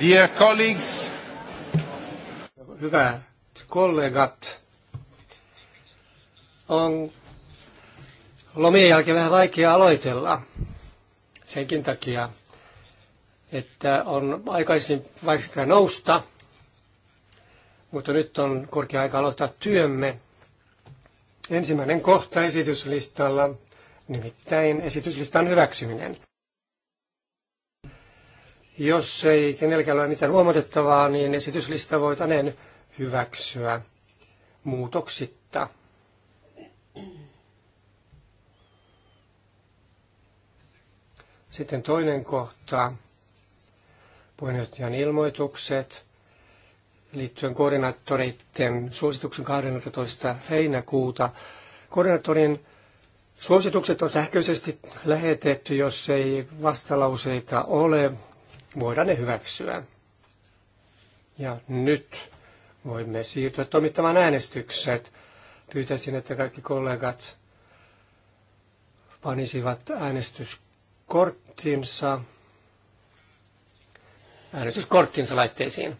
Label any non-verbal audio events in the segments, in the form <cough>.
Dear colleagues. Hyvät kollegat. On lomien jälkeen vähän vaikea aloitella. Senkin takia, että on aikaisin vaikka nousta, mutta nyt on korkea aika aloittaa työmme. Ensimmäinen kohta esityslistalla, nimittäin esityslistan hyväksyminen. Jos ei kenelläkään ole mitään huomautettavaa, niin esityslista voitaneen hyväksyä muutoksitta. Sitten toinen kohta, puheenjohtajan ilmoitukset liittyen koordinaattoreiden suosituksen 12. heinäkuuta. Koordinaattorin suositukset on sähköisesti lähetetty, jos ei vastalauseita ole voidaan ne hyväksyä. Ja nyt voimme siirtyä toimittamaan äänestykset. Pyytäisin, että kaikki kollegat panisivat äänestyskorttinsa, äänestyskorttinsa laitteisiin.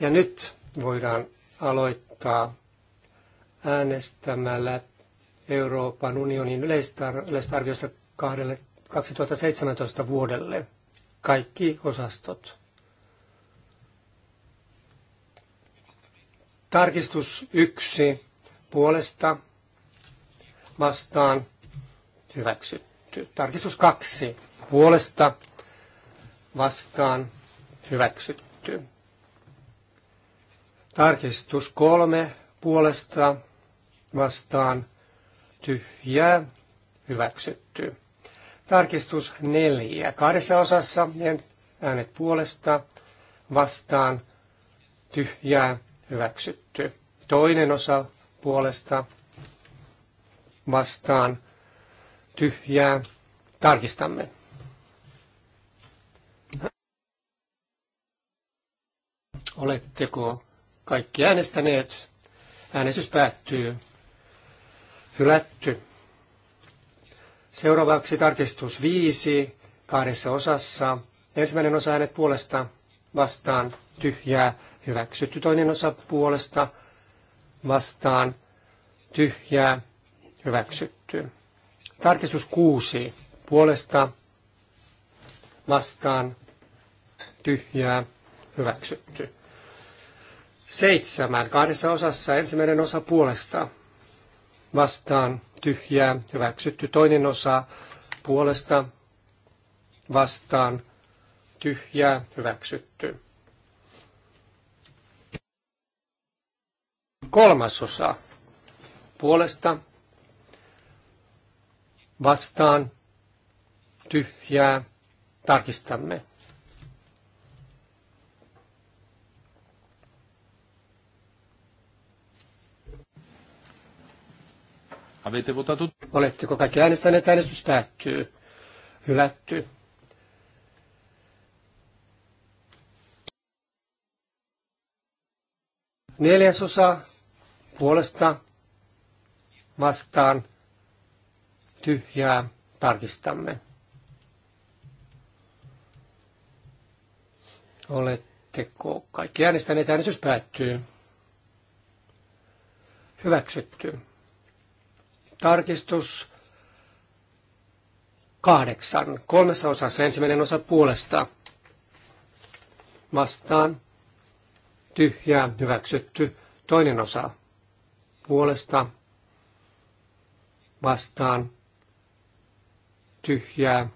Ja nyt voidaan aloittaa äänestämällä Euroopan unionin yleistar- yleistarviosta kahdelle 2017 vuodelle kaikki osastot. Tarkistus yksi puolesta vastaan hyväksytty. Tarkistus kaksi puolesta vastaan hyväksytty. Tarkistus kolme puolesta vastaan tyhjää hyväksytty. Tarkistus neljä. Kahdessa osassa äänet puolesta vastaan tyhjää hyväksytty. Toinen osa puolesta vastaan tyhjää tarkistamme. Oletteko kaikki äänestäneet? Äänestys päättyy. Hylätty. Seuraavaksi tarkistus viisi kahdessa osassa. Ensimmäinen osa äänet puolesta vastaan tyhjää hyväksytty. Toinen osa puolesta vastaan tyhjää hyväksytty. Tarkistus kuusi puolesta vastaan tyhjää hyväksytty. Seitsemän kahdessa osassa ensimmäinen osa puolesta vastaan tyhjää, hyväksytty toinen osa puolesta vastaan, tyhjää, hyväksytty. Kolmas osa puolesta vastaan, tyhjää, tarkistamme. Avete votato? Oletteko kaikki äänestäneet? Äänestys päättyy. Hylätty. Neljäsosa puolesta vastaan tyhjää tarkistamme. Oletteko kaikki äänestäneet? Äänestys päättyy. Hyväksytty. Tarkistus kahdeksan. Kolmessa osassa ensimmäinen osa puolesta. Vastaan. Tyhjää. Hyväksytty. Toinen osa. Puolesta. Vastaan. Tyhjää.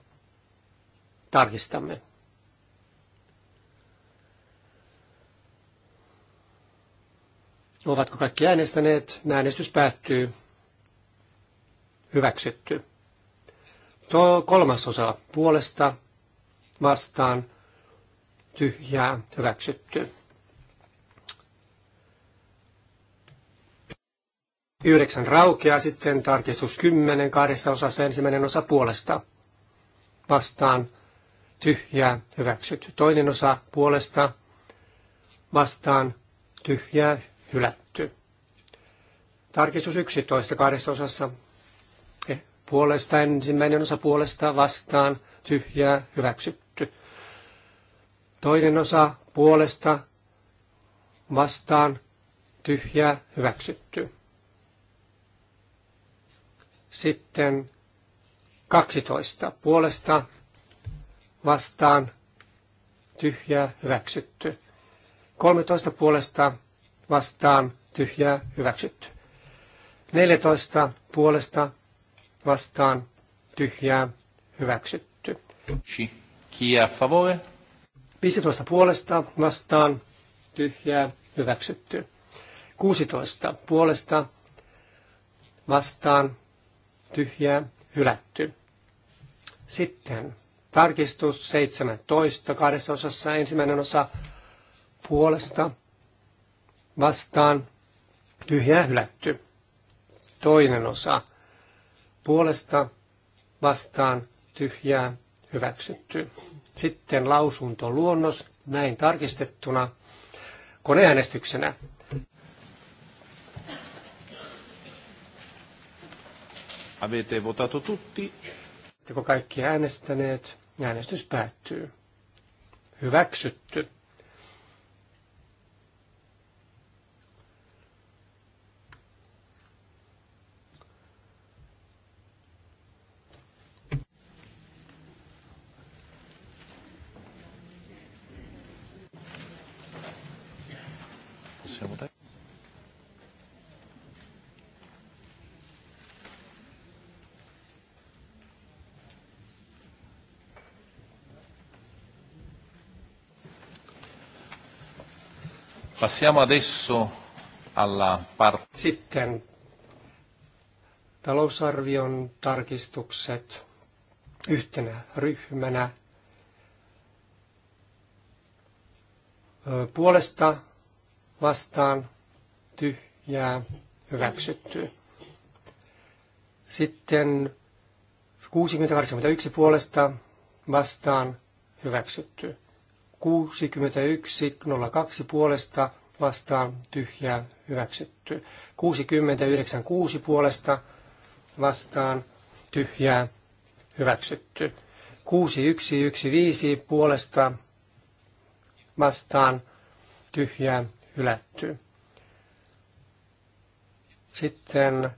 Tarkistamme. Ovatko kaikki äänestäneet? Äänestys päättyy hyväksytty. Tuo kolmas osa puolesta vastaan tyhjää hyväksytty. Yhdeksän raukeaa sitten tarkistus kymmenen kahdessa osassa ensimmäinen osa puolesta vastaan tyhjää hyväksytty. Toinen osa puolesta vastaan tyhjää hylätty. Tarkistus 11 kahdessa osassa puolesta, ensimmäinen osa puolesta vastaan, tyhjää, hyväksytty. Toinen osa puolesta vastaan, tyhjää, hyväksytty. Sitten 12 puolesta vastaan, tyhjää, hyväksytty. 13 puolesta vastaan, tyhjää, hyväksytty. 14 puolesta vastaan tyhjää hyväksytty. Chi e a favore? 15 puolesta vastaan tyhjää hyväksytty. 16 puolesta vastaan tyhjää hylätty. Sitten tarkistus 17 kahdessa osassa ensimmäinen osa puolesta vastaan tyhjää hylätty. Toinen osa puolesta vastaan tyhjää hyväksytty. Sitten lausunto luonnos näin tarkistettuna koneäänestyksenä. Avete votato tutti. Oletteko kaikki äänestäneet? Äänestys päättyy. Hyväksytty. Passiamo adesso alla parte. Sitten talousarvion tarkistukset yhtenä ryhmänä. Puolesta vastaan tyhjää hyväksytty. Sitten 60 puolesta vastaan hyväksytty. 61, puolesta vastaan tyhjää hyväksytty. 69, puolesta vastaan tyhjää hyväksytty. 6115 puolesta vastaan tyhjää hylätty. Sitten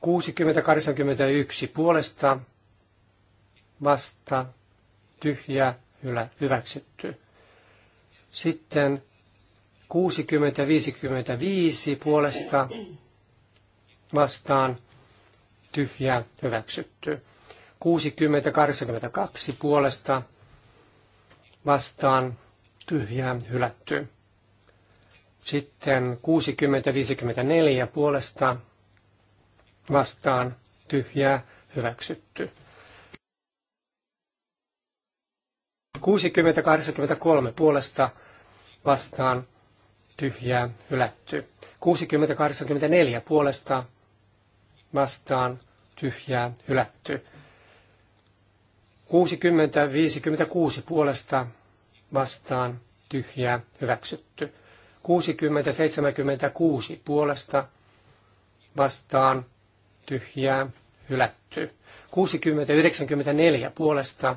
6081 puolesta vasta tyhjää hyväksytty. Sitten 60-55 puolesta vastaan tyhjä hyväksytty. 60-82 puolesta vastaan tyhjä hylätty. Sitten 60-54 puolesta vastaan tyhjä hyväksytty. 6083 puolesta vastaan tyhjää hylätty. 6084 puolesta vastaan tyhjää hylätty. 6056 puolesta vastaan tyhjää hyväksytty. 6076 puolesta vastaan tyhjää hylätty. 60-94 puolesta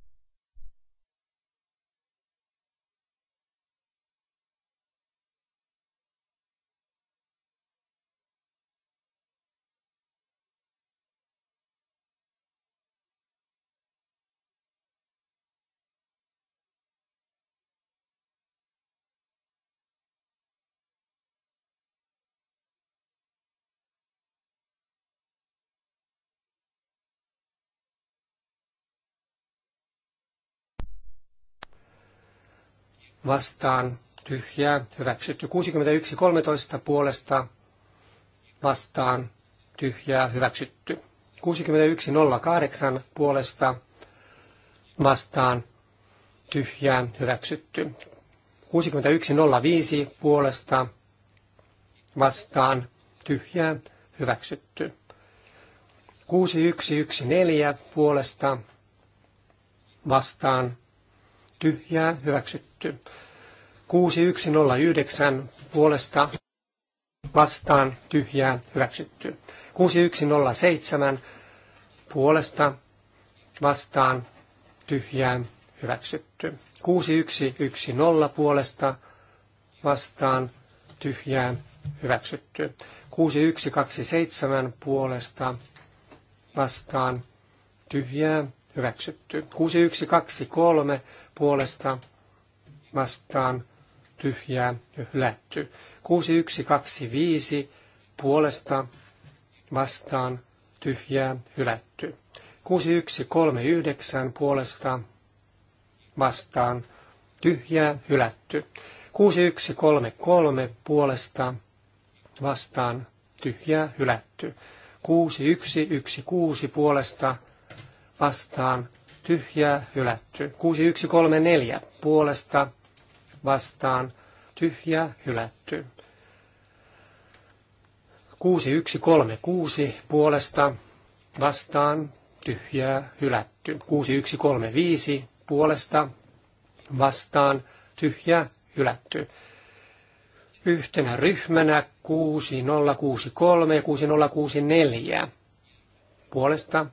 vastaan tyhjää hyväksytty. 61 13 puolesta vastaan tyhjää hyväksytty. 61 08 puolesta vastaan tyhjää hyväksytty. 61 05 puolesta vastaan tyhjää hyväksytty. 6114 puolesta vastaan tyhjää hyväksytty hylätty. 6109 puolesta vastaan tyhjää hyväksytty. 6107 puolesta vastaan tyhjää hyväksytty. 6110 puolesta vastaan tyhjää hyväksytty. 6127 puolesta vastaan tyhjää hyväksytty. 6123 puolesta vastaan tyhjää hylätty. 6125 puolesta vastaan tyhjää hylätty. 6139 puolesta vastaan tyhjää hylätty. 6133 puolesta vastaan tyhjää hylätty. 6116 puolesta vastaan tyhjää hylätty. 6134 puolesta vastaan tyhjä hylätty. 6136 puolesta vastaan tyhjää hylätty. 6135 puolesta vastaan tyhjä hylätty. Yhtenä ryhmänä 6063 ja 6064 puolesta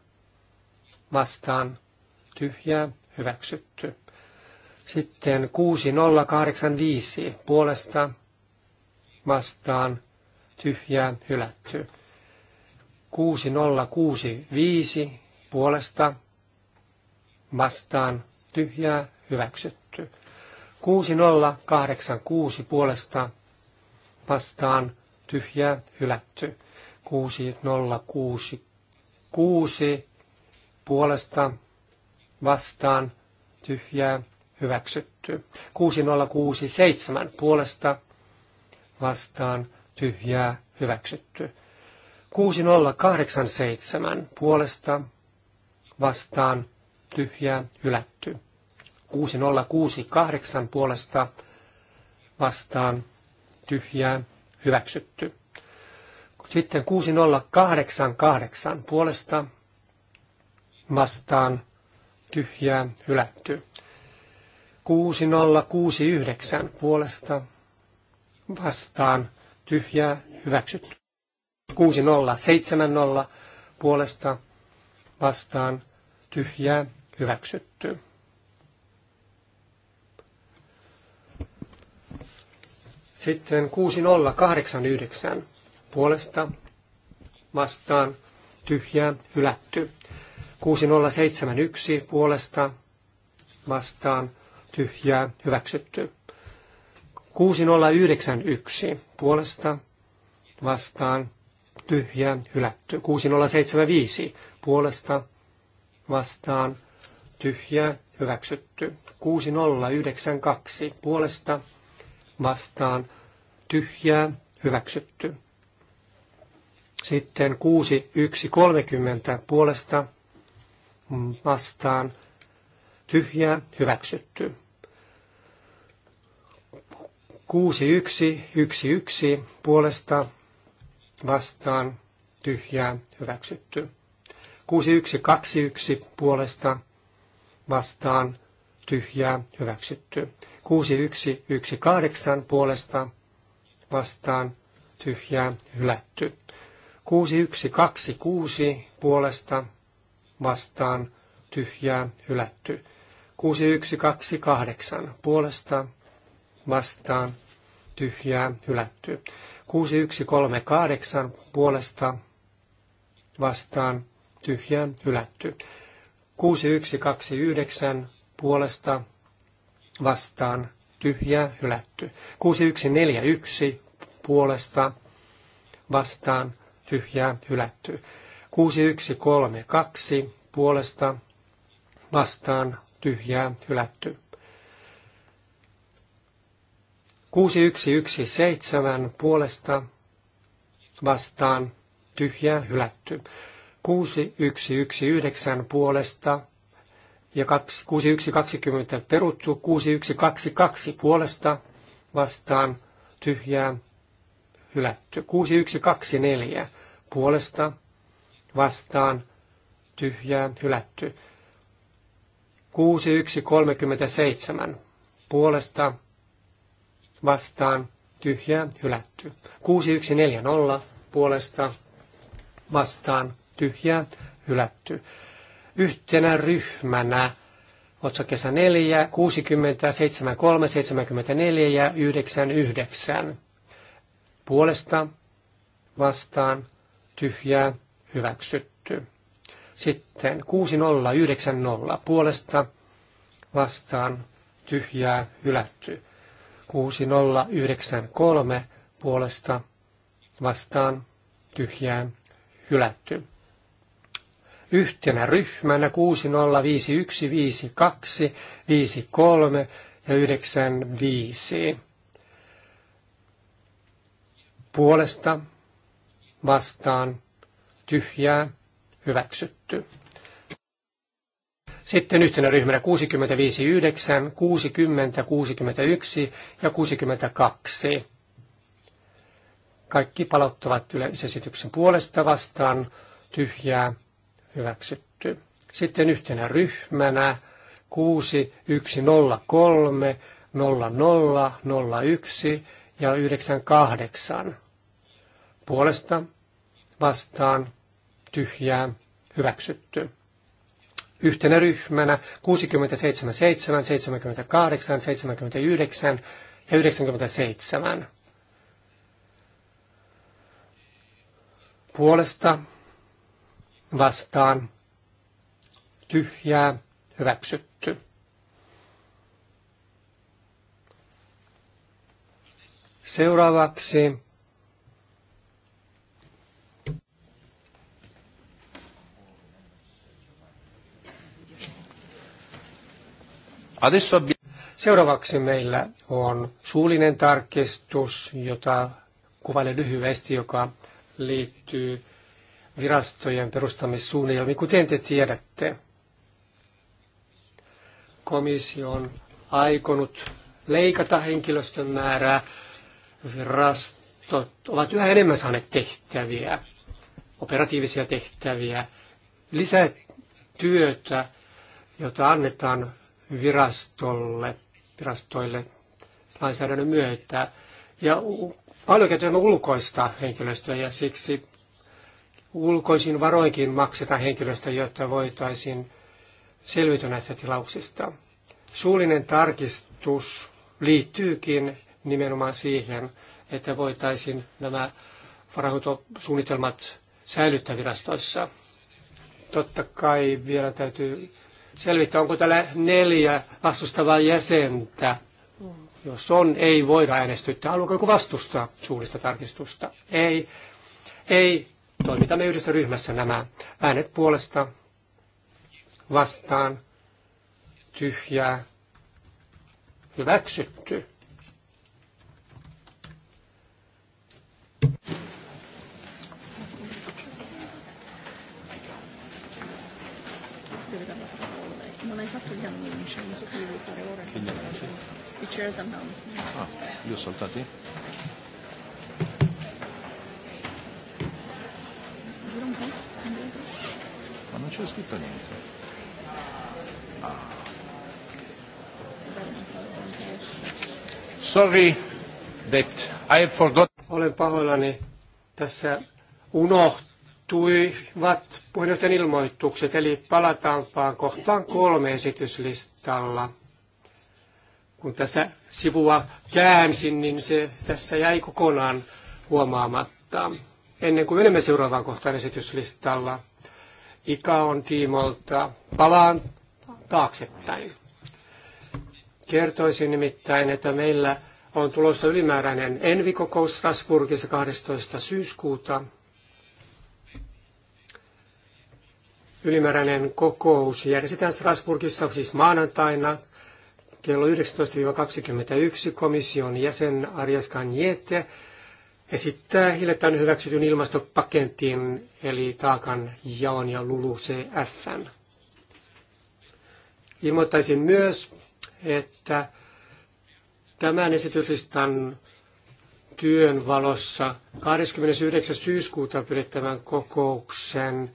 vastaan tyhjää hyväksytty. Sitten 6085 puolesta vastaan tyhjään hylätty. 6065 puolesta vastaan tyhjää hyväksytty. 6086 puolesta vastaan tyhjää hylätty. 6066 puolesta vastaan tyhjää hyväksytty. 6067 puolesta vastaan tyhjää hyväksytty. 6087 puolesta vastaan tyhjää hylätty. 6068 puolesta vastaan tyhjää hyväksytty. Sitten 6088 puolesta vastaan tyhjää hylätty. 6069 puolesta vastaan tyhjää hyväksytty. 6070 puolesta vastaan tyhjää hyväksytty. Sitten 6089 puolesta vastaan tyhjää hylätty. 6071 puolesta vastaan tyhjää, hyväksytty. 6091 puolesta vastaan tyhjää, hylätty. 6075 puolesta vastaan tyhjää, hyväksytty. 6092 puolesta vastaan tyhjää, hyväksytty. Sitten 6130 puolesta vastaan tyhjää, hyväksytty. 6111 puolesta vastaan tyhjää hyväksytty. 6121 puolesta vastaan tyhjää hyväksytty. 6118 puolesta vastaan tyhjää hylätty. 6126 puolesta vastaan tyhjää hylätty. 6128 puolesta vastaan tyhjää hylätty. 6138 puolesta vastaan tyhjää hylätty. 6129 puolesta vastaan tyhjää hylätty. 6141 puolesta vastaan tyhjää hylätty. 6132 puolesta vastaan tyhjää hylätty. 6117 puolesta vastaan tyhjää hylätty. 6119 puolesta ja 6120 peruttu, 6122 puolesta vastaan tyhjää hylätty. 6124 puolesta vastaan tyhjää hylätty. 6137 puolesta vastaan tyhjää hylätty. 6140 puolesta vastaan tyhjää hylätty. Yhtenä ryhmänä otsakkeessa 4, 60, 73, 74 ja 99 puolesta vastaan tyhjää hyväksytty. Sitten 6090 puolesta vastaan tyhjää hylätty. 6093 puolesta vastaan tyhjää hylätty. Yhtenä ryhmänä 605152, 53 ja 95. Puolesta vastaan tyhjää hyväksytty. Sitten yhtenä ryhmänä 65, 9, 60, 61 ja 62. Kaikki palauttavat yleisesityksen puolesta vastaan tyhjää hyväksytty. Sitten yhtenä ryhmänä 6, 1, 0, 3, 0, 0, 0, 1 ja 98 puolesta vastaan tyhjää hyväksytty. Yhtenä ryhmänä 67, 7, 78, 79 ja 97. Puolesta vastaan tyhjää hyväksytty. Seuraavaksi Seuraavaksi meillä on suullinen tarkistus, jota kuvailen lyhyesti, joka liittyy virastojen perustamissuunnitelmiin. Kuten te tiedätte, komissio on aikonut leikata henkilöstön määrää. Virastot ovat yhä enemmän saaneet tehtäviä, operatiivisia tehtäviä, lisätyötä, jota annetaan virastolle, virastoille lainsäädännön myötä. Ja paljon käytetään ulkoista henkilöstöä ja siksi ulkoisin varoinkin maksetaan henkilöstä, jotta voitaisiin selvitä näistä tilauksista. Suullinen tarkistus liittyykin nimenomaan siihen, että voitaisiin nämä varahoitosuunnitelmat säilyttää virastoissa. Totta kai vielä täytyy selvittää, onko täällä neljä vastustavaa jäsentä. Jos on, ei voida äänestyttää. Haluatko joku vastustaa suullista tarkistusta? Ei. Ei. Toimitamme yhdessä ryhmässä nämä äänet puolesta vastaan tyhjää hyväksytty. Chair's announcement. Ah, li ho saltati? Ma non c'è scritto niente. Ah. Sorry that I forgot. Olen pahoillani. Tässä unohtuivat puheenjohtajan ilmoitukset, eli palataanpaan kohtaan kolme esityslistalla kun tässä sivua käänsin, niin se tässä jäi kokonaan huomaamatta. Ennen kuin menemme seuraavaan kohtaan esityslistalla, Ika on tiimolta. Palaan taaksepäin. Kertoisin nimittäin, että meillä on tulossa ylimääräinen Envi-kokous Strasbourgissa 12. syyskuuta. Ylimääräinen kokous järjestetään Strasbourgissa siis maanantaina kello 19-21 komission jäsen Arias Kanjete esittää hiljattain hyväksytyn ilmastopaketin eli taakan jaon ja CFN. Ilmoittaisin myös, että tämän esityslistan työn valossa 29. syyskuuta pidettävän kokouksen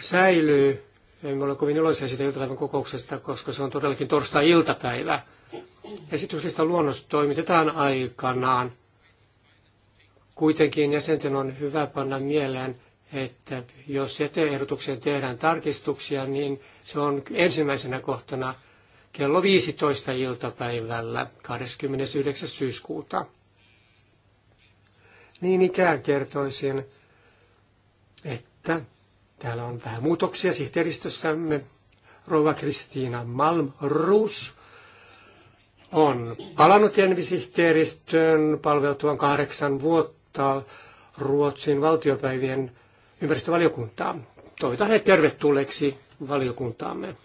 säilyy en ole kovin iloisia siitä iltapäivän kokouksesta, koska se on todellakin torstai-iltapäivä. Esityslista luonnos toimitetaan aikanaan. Kuitenkin jäsenten on hyvä panna mieleen, että jos jäteehdotukseen tehdään tarkistuksia, niin se on ensimmäisenä kohtana kello 15 iltapäivällä 29. syyskuuta. Niin ikään kertoisin, että Täällä on vähän muutoksia sihteeristössämme. Rouva Kristiina Malmruus on palannut Jenvi-sihteeristöön palveltuaan kahdeksan vuotta Ruotsin valtiopäivien ympäristövaliokuntaa. Toivotan heidät tervetulleeksi valiokuntaamme.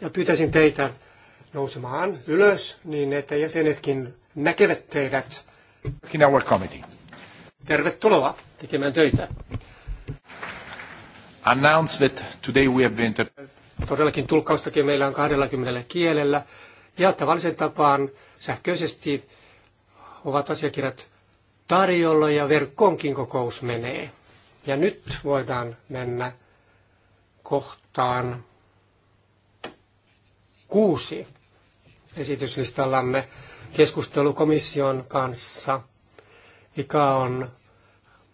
Ja pyytäisin teitä nousemaan ylös niin, että jäsenetkin näkevät teidät. In our committee. Tervetuloa tekemään töitä. Announce that today we have been... Todellakin tulkkaustakin meillä on 20 kielellä ja tavallisen tapaan sähköisesti ovat asiakirjat tarjolla ja verkkoonkin kokous menee. Ja nyt voidaan mennä kohtaan kuusi esityslistallamme keskustelu komission kanssa – IKA on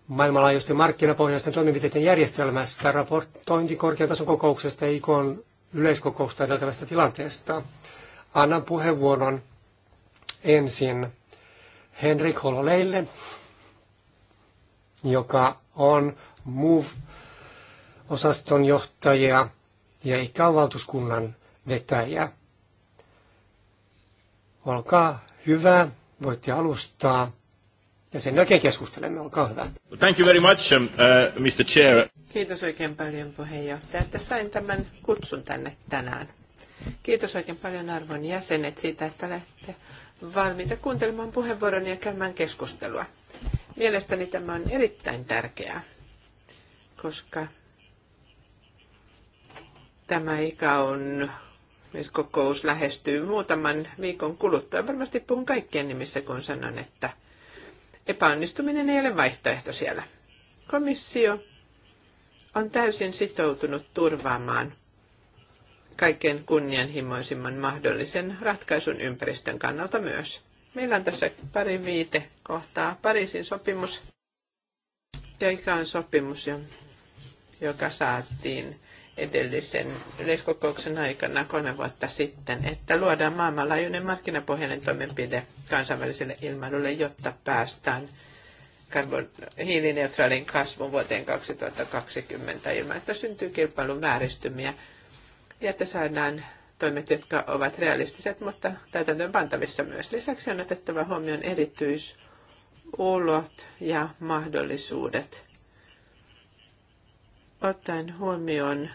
maailmanlaajuisten markkinapohjaisten toimenpiteiden järjestelmästä, raportointi korkean tason kokouksesta ja IKOn yleiskokousta edeltävästä tilanteesta. Annan puheenvuoron ensin Henrik Hololeille, joka on MOVE-osaston johtaja ja ikään valtuuskunnan vetäjä. Olkaa hyvä, voitte alustaa ja sen jälkeen keskustelemme, olkaa hyvä. Thank you very much, um, uh, Mr. Chair. Kiitos oikein paljon puheenjohtaja, että sain tämän kutsun tänne tänään. Kiitos oikein paljon arvon jäsenet siitä, että olette valmiita kuuntelemaan puheenvuoron ja käymään keskustelua. Mielestäni tämä on erittäin tärkeää, koska tämä ikä on myös kokous lähestyy muutaman viikon kuluttua. Varmasti puhun kaikkien nimissä, kun sanon, että – epäonnistuminen ei ole vaihtoehto siellä. Komissio on täysin sitoutunut turvaamaan kaikkein kunnianhimoisimman mahdollisen ratkaisun ympäristön kannalta myös. Meillä on tässä pari viite kohtaa. Pariisin sopimus, joka on sopimus, joka saatiin edellisen yleiskokouksen aikana kolme vuotta sitten, että luodaan maailmanlaajuinen markkinapohjainen toimenpide kansainväliselle ilmailulle, jotta päästään karbon, hiilineutraalin kasvun vuoteen 2020 ilman, että syntyy kilpailun vääristymiä ja että saadaan toimet, jotka ovat realistiset, mutta täytäntöön pantavissa myös. Lisäksi on otettava huomioon erityisolot ja mahdollisuudet. Ottaen huomioon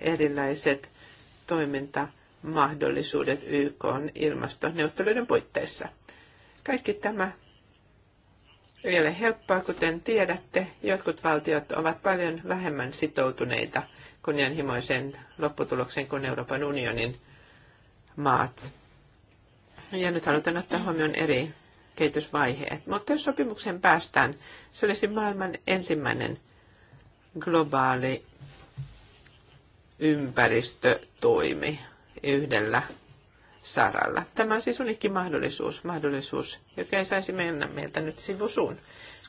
erilaiset toimintamahdollisuudet YK on ilmastoneuvotteluiden puitteissa. Kaikki tämä ei ole helppoa, kuten tiedätte. Jotkut valtiot ovat paljon vähemmän sitoutuneita kunnianhimoiseen lopputulokseen kuin Euroopan unionin maat. Ja nyt halutaan ottaa huomioon eri kehitysvaiheet. Mutta jos sopimuksen päästään, se olisi maailman ensimmäinen globaali ympäristötoimi yhdellä saralla. Tämä on siis unikki mahdollisuus, mahdollisuus, joka ei saisi mennä meiltä nyt sivusuun.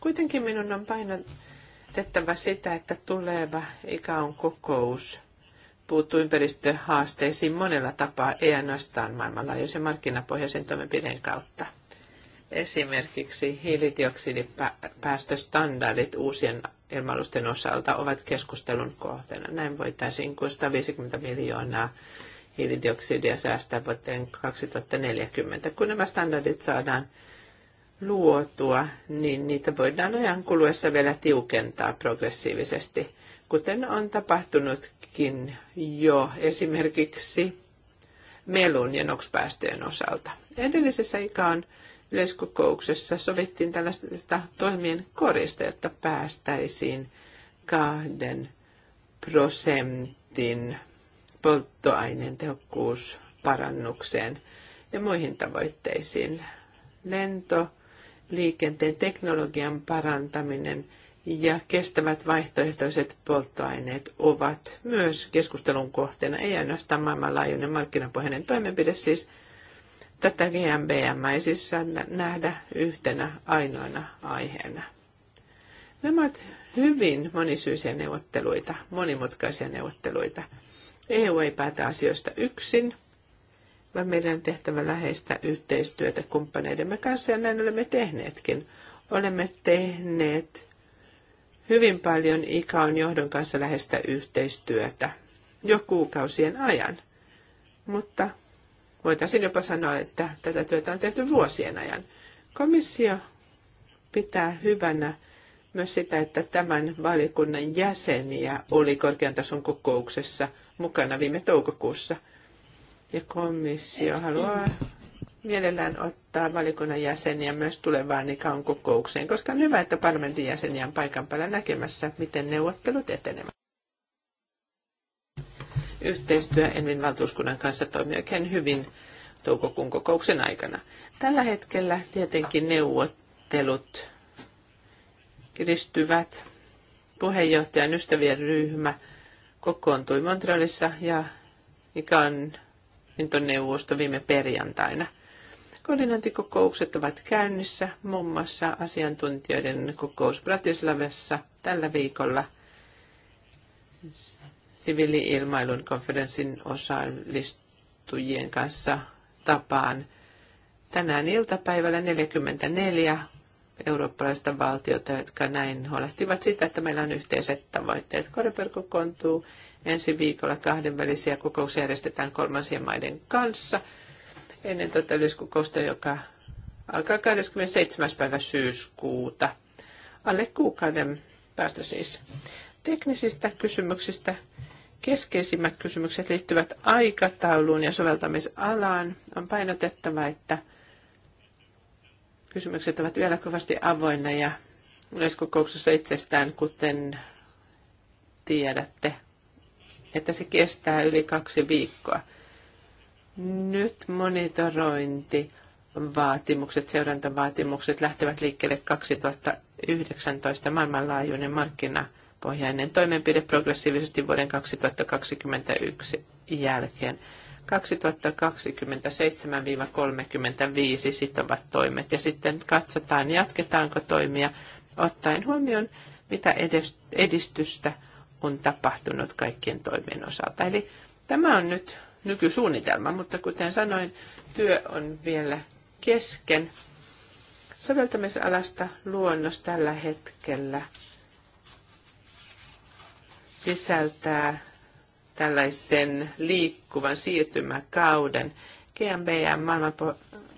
Kuitenkin minun on painotettava sitä, että tuleva ikä on kokous puuttuu ympäristöhaasteisiin monella tapaa, ei ainoastaan maailmanlaajuisen markkinapohjaisen toimenpideen kautta. Esimerkiksi hiilidioksidipäästöstandardit uusien ilmailusten osalta ovat keskustelun kohteena. Näin voitaisiin 150 miljoonaa hiilidioksidia säästää vuoteen 2040. Kun nämä standardit saadaan luotua, niin niitä voidaan ajan kuluessa vielä tiukentaa progressiivisesti, kuten on tapahtunutkin jo esimerkiksi melun ja NOx-päästöjen osalta. Edellisessä ICAon yleiskokouksessa sovittiin tällaista toimien korista, jotta päästäisiin kahden prosentin polttoaineen tehokkuusparannukseen ja muihin tavoitteisiin. Lento, liikenteen teknologian parantaminen ja kestävät vaihtoehtoiset polttoaineet ovat myös keskustelun kohteena, ei ainoastaan maailmanlaajuinen markkinapohjainen toimenpide, siis tätä GMBM ei siis nähdä yhtenä ainoana aiheena. Nämä ovat hyvin monisyisiä neuvotteluita, monimutkaisia neuvotteluita. EU ei päätä asioista yksin, vaan meidän on tehtävä läheistä yhteistyötä kumppaneidemme kanssa, ja näin olemme tehneetkin. Olemme tehneet hyvin paljon ikaon johdon kanssa läheistä yhteistyötä jo kuukausien ajan, mutta Voitaisiin jopa sanoa, että tätä työtä on tehty vuosien ajan. Komissio pitää hyvänä myös sitä, että tämän valiokunnan jäseniä oli korkean tason kokouksessa mukana viime toukokuussa. Ja komissio haluaa mielellään ottaa valiokunnan jäseniä myös tulevaan ikaun kokoukseen, koska on hyvä, että parlamentin jäseniä on paikan päällä näkemässä, miten neuvottelut etenevät yhteistyö Envin valtuuskunnan kanssa toimi oikein hyvin toukokuun kokouksen aikana. Tällä hetkellä tietenkin neuvottelut kiristyvät. Puheenjohtajan ystävien ryhmä kokoontui Montrealissa ja mikä on neuvosto viime perjantaina. Koordinointikokoukset ovat käynnissä, muun muassa asiantuntijoiden kokous Bratislavessa tällä viikolla siviiliilmailun konferenssin osallistujien kanssa tapaan tänään iltapäivällä 44 eurooppalaista valtiota, jotka näin huolehtivat sitä, että meillä on yhteiset tavoitteet. Koreper kokoontuu ensi viikolla kahdenvälisiä kokouksia järjestetään kolmansien maiden kanssa ennen tätä tuota joka alkaa 27. päivä syyskuuta. Alle kuukauden päästä siis teknisistä kysymyksistä Keskeisimmät kysymykset liittyvät aikatauluun ja soveltamisalaan. On painotettava, että kysymykset ovat vielä kovasti avoinna ja yleiskokouksessa itsestään, kuten tiedätte, että se kestää yli kaksi viikkoa. Nyt monitorointi vaatimukset, seurantavaatimukset lähtevät liikkeelle 2019 maailmanlaajuinen markkina pohjainen toimenpide progressiivisesti vuoden 2021 jälkeen. 2027-35 sitovat toimet ja sitten katsotaan, jatketaanko toimia ottaen huomioon, mitä edistystä on tapahtunut kaikkien toimien osalta. Eli tämä on nyt nykysuunnitelma, mutta kuten sanoin, työ on vielä kesken. Soveltamisalasta luonnos tällä hetkellä sisältää tällaisen liikkuvan siirtymäkauden. GMBM, maailman,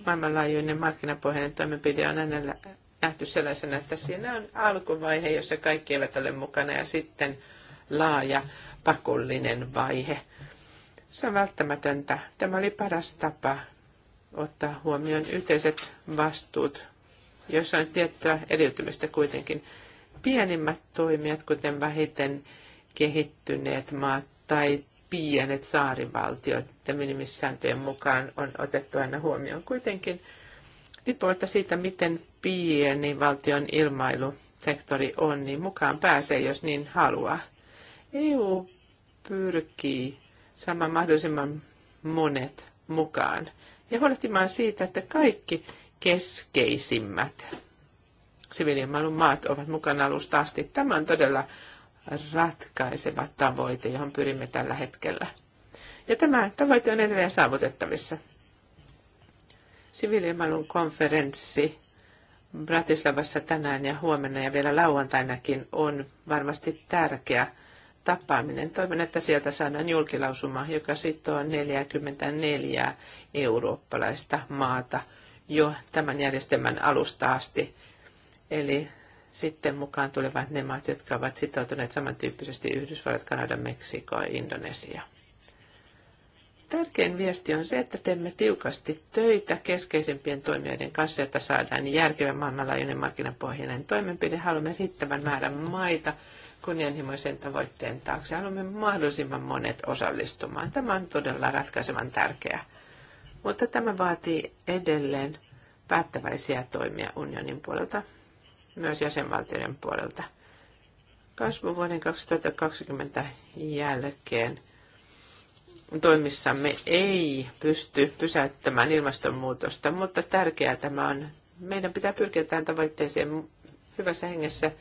maailmanlaajuinen markkinapohjainen toimenpide, on aina nähty sellaisena, että siinä on alkuvaihe, jossa kaikki eivät ole mukana, ja sitten laaja pakollinen vaihe. Se on välttämätöntä. Tämä oli paras tapa ottaa huomioon yhteiset vastuut, joissa on tiettyä eriytymistä kuitenkin. Pienimmät toimijat, kuten vähiten kehittyneet maat tai pienet saarivaltiot, että minimissääntöjen mukaan on otettu aina huomioon. Kuitenkin riippumatta siitä, miten pieni valtion ilmailusektori on, niin mukaan pääsee, jos niin haluaa. EU pyrkii saamaan mahdollisimman monet mukaan ja huolehtimaan siitä, että kaikki keskeisimmät siviilimailun maat ovat mukana alusta asti. Tämä on todella ratkaiseva tavoite, johon pyrimme tällä hetkellä. Ja tämä tavoite on edelleen saavutettavissa. Siviilimailun konferenssi Bratislavassa tänään ja huomenna ja vielä lauantainakin on varmasti tärkeä tapaaminen. Toivon, että sieltä saadaan julkilausuma, joka sitoo 44 eurooppalaista maata jo tämän järjestelmän alusta asti. Eli sitten mukaan tulevat ne maat, jotka ovat sitoutuneet samantyyppisesti Yhdysvallat, Kanada, Meksiko ja Indonesia. Tärkein viesti on se, että teemme tiukasti töitä keskeisimpien toimijoiden kanssa, että saadaan järkevä maailmanlaajuinen markkinapohjainen toimenpide. Haluamme riittävän määrän maita kunnianhimoisen tavoitteen taakse. Haluamme mahdollisimman monet osallistumaan. Tämä on todella ratkaisevan tärkeää. Mutta tämä vaatii edelleen päättäväisiä toimia unionin puolelta myös jäsenvaltioiden puolelta. Kasvu vuoden 2020 jälkeen toimissamme ei pysty pysäyttämään ilmastonmuutosta, mutta tärkeää tämä on. Meidän pitää pyrkiä tähän tavoitteeseen hyvässä hengessä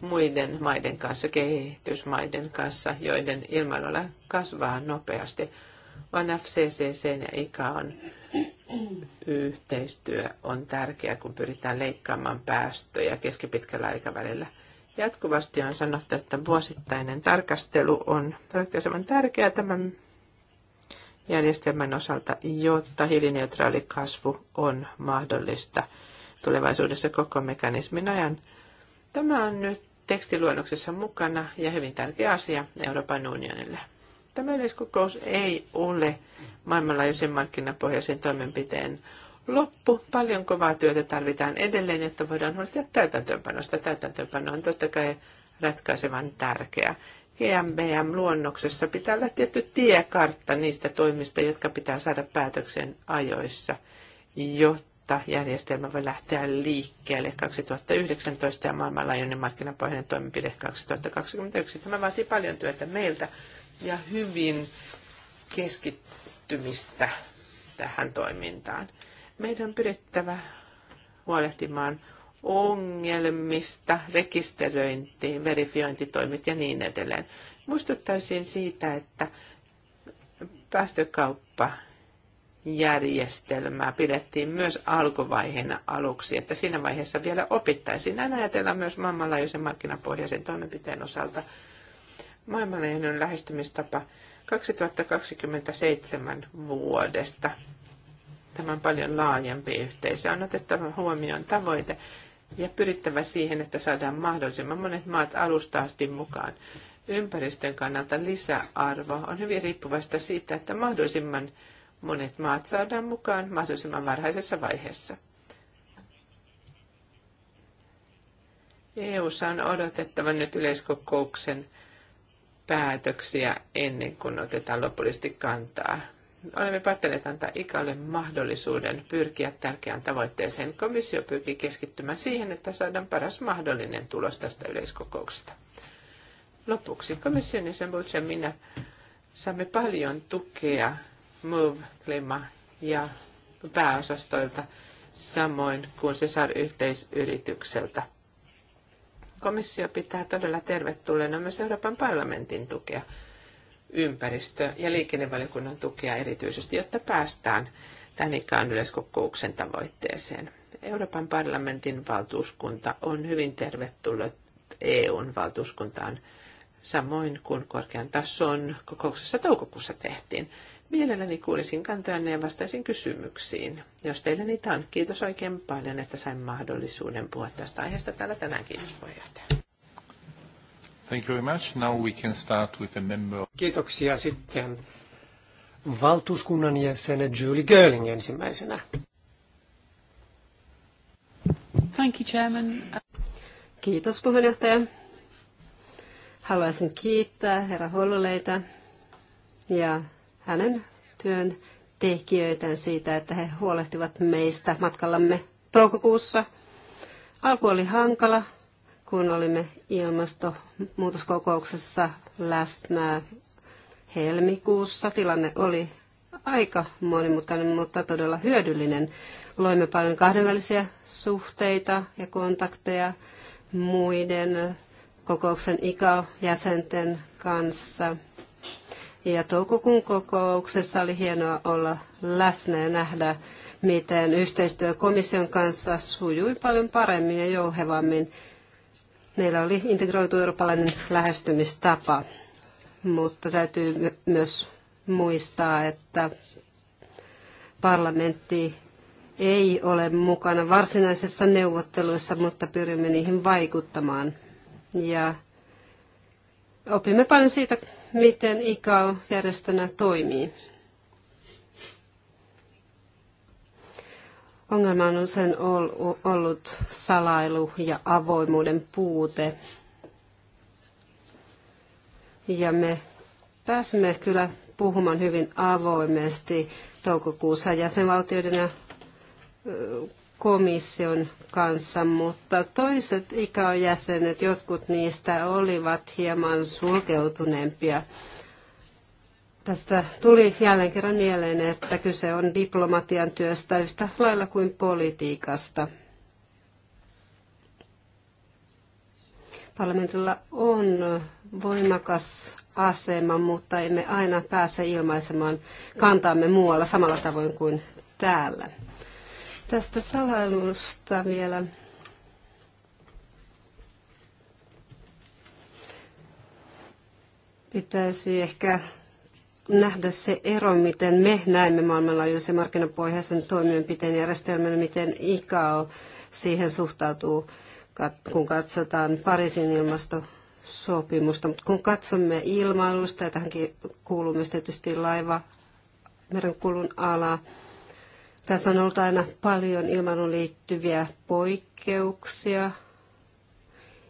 muiden maiden kanssa, kehitysmaiden kanssa, joiden ilmailuala kasvaa nopeasti, vaan FCCC ja ICA on yhteistyö on tärkeää, kun pyritään leikkaamaan päästöjä keskipitkällä aikavälillä. Jatkuvasti on sanottu, että vuosittainen tarkastelu on ratkaisevan tärkeää tämän järjestelmän osalta, jotta hiilineutraali kasvu on mahdollista tulevaisuudessa koko mekanismin ajan. Tämä on nyt tekstiluonnoksessa mukana ja hyvin tärkeä asia Euroopan unionille. Tämä yleiskokous ei ole maailmanlaajuisen markkinapohjaisen toimenpiteen loppu. Paljon kovaa työtä tarvitaan edelleen, jotta voidaan huolehtia täytäntöönpanosta. Täytäntöönpano on totta kai ratkaisevan tärkeä. GMBM-luonnoksessa pitää olla tietty tiekartta niistä toimista, jotka pitää saada päätöksen ajoissa, jotta järjestelmä voi lähteä liikkeelle 2019 ja maailmanlaajuinen markkinapohjainen toimenpide 2021. Tämä vaatii paljon työtä meiltä, ja hyvin keskittymistä tähän toimintaan. Meidän on pyrittävä huolehtimaan ongelmista, rekisteröintiin, verifiointitoimit ja niin edelleen. Muistuttaisin siitä, että päästökauppa järjestelmää pidettiin myös alkuvaiheena aluksi, että siinä vaiheessa vielä opittaisiin. Näin ajatellaan myös maailmanlaajuisen markkinapohjaisen toimenpiteen osalta, maailmanlehden lähestymistapa 2027 vuodesta. Tämä on paljon laajempi yhteisö. On otettava huomioon tavoite ja pyrittävä siihen, että saadaan mahdollisimman monet maat alusta asti mukaan. Ympäristön kannalta lisäarvo on hyvin riippuvasta siitä, että mahdollisimman monet maat saadaan mukaan mahdollisimman varhaisessa vaiheessa. EU on odotettava nyt yleiskokouksen päätöksiä ennen kuin otetaan lopullisesti kantaa. Olemme päättäneet antaa ikalle mahdollisuuden pyrkiä tärkeään tavoitteeseen. Komissio pyrkii keskittymään siihen, että saadaan paras mahdollinen tulos tästä yleiskokouksesta. Lopuksi komission ja sen ja minä saamme paljon tukea Move, Klima ja pääosastoilta, samoin kuin Cesar-yhteisyritykseltä – Komissio pitää todella tervetulleena myös Euroopan parlamentin tukea, ympäristö- ja liikennevaliokunnan tukea erityisesti, jotta päästään tämän ikään yleiskokouksen tavoitteeseen. Euroopan parlamentin valtuuskunta on hyvin tervetullut EUn valtuuskuntaan, samoin kuin korkean tason kokouksessa toukokuussa tehtiin. Mielelläni kuulisin kantojanne ja vastaisin kysymyksiin, jos teillä niitä on. Kiitos oikein paljon, että sain mahdollisuuden puhua tästä aiheesta täällä tänään. Kiitos puheenjohtaja. Thank you very much. Now we can start with a member. Kiitoksia sitten valtuuskunnan jäsenen Julie Görling ensimmäisenä. Thank you, Chairman. Kiitos puheenjohtaja. Haluaisin kiittää herra Holloleita ja hänen työn tekijöitään siitä, että he huolehtivat meistä matkallamme toukokuussa. Alku oli hankala, kun olimme ilmastonmuutoskokouksessa läsnä helmikuussa. Tilanne oli aika monimutkainen, mutta todella hyödyllinen. Loimme paljon kahdenvälisiä suhteita ja kontakteja muiden kokouksen ICAO-jäsenten kanssa – ja toukokuun kokouksessa oli hienoa olla läsnä ja nähdä, miten yhteistyö komission kanssa sujui paljon paremmin ja jouhevammin. Meillä oli integroitu eurooppalainen lähestymistapa, mutta täytyy myös muistaa, että parlamentti ei ole mukana varsinaisessa neuvotteluissa, mutta pyrimme niihin vaikuttamaan. Ja opimme paljon siitä, miten ICAO järjestönä toimii. Ongelma on usein ollut salailu ja avoimuuden puute. Ja me pääsimme kyllä puhumaan hyvin avoimesti toukokuussa jäsenvaltioiden ja komission kanssa, mutta toiset ikäjäsenet, jotkut niistä olivat hieman sulkeutuneempia. Tästä tuli jälleen kerran mieleen, että kyse on diplomatian työstä yhtä lailla kuin politiikasta. Parlamentilla on voimakas asema, mutta emme aina pääse ilmaisemaan kantaamme muualla samalla tavoin kuin täällä. Tästä salailusta vielä. Pitäisi ehkä nähdä se ero, miten me näemme maailmanlaajuisen markkinapohjaisen toimenpiteen järjestelmän, miten ICAO siihen suhtautuu, kun katsotaan Pariisin ilmastosopimusta. Mutta kun katsomme ilmailusta, ja tähänkin kuuluu myös tietysti laiva, merenkulun ala, tässä on ollut aina paljon ilmailuun liittyviä poikkeuksia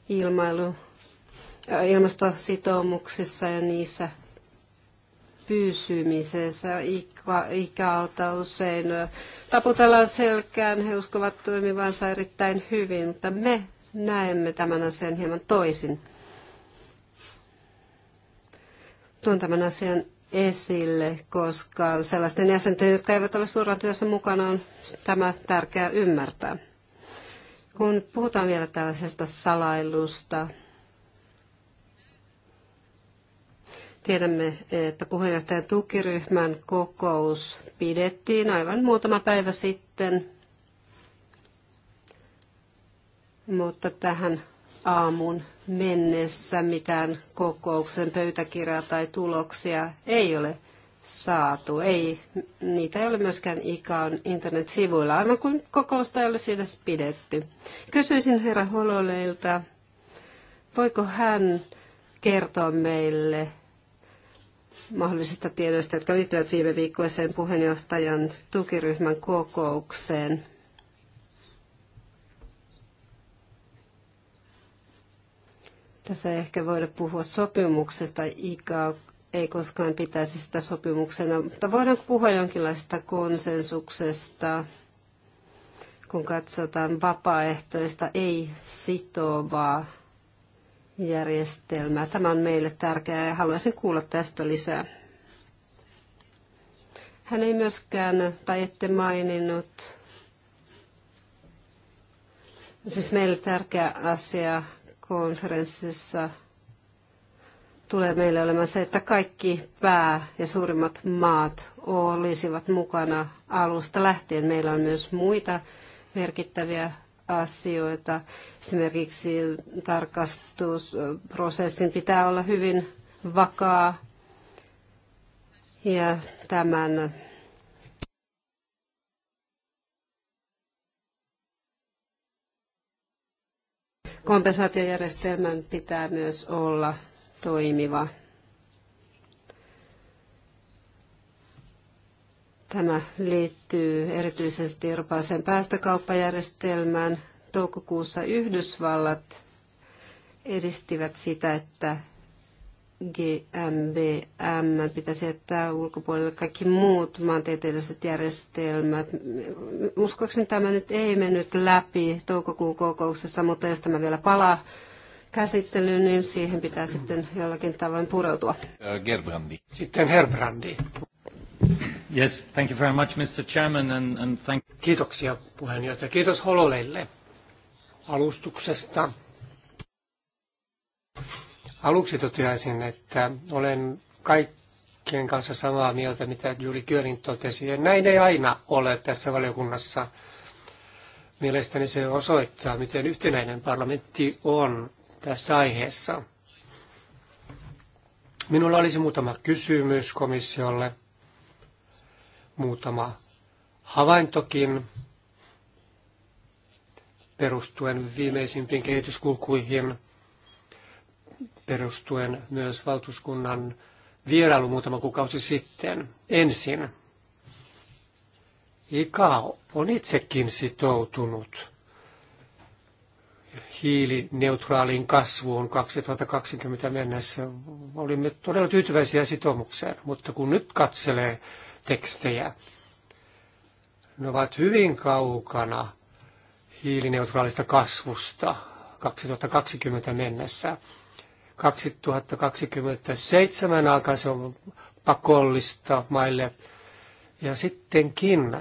ilmailu, ilmastositoumuksissa ja niissä pysymisessä. Ikäota usein taputellaan selkään, he uskovat toimivansa erittäin hyvin, mutta me näemme tämän asian hieman toisin. Tuon tämän asian esille, koska sellaisten jäsenten, jotka eivät ole suoraan työssä mukana, on tämä tärkeää ymmärtää. Kun puhutaan vielä tällaisesta salailusta, tiedämme, että puheenjohtajan tukiryhmän kokous pidettiin aivan muutama päivä sitten, mutta tähän aamuun mennessä mitään kokouksen pöytäkirjaa tai tuloksia ei ole saatu. Ei, niitä ei ole myöskään internet internetsivuilla, aivan kuin kokousta ei ole edes pidetty. Kysyisin herra Hololeilta, voiko hän kertoa meille mahdollisista tiedoista, jotka liittyvät viime viikkoiseen puheenjohtajan tukiryhmän kokoukseen. Tässä ei ehkä voida puhua sopimuksesta, IKA ei koskaan pitäisi sitä sopimuksena, mutta voidaanko puhua jonkinlaisesta konsensuksesta, kun katsotaan vapaaehtoista, ei sitovaa järjestelmää. Tämä on meille tärkeää ja haluaisin kuulla tästä lisää. Hän ei myöskään, tai ette maininnut, siis meille tärkeä asia konferenssissa tulee meille olemaan se, että kaikki pää- ja suurimmat maat olisivat mukana alusta lähtien. Meillä on myös muita merkittäviä asioita. Esimerkiksi tarkastusprosessin pitää olla hyvin vakaa ja tämän Kompensaatiojärjestelmän pitää myös olla toimiva. Tämä liittyy erityisesti eurooppaiseen päästökauppajärjestelmään. Toukokuussa Yhdysvallat edistivät sitä, että GMBM pitäisi jättää ulkopuolelle kaikki muut maantieteelliset järjestelmät. Uskoakseni tämä nyt ei mennyt läpi toukokuun kokouksessa, mutta jos tämä vielä palaa käsittelyyn, niin siihen pitää sitten jollakin tavoin pureutua. Gerbrandi. Sitten Herbrandi. Yes, thank you very much, Mr. Chairman, and, and thank... Kiitoksia puheenjohtaja. Kiitos Hololeille alustuksesta. Aluksi toteaisin, että olen kaikkien kanssa samaa mieltä, mitä Julie Kyörin totesi. Ja näin ei aina ole tässä valiokunnassa. Mielestäni se osoittaa, miten yhtenäinen parlamentti on tässä aiheessa. Minulla olisi muutama kysymys komissiolle, muutama havaintokin perustuen viimeisimpiin kehityskulkuihin – perustuen myös valtuuskunnan vierailu muutama kuukausi sitten. Ensin ICAO on itsekin sitoutunut hiilineutraaliin kasvuun 2020 mennessä. Olimme todella tyytyväisiä sitoumukseen, mutta kun nyt katselee tekstejä, ne ovat hyvin kaukana hiilineutraalista kasvusta 2020 mennessä. 2027 alkaen se on pakollista maille. Ja sittenkin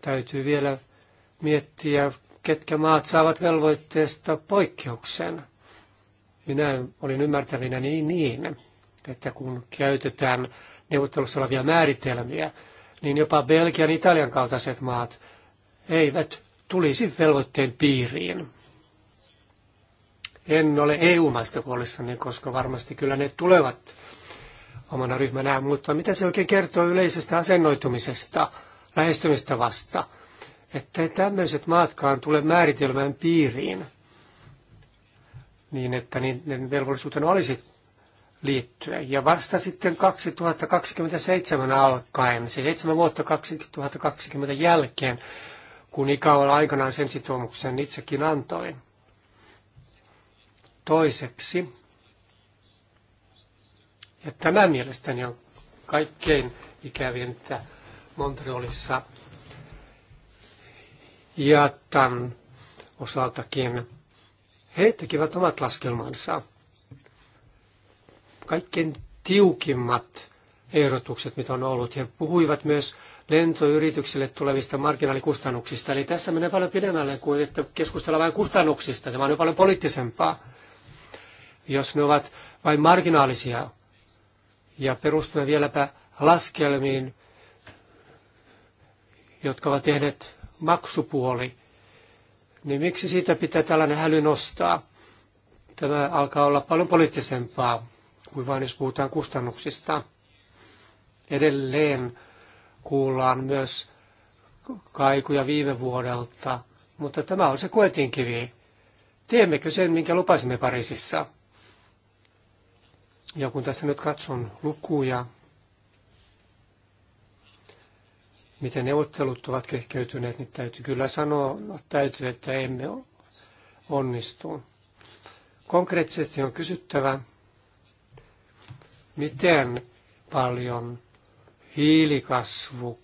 täytyy vielä miettiä, ketkä maat saavat velvoitteesta poikkeuksen. Minä olin ymmärtävinä niin, niin että kun käytetään neuvottelussa olevia määritelmiä, niin jopa Belgian ja Italian kaltaiset maat eivät tulisi velvoitteen piiriin en ole EU-maista huolissani, koska varmasti kyllä ne tulevat omana ryhmänään, mutta mitä se oikein kertoo yleisestä asennoitumisesta, lähestymistä vasta, että tämmöiset maatkaan tule määritelmään piiriin, niin että niiden velvollisuutena olisi liittyä. Ja vasta sitten 2027 alkaen, siis seitsemän vuotta 2020 jälkeen, kun Ikaolla aikanaan sen sitoumuksen itsekin antoi, Toiseksi, ja tämä mielestäni on kaikkein ikävintä Montrealissa ja tämän osaltakin, he tekivät omat laskelmansa. Kaikkein tiukimmat ehdotukset, mitä on ollut. He puhuivat myös lentoyrityksille tulevista marginaalikustannuksista. Eli tässä menee paljon pidemmälle kuin, että keskustellaan vain kustannuksista. Tämä on jo paljon poliittisempaa jos ne ovat vain marginaalisia ja perustumme vieläpä laskelmiin, jotka ovat tehneet maksupuoli, niin miksi siitä pitää tällainen häly nostaa? Tämä alkaa olla paljon poliittisempaa kuin vain jos puhutaan kustannuksista. Edelleen kuullaan myös kaikuja viime vuodelta, mutta tämä on se koetinkivi. Teemmekö sen, minkä lupasimme Pariisissa? Ja kun tässä nyt katson lukuja, miten neuvottelut ovat kehkeytyneet, niin täytyy kyllä sanoa, täytyy, että emme onnistu. Konkreettisesti on kysyttävä, miten paljon hiilikasvu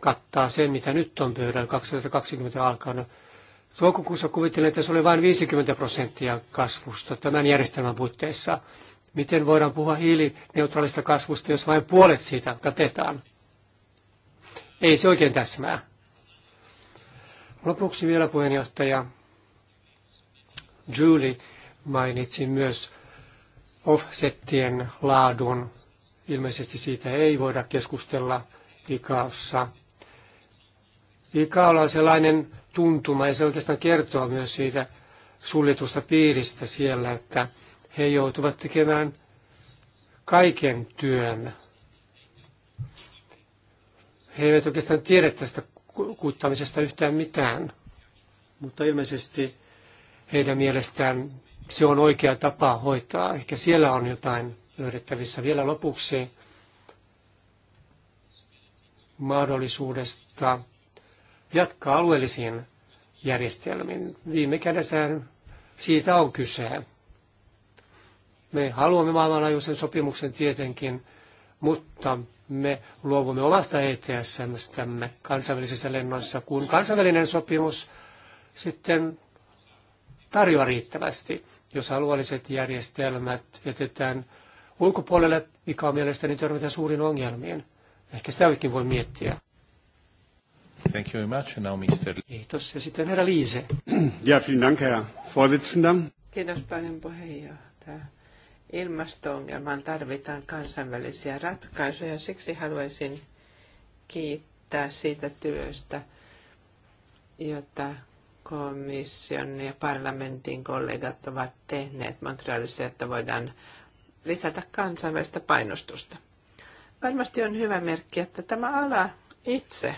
kattaa sen, mitä nyt on pöydällä 2020 alkaen. Toukokuussa kuvittelen, että se oli vain 50 prosenttia kasvusta tämän järjestelmän puitteissa. Miten voidaan puhua hiilineutraalista kasvusta, jos vain puolet siitä katetaan? Ei se oikein täsmää. Lopuksi vielä puheenjohtaja Julie mainitsi myös offsettien laadun. Ilmeisesti siitä ei voida keskustella ikaossa. Ikaolla on sellainen tuntuma, ja se oikeastaan kertoo myös siitä suljetusta piiristä siellä, että he joutuvat tekemään kaiken työn. He eivät oikeastaan tiedä tästä kuuttamisesta yhtään mitään, mutta ilmeisesti heidän mielestään se on oikea tapa hoitaa. Ehkä siellä on jotain löydettävissä. Vielä lopuksi mahdollisuudesta jatkaa alueellisiin järjestelmiin. Viime kädessään siitä on kyse. Me haluamme maailmanlaajuisen sopimuksen tietenkin, mutta me luovumme omasta ets kansainvälisissä lennoissa, kun kansainvälinen sopimus sitten tarjoaa riittävästi, jos alueelliset järjestelmät jätetään ulkopuolelle, mikä on mielestäni törmätä suurin ongelmiin. Ehkä sitäkin voi miettiä. Thank you very much. And now Mr. Kiitos. Ja sitten herra Liise. Ja, vielen Dank, herra Vorsitzender. Kiitos paljon puheenjohtaja ilmasto-ongelmaan tarvitaan kansainvälisiä ratkaisuja. Siksi haluaisin kiittää siitä työstä, jota komission ja parlamentin kollegat ovat tehneet Montrealissa, että voidaan lisätä kansainvälistä painostusta. Varmasti on hyvä merkki, että tämä ala itse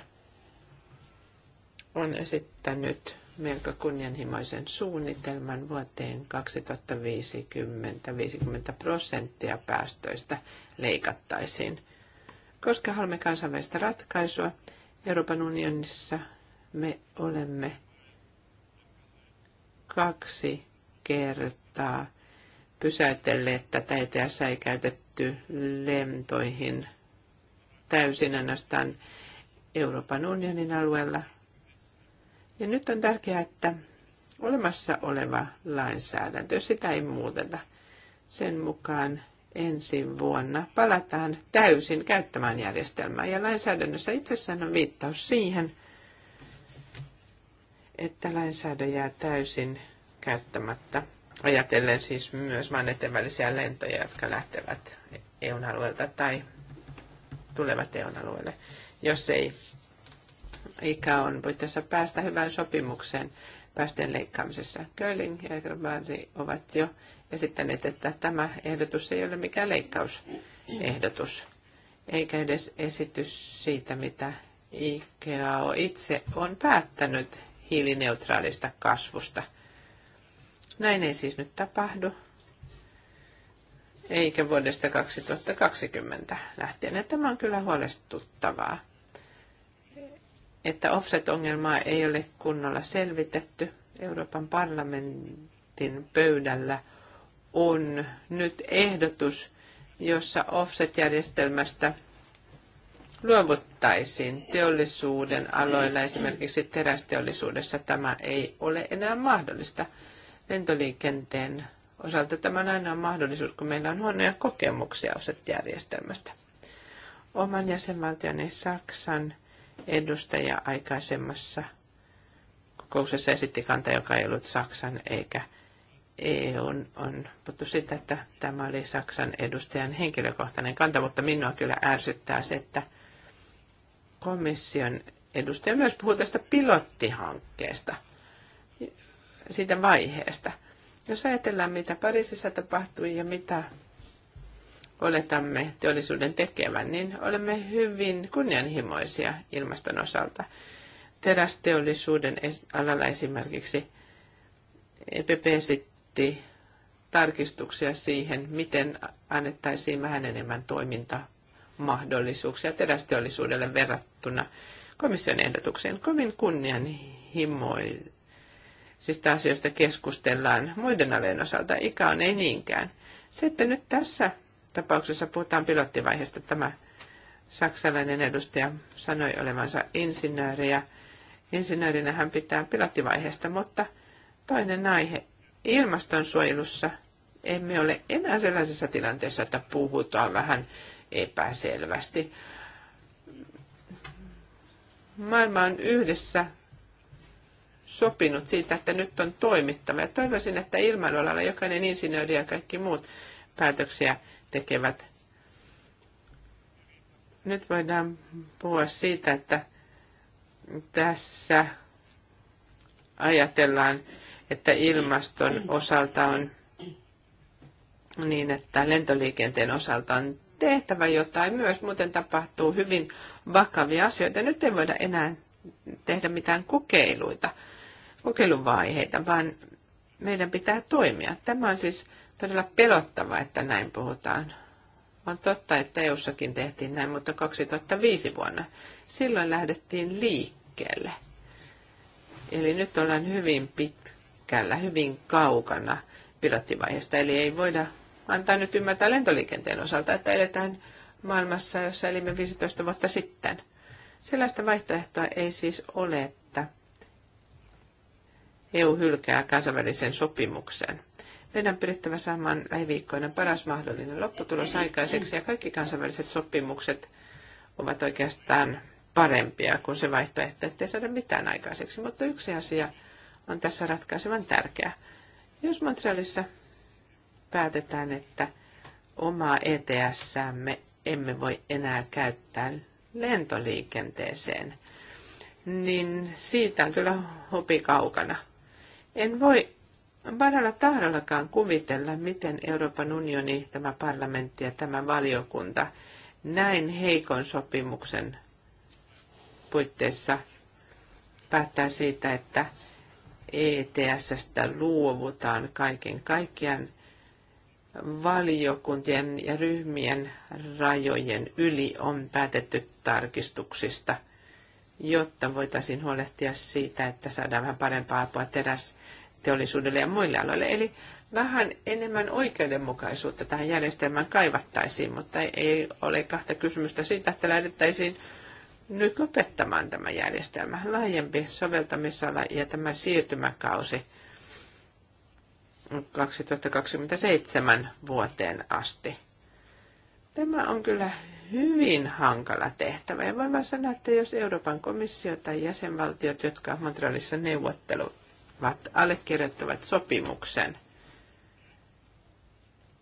on esittänyt melko kunnianhimoisen suunnitelman vuoteen 2050 50 prosenttia päästöistä leikattaisiin. Koska haluamme kansainvälistä ratkaisua, Euroopan unionissa me olemme kaksi kertaa pysäytelleet tätä ETS ei käytetty lentoihin täysin ainoastaan Euroopan unionin alueella, ja nyt on tärkeää, että olemassa oleva lainsäädäntö, jos sitä ei muuteta, sen mukaan ensi vuonna palataan täysin käyttämään järjestelmää. Ja lainsäädännössä itsessään on viittaus siihen, että lainsäädäntö jää täysin käyttämättä. Ajatellen siis myös maanneiden välisiä lentoja, jotka lähtevät e- eu alueelta tai tulevat eu alueelle, jos ei ikä on tässä päästä hyvään sopimukseen päästöjen leikkaamisessa. Köling ja Egerberg ovat jo esittäneet, että tämä ehdotus ei ole mikään leikkausehdotus, eikä edes esitys siitä, mitä IKEA itse on päättänyt hiilineutraalista kasvusta. Näin ei siis nyt tapahdu, eikä vuodesta 2020 lähtien. Ja tämä on kyllä huolestuttavaa että offset-ongelmaa ei ole kunnolla selvitetty. Euroopan parlamentin pöydällä on nyt ehdotus, jossa offset-järjestelmästä luovuttaisiin teollisuuden aloilla, esimerkiksi terästeollisuudessa tämä ei ole enää mahdollista. Lentoliikenteen osalta tämä on aina mahdollisuus, kun meillä on huonoja kokemuksia offset-järjestelmästä. Oman jäsenvaltioni Saksan edustaja aikaisemmassa kokouksessa esitti kanta, joka ei ollut Saksan eikä EU on puhuttu sitä, että tämä oli Saksan edustajan henkilökohtainen kanta, mutta minua kyllä ärsyttää se, että komission edustaja myös puhuu tästä pilottihankkeesta, siitä vaiheesta. Jos ajatellaan, mitä Pariisissa tapahtui ja mitä oletamme teollisuuden tekevän, niin olemme hyvin kunnianhimoisia ilmaston osalta. Terästeollisuuden alalla esimerkiksi EPP esitti tarkistuksia siihen, miten annettaisiin vähän enemmän toimintamahdollisuuksia terästeollisuudelle verrattuna komission ehdotukseen. Kovin kunnianhimoisista asioista keskustellaan muiden alojen osalta, ikä on ei niinkään. Se, että nyt tässä tapauksessa puhutaan pilottivaiheesta. Tämä saksalainen edustaja sanoi olevansa insinööri ja insinöörinä hän pitää pilottivaiheesta, mutta toinen aihe. Ilmastonsuojelussa emme ole enää sellaisessa tilanteessa, että puhutaan vähän epäselvästi. Maailma on yhdessä sopinut siitä, että nyt on toimittava. Ja toivoisin, että ilmailualalla jokainen insinööri ja kaikki muut päätöksiä tekevät. Nyt voidaan puhua siitä, että tässä ajatellaan, että ilmaston osalta on niin, että lentoliikenteen osalta on tehtävä jotain myös, muuten tapahtuu hyvin vakavia asioita. Nyt ei voida enää tehdä mitään kokeiluita, kokeiluvaiheita, vaan meidän pitää toimia. Tämä on siis todella pelottavaa, että näin puhutaan. On totta, että EUssakin tehtiin näin, mutta 2005 vuonna. Silloin lähdettiin liikkeelle. Eli nyt ollaan hyvin pitkällä, hyvin kaukana pilottivaiheesta. Eli ei voida antaa nyt ymmärtää lentoliikenteen osalta, että eletään maailmassa, jossa elimme 15 vuotta sitten. Sellaista vaihtoehtoa ei siis ole, että EU hylkää kansainvälisen sopimuksen meidän on pyrittävä saamaan lähiviikkoina paras mahdollinen lopputulos aikaiseksi ja kaikki kansainväliset sopimukset ovat oikeastaan parempia kuin se vaihtoehto, ettei saada mitään aikaiseksi. Mutta yksi asia on tässä ratkaisevan tärkeä. Jos Montrealissa päätetään, että omaa ETS-säämme emme voi enää käyttää lentoliikenteeseen, niin siitä on kyllä hopi kaukana. En voi parhaalla tahdollakaan kuvitella, miten Euroopan unioni, tämä parlamentti ja tämä valiokunta näin heikon sopimuksen puitteissa päättää siitä, että ETSstä luovutaan kaiken kaikkiaan valiokuntien ja ryhmien rajojen yli on päätetty tarkistuksista, jotta voitaisiin huolehtia siitä, että saadaan vähän parempaa apua teräs teollisuudelle ja muille aloille. Eli vähän enemmän oikeudenmukaisuutta tähän järjestelmään kaivattaisiin, mutta ei ole kahta kysymystä siitä, että lähdettäisiin nyt lopettamaan tämä järjestelmä. Laajempi soveltamisala ja tämä siirtymäkausi 2027 vuoteen asti. Tämä on kyllä hyvin hankala tehtävä. Ja voin vaan sanoa, että jos Euroopan komissio tai jäsenvaltiot, jotka Montrealissa neuvottelut maat allekirjoittavat sopimuksen,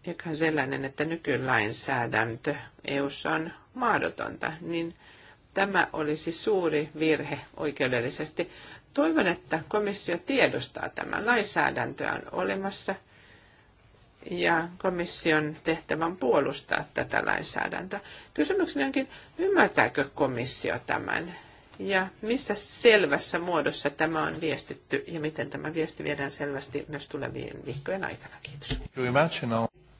joka on sellainen, että nykylainsäädäntö EU:ssa on mahdotonta, niin tämä olisi suuri virhe oikeudellisesti. Toivon, että komissio tiedostaa tämän. Lainsäädäntöä on olemassa ja komission tehtävän puolustaa tätä lainsäädäntöä. Kysymykseni onkin, ymmärtääkö komissio tämän? Ja missä selvässä muodossa tämä on viestitty ja miten tämä viesti viedään selvästi myös tulevien viikkojen aikana? Kiitos.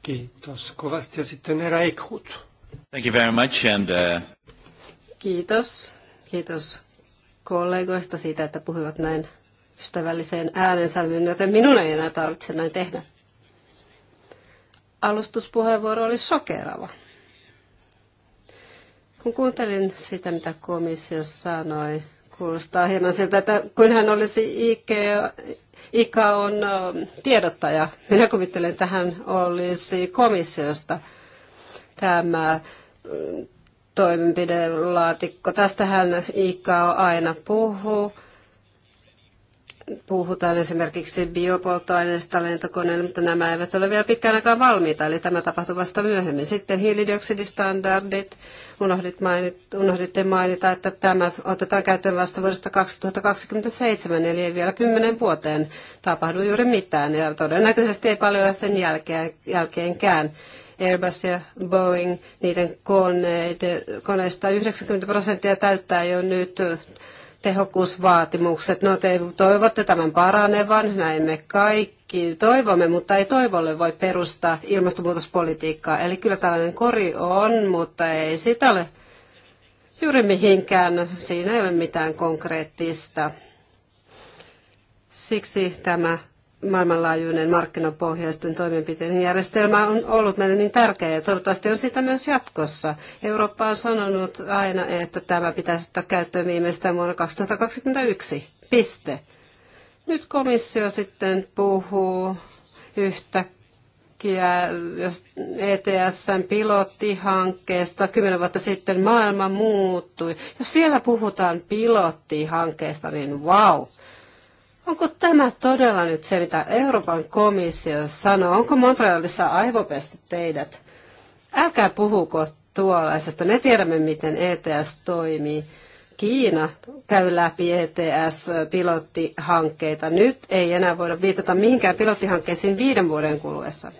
Kiitos kovasti. Ja sitten herra Eikhut. Thank you very much and, uh... Kiitos. Kiitos kollegoista siitä, että puhuivat näin ystävälliseen äänensävyyn, joten minun ei enää tarvitse näin tehdä. Alustuspuheenvuoro oli sokerava. Kun kuuntelin sitä, mitä komissio sanoi, kuulostaa hieman siltä, että kun hän olisi IKEA, Ika on tiedottaja. Minä kuvittelen, että hän olisi komissiosta tämä toimenpidelaatikko. Tästähän Ika aina puhuu. Puhutaan esimerkiksi biopolttoaineista lentokoneille, mutta nämä eivät ole vielä pitkään aikaan valmiita, eli tämä tapahtuu vasta myöhemmin. Sitten hiilidioksidistandardit, unohdit mainit, unohditte mainita, että tämä otetaan käyttöön vasta vuodesta 2027, eli ei vielä kymmenen vuoteen tapahdu juuri mitään, ja todennäköisesti ei paljon sen jälkeen, jälkeenkään. Airbus ja Boeing, niiden koneiden, koneista 90 prosenttia täyttää jo nyt tehokkuusvaatimukset. No te toivotte tämän paranevan, näin me kaikki toivomme, mutta ei toivolle voi perustaa ilmastonmuutospolitiikkaa. Eli kyllä tällainen kori on, mutta ei sitä ole juuri mihinkään. Siinä ei ole mitään konkreettista. Siksi tämä maailmanlaajuinen markkinapohjaisten toimenpiteiden järjestelmä on ollut meille niin tärkeä ja toivottavasti on sitä myös jatkossa. Eurooppa on sanonut aina, että tämä pitäisi ottaa käyttöön viimeistään vuonna 2021. Piste. Nyt komissio sitten puhuu yhtäkkiä ETSn pilottihankkeesta. Kymmenen vuotta sitten maailma muuttui. Jos vielä puhutaan pilottihankkeesta, niin vau. Wow Onko tämä todella nyt se, mitä Euroopan komissio sanoo? Onko Montrealissa aivopesti teidät? Älkää puhuko tuollaisesta. Me tiedämme, miten ETS toimii. Kiina käy läpi ETS-pilottihankkeita. Nyt ei enää voida viitata mihinkään pilottihankkeisiin viiden vuoden kuluessa.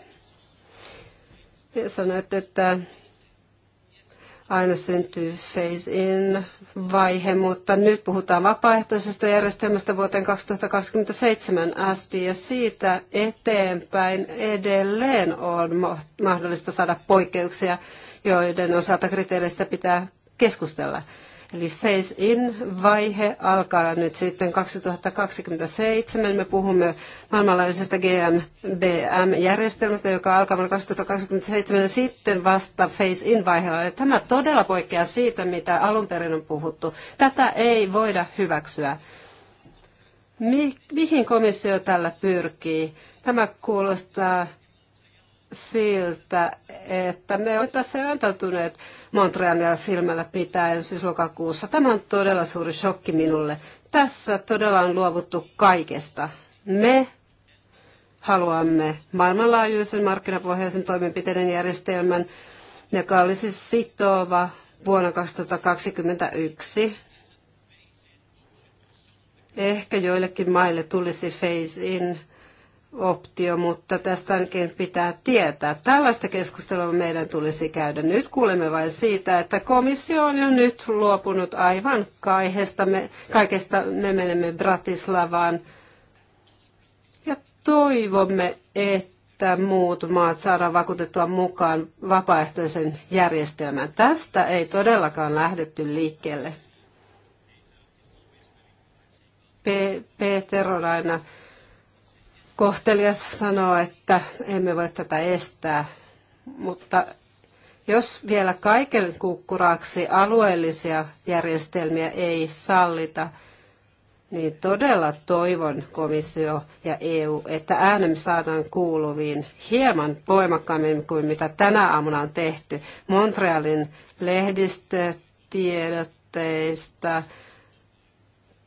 Sanoit, että aina syntyy phase in, vaihe, mutta nyt puhutaan vapaaehtoisesta järjestelmästä vuoteen 2027 asti ja siitä eteenpäin edelleen on mahdollista saada poikkeuksia, joiden osalta kriteereistä pitää keskustella. Eli phase-in-vaihe alkaa nyt sitten 2027. Me puhumme maailmanlaajuisesta GMBM-järjestelmästä, joka alkaa vuonna 2027 ja sitten vasta phase-in-vaiheella. Eli tämä todella poikkeaa siitä, mitä alun perin on puhuttu. Tätä ei voida hyväksyä. Mi- mihin komissio tällä pyrkii? Tämä kuulostaa siltä, että me olemme tässä antautuneet Montrealia silmällä pitäen syyslokakuussa. Siis Tämä on todella suuri shokki minulle. Tässä todella on luovuttu kaikesta. Me haluamme maailmanlaajuisen markkinapohjaisen toimenpiteiden järjestelmän, joka olisi sitova vuonna 2021. Ehkä joillekin maille tulisi phase-in optio, mutta tästä ainakin pitää tietää. Tällaista keskustelua meidän tulisi käydä. Nyt kuulemme vain siitä, että komissio on jo nyt luopunut aivan kaikesta. Me, kaikesta me menemme Bratislavaan ja toivomme, että muut maat saadaan vakuutettua mukaan vapaaehtoisen järjestelmän. Tästä ei todellakaan lähdetty liikkeelle. Peter on aina kohtelias sanoa, että emme voi tätä estää, mutta jos vielä kaiken kukkuraaksi alueellisia järjestelmiä ei sallita, niin todella toivon komissio ja EU, että äänemme saadaan kuuluviin hieman voimakkaammin kuin mitä tänä aamuna on tehty. Montrealin lehdistötiedotteista,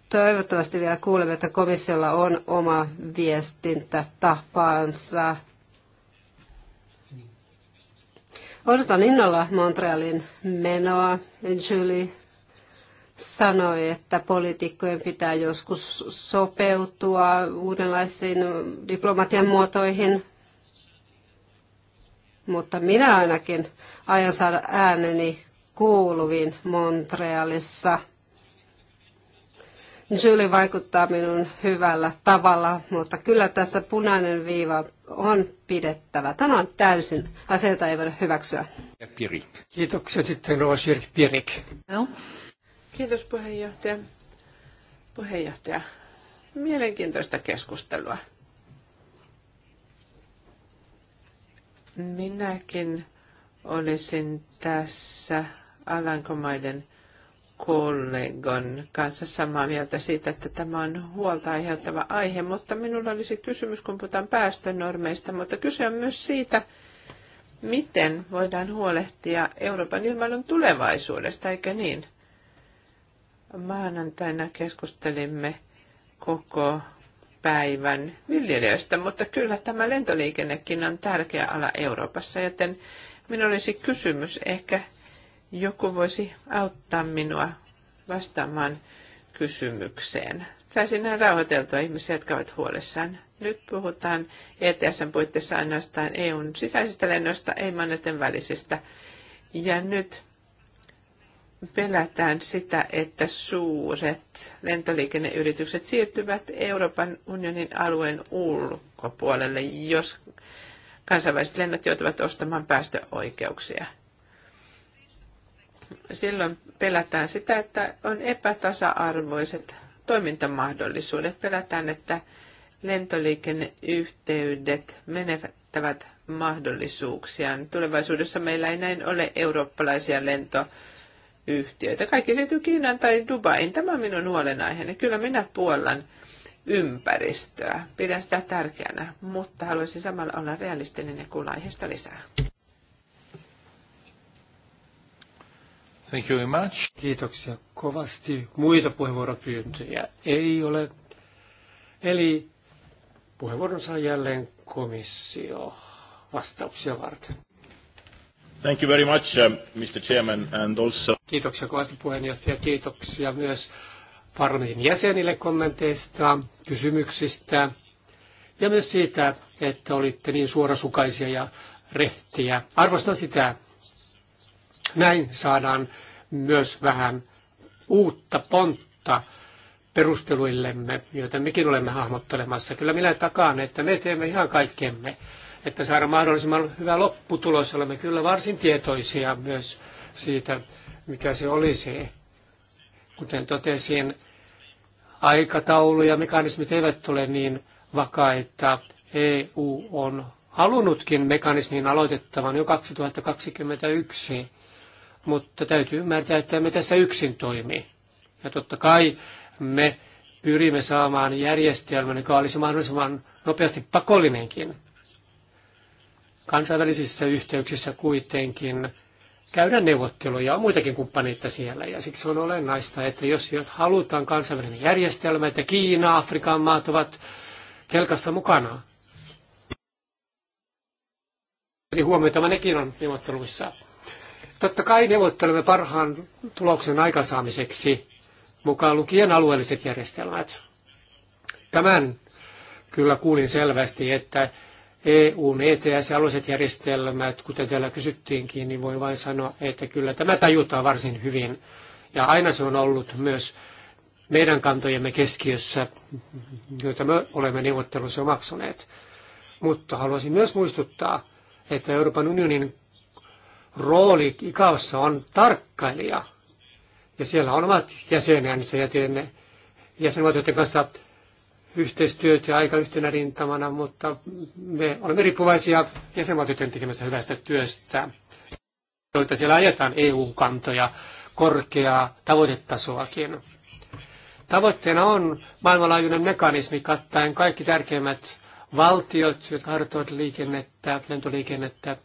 Toivottavasti vielä kuulemme, että komissiolla on oma viestintätapansa. Odotan innolla Montrealin menoa. Julie sanoi, että poliitikkojen pitää joskus sopeutua uudenlaisiin diplomatian muotoihin, mutta minä ainakin aion saada ääneni kuuluviin Montrealissa. Niin syli vaikuttaa minun hyvällä tavalla, mutta kyllä tässä punainen viiva on pidettävä. Tämä on täysin aseita ei voida hyväksyä. Kiitoksia sitten Roger Pirik. No. Kiitos puheenjohtaja. Puheenjohtaja, mielenkiintoista keskustelua. Minäkin olisin tässä Alankomaiden kollegan kanssa samaa mieltä siitä, että tämä on huolta aiheuttava aihe, mutta minulla olisi kysymys, kun puhutaan päästönormeista, mutta kyse on myös siitä, miten voidaan huolehtia Euroopan ilmailun tulevaisuudesta, eikö niin? Maanantaina keskustelimme koko päivän viljelijöistä, mutta kyllä tämä lentoliikennekin on tärkeä ala Euroopassa, joten minulla olisi kysymys ehkä joku voisi auttaa minua vastaamaan kysymykseen. Saisin näin rauhoiteltua ihmisiä, jotka ovat huolissaan. Nyt puhutaan ETSn puitteissa ainoastaan EUn sisäisistä lennoista, ei manneten välisistä. Ja nyt pelätään sitä, että suuret lentoliikenneyritykset siirtyvät Euroopan unionin alueen ulkopuolelle, jos kansainväliset lennot joutuvat ostamaan päästöoikeuksia silloin pelätään sitä, että on epätasa-arvoiset toimintamahdollisuudet. Pelätään, että lentoliikenneyhteydet menettävät mahdollisuuksiaan. Tulevaisuudessa meillä ei näin ole eurooppalaisia lentoyhtiöitä. Kaikki siirtyy Kiinaan tai Dubaiin. Tämä on minun huolenaiheeni. Kyllä minä puollan ympäristöä. Pidän sitä tärkeänä, mutta haluaisin samalla olla realistinen ja kuulla aiheesta lisää. Thank you very much. Kiitoksia kovasti. Muita puheenvuoropyyntöjä ei ole. Eli puheenvuoron saa jälleen komissio vastauksia varten. Thank you very much, uh, Mr. Chairman, and also... Kiitoksia kovasti puheenjohtaja. Kiitoksia myös parlamentin jäsenille kommenteista, kysymyksistä ja myös siitä, että olitte niin suorasukaisia ja rehtiä. Arvostan sitä näin saadaan myös vähän uutta pontta perusteluillemme, joita mekin olemme hahmottelemassa. Kyllä minä takaan, että me teemme ihan kaikkemme, että saada mahdollisimman hyvä lopputulos. Olemme kyllä varsin tietoisia myös siitä, mikä se olisi. Kuten totesin, aikataulu ja mekanismit eivät ole niin vakaita. EU on halunnutkin mekanismin aloitettavan jo 2021 mutta täytyy ymmärtää, että me tässä yksin toimii. Ja totta kai me pyrimme saamaan järjestelmän, joka olisi mahdollisimman nopeasti pakollinenkin. Kansainvälisissä yhteyksissä kuitenkin käydään neuvotteluja, on muitakin kumppaneita siellä. Ja siksi on olennaista, että jos halutaan kansainvälinen järjestelmä, että Kiina, Afrikan maat ovat kelkassa mukana. Eli huomioitava nekin on neuvotteluissa. Totta kai neuvottelemme parhaan tuloksen aikaansaamiseksi mukaan lukien alueelliset järjestelmät. Tämän kyllä kuulin selvästi, että EUn ETS ja alueelliset järjestelmät, kuten täällä kysyttiinkin, niin voi vain sanoa, että kyllä tämä tajutaan varsin hyvin. Ja aina se on ollut myös meidän kantojemme keskiössä, joita me olemme neuvottelussa omaksuneet. Mutta haluaisin myös muistuttaa, että Euroopan unionin rooli ikaossa on tarkkailija. Ja siellä on omat jäsenensä ja teemme jäsenvaltioiden kanssa ja aika yhtenä rintamana, mutta me olemme riippuvaisia jäsenvaltioiden tekemästä hyvästä työstä, joita siellä ajetaan EU-kantoja, korkeaa tavoitetasoakin. Tavoitteena on maailmanlaajuinen mekanismi kattaen kaikki tärkeimmät valtiot, jotka harjoittavat liikennettä, lentoliikennettä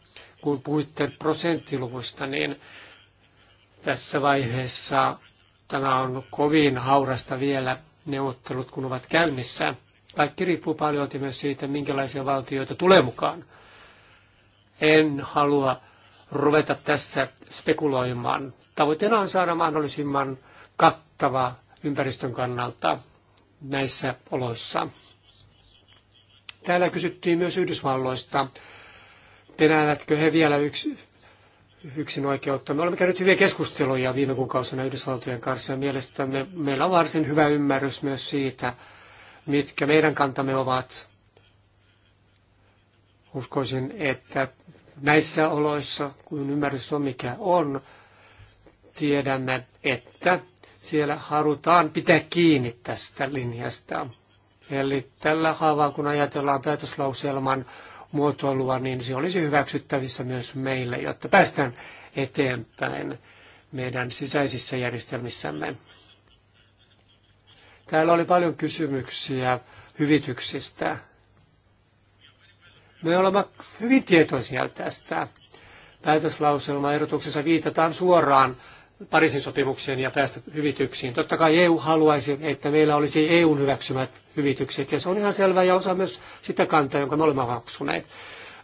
kun puhuitte prosenttiluvusta, niin tässä vaiheessa tämä on kovin haurasta vielä neuvottelut, kun ovat käynnissä. Kaikki riippuu paljon myös siitä, minkälaisia valtioita tulee mukaan. En halua ruveta tässä spekuloimaan. Tavoitteena on saada mahdollisimman kattava ympäristön kannalta näissä oloissa. Täällä kysyttiin myös Yhdysvalloista penäävätkö he vielä yksi yksin oikeutta. Me olemme käyneet hyviä keskusteluja viime kuukausina Yhdysvaltojen kanssa ja mielestämme meillä on varsin hyvä ymmärrys myös siitä, mitkä meidän kantamme ovat. Uskoisin, että näissä oloissa, kun ymmärrys on mikä on, tiedämme, että siellä halutaan pitää kiinni tästä linjasta. Eli tällä haavaa, kun ajatellaan päätöslauselman muotoilua, niin se olisi hyväksyttävissä myös meille, jotta päästään eteenpäin meidän sisäisissä järjestelmissämme. Täällä oli paljon kysymyksiä hyvityksistä. Me olemme hyvin tietoisia tästä. Päätöslauselmaehdotuksessa viitataan suoraan Pariisin sopimukseen ja päästä hyvityksiin. Totta kai EU haluaisi, että meillä olisi EUn hyväksymät hyvitykset, ja se on ihan selvä ja osa myös sitä kantaa, jonka me olemme maksuneet.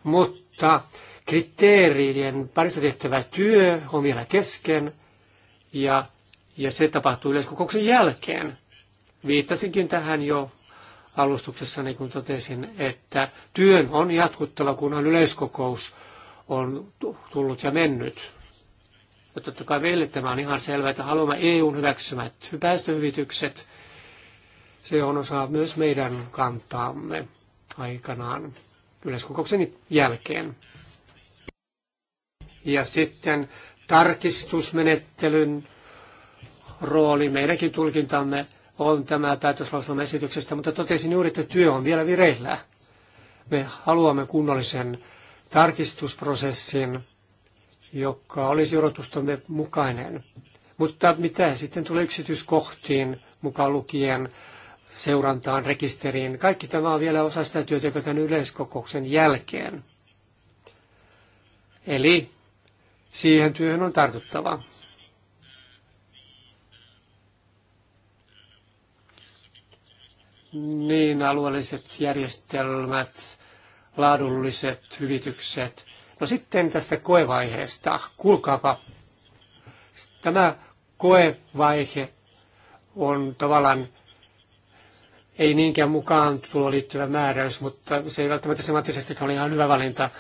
Mutta kriteerien parissa tehtävä työ on vielä kesken, ja, ja se tapahtuu yleiskokouksen jälkeen. Viittasinkin tähän jo alustuksessa, niin kuin totesin, että työn on jatkuttava, kunhan yleiskokous on tullut ja mennyt ja totta kai meille tämä on ihan selvää, että haluamme EUn hyväksymät päästöhyvitykset. Se on osa myös meidän kantaamme aikanaan yleiskokouksen jälkeen. Ja sitten tarkistusmenettelyn rooli meidänkin tulkintamme on tämä päätöslauselma esityksestä, mutta totesin juuri, että työ on vielä vireillä. Me haluamme kunnollisen tarkistusprosessin joka olisi odotustamme mukainen. Mutta mitä sitten tulee yksityiskohtiin, mukaan lukien seurantaan, rekisteriin, kaikki tämä on vielä osa sitä työtä, joka tämän yleiskokouksen jälkeen. Eli siihen työhön on tartuttava. Niin, alueelliset järjestelmät, laadulliset hyvitykset – No sitten tästä koevaiheesta. Kuulkaapa, tämä koevaihe on tavallaan ei niinkään mukaan tulo liittyvä määräys, mutta se ei välttämättä semanttisesti ole ihan hyvä valinta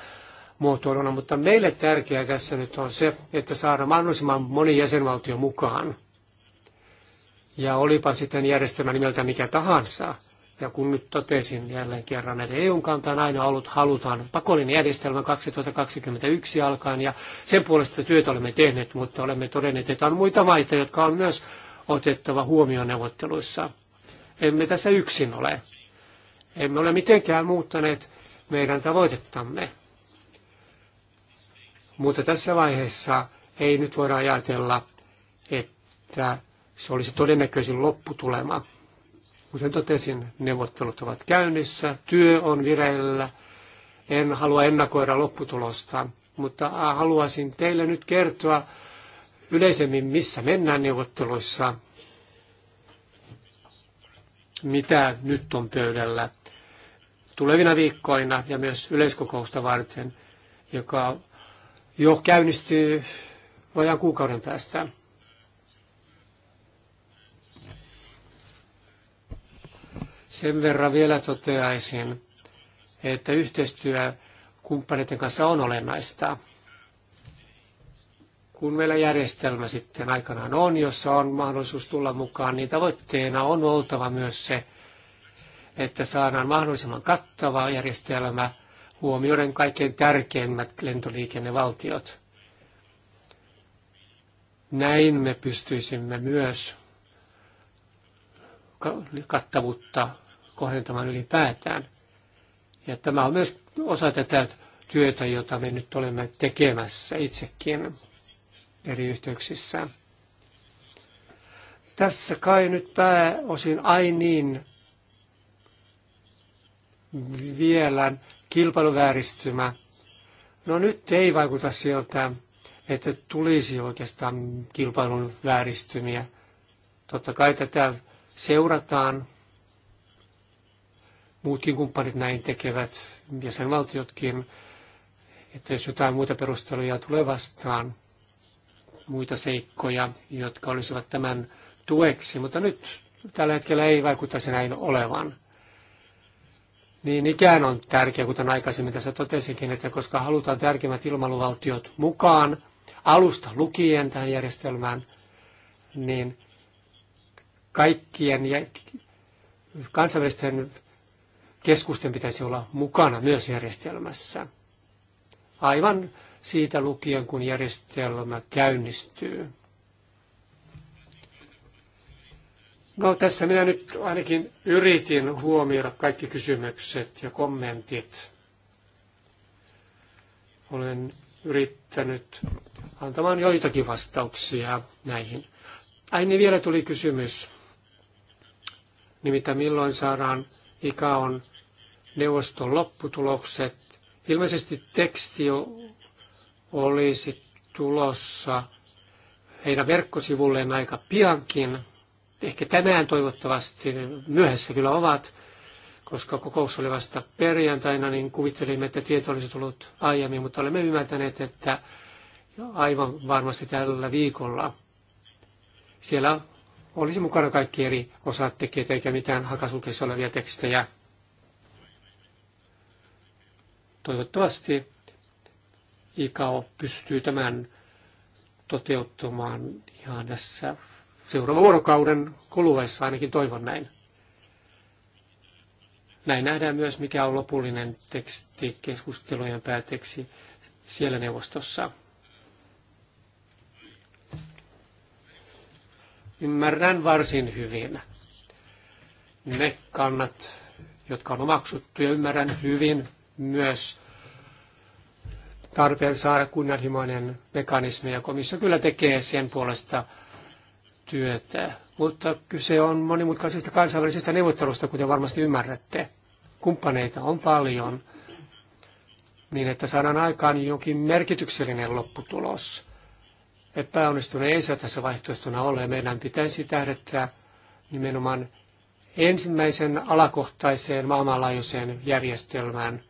muotoiluna, mutta meille tärkeää tässä nyt on se, että saada mahdollisimman moni jäsenvaltio mukaan. Ja olipa sitten järjestelmä nimeltä mikä tahansa – ja kun nyt totesin jälleen kerran, että EUn kanta on aina ollut halutaan pakollinen järjestelmä 2021 alkaen ja sen puolesta työtä olemme tehneet, mutta olemme todenneet, että on muita maita, jotka on myös otettava huomioon neuvotteluissa. Emme tässä yksin ole. Emme ole mitenkään muuttaneet meidän tavoitettamme. Mutta tässä vaiheessa ei nyt voida ajatella, että se olisi todennäköisin lopputulema. Kuten totesin, neuvottelut ovat käynnissä, työ on vireillä. En halua ennakoida lopputulosta, mutta haluaisin teille nyt kertoa yleisemmin, missä mennään neuvotteluissa, mitä nyt on pöydällä tulevina viikkoina ja myös yleiskokousta varten, joka jo käynnistyy vajaan kuukauden päästä. Sen verran vielä toteaisin, että yhteistyö kumppaneiden kanssa on olennaista. Kun meillä järjestelmä sitten aikanaan on, jossa on mahdollisuus tulla mukaan, niin tavoitteena on oltava myös se, että saadaan mahdollisimman kattava järjestelmä huomioiden kaikkein tärkeimmät lentoliikennevaltiot. Näin me pystyisimme myös kattavuutta kohentamaan ylipäätään. Ja tämä on myös osa tätä työtä, jota me nyt olemme tekemässä itsekin eri yhteyksissä. Tässä kai nyt pääosin ainiin niin vielä kilpailuvääristymä. No nyt ei vaikuta siltä, että tulisi oikeastaan kilpailun vääristymiä. Totta kai tätä seurataan. Muutkin kumppanit näin tekevät, jäsenvaltiotkin, että jos jotain muita perusteluja tulee vastaan, muita seikkoja, jotka olisivat tämän tueksi, mutta nyt tällä hetkellä ei vaikuttaisi näin olevan. Niin ikään on tärkeää, kuten aikaisemmin tässä totesinkin, että koska halutaan tärkeimmät ilmailuvaltiot mukaan alusta lukien tähän järjestelmään, niin – kaikkien ja kansainvälisten keskusten pitäisi olla mukana myös järjestelmässä. Aivan siitä lukien, kun järjestelmä käynnistyy. No tässä minä nyt ainakin yritin huomioida kaikki kysymykset ja kommentit. Olen yrittänyt antamaan joitakin vastauksia näihin. Aini niin, vielä tuli kysymys nimittäin milloin saadaan ikaon neuvoston lopputulokset. Ilmeisesti teksti olisi tulossa heidän verkkosivulleen aika piankin, ehkä tänään toivottavasti, myöhässä kyllä ovat, koska kokous oli vasta perjantaina, niin kuvittelimme, että tieto olisi tullut aiemmin, mutta olemme ymmärtäneet, että aivan varmasti tällä viikolla siellä olisi mukana kaikki eri osatekijät eikä mitään hakasulkeissa olevia tekstejä. Toivottavasti IKAO pystyy tämän toteuttamaan ihan tässä seuraavan vuorokauden kuluessa, ainakin toivon näin. Näin nähdään myös, mikä on lopullinen teksti keskustelujen pääteksi siellä neuvostossa. Ymmärrän varsin hyvin ne kannat, jotka on omaksuttu, ja ymmärrän hyvin myös tarpeen saada kunnanhimoinen mekanismi, ja komissio kyllä tekee sen puolesta työtä. Mutta kyse on monimutkaisesta kansainvälisestä neuvottelusta, kuten varmasti ymmärrätte. Kumppaneita on paljon, niin että saadaan aikaan jokin merkityksellinen lopputulos epäonnistuneen ei saa tässä vaihtoehtona ole. Meidän pitäisi tähdätä nimenomaan ensimmäisen alakohtaiseen maailmanlaajuiseen järjestelmään.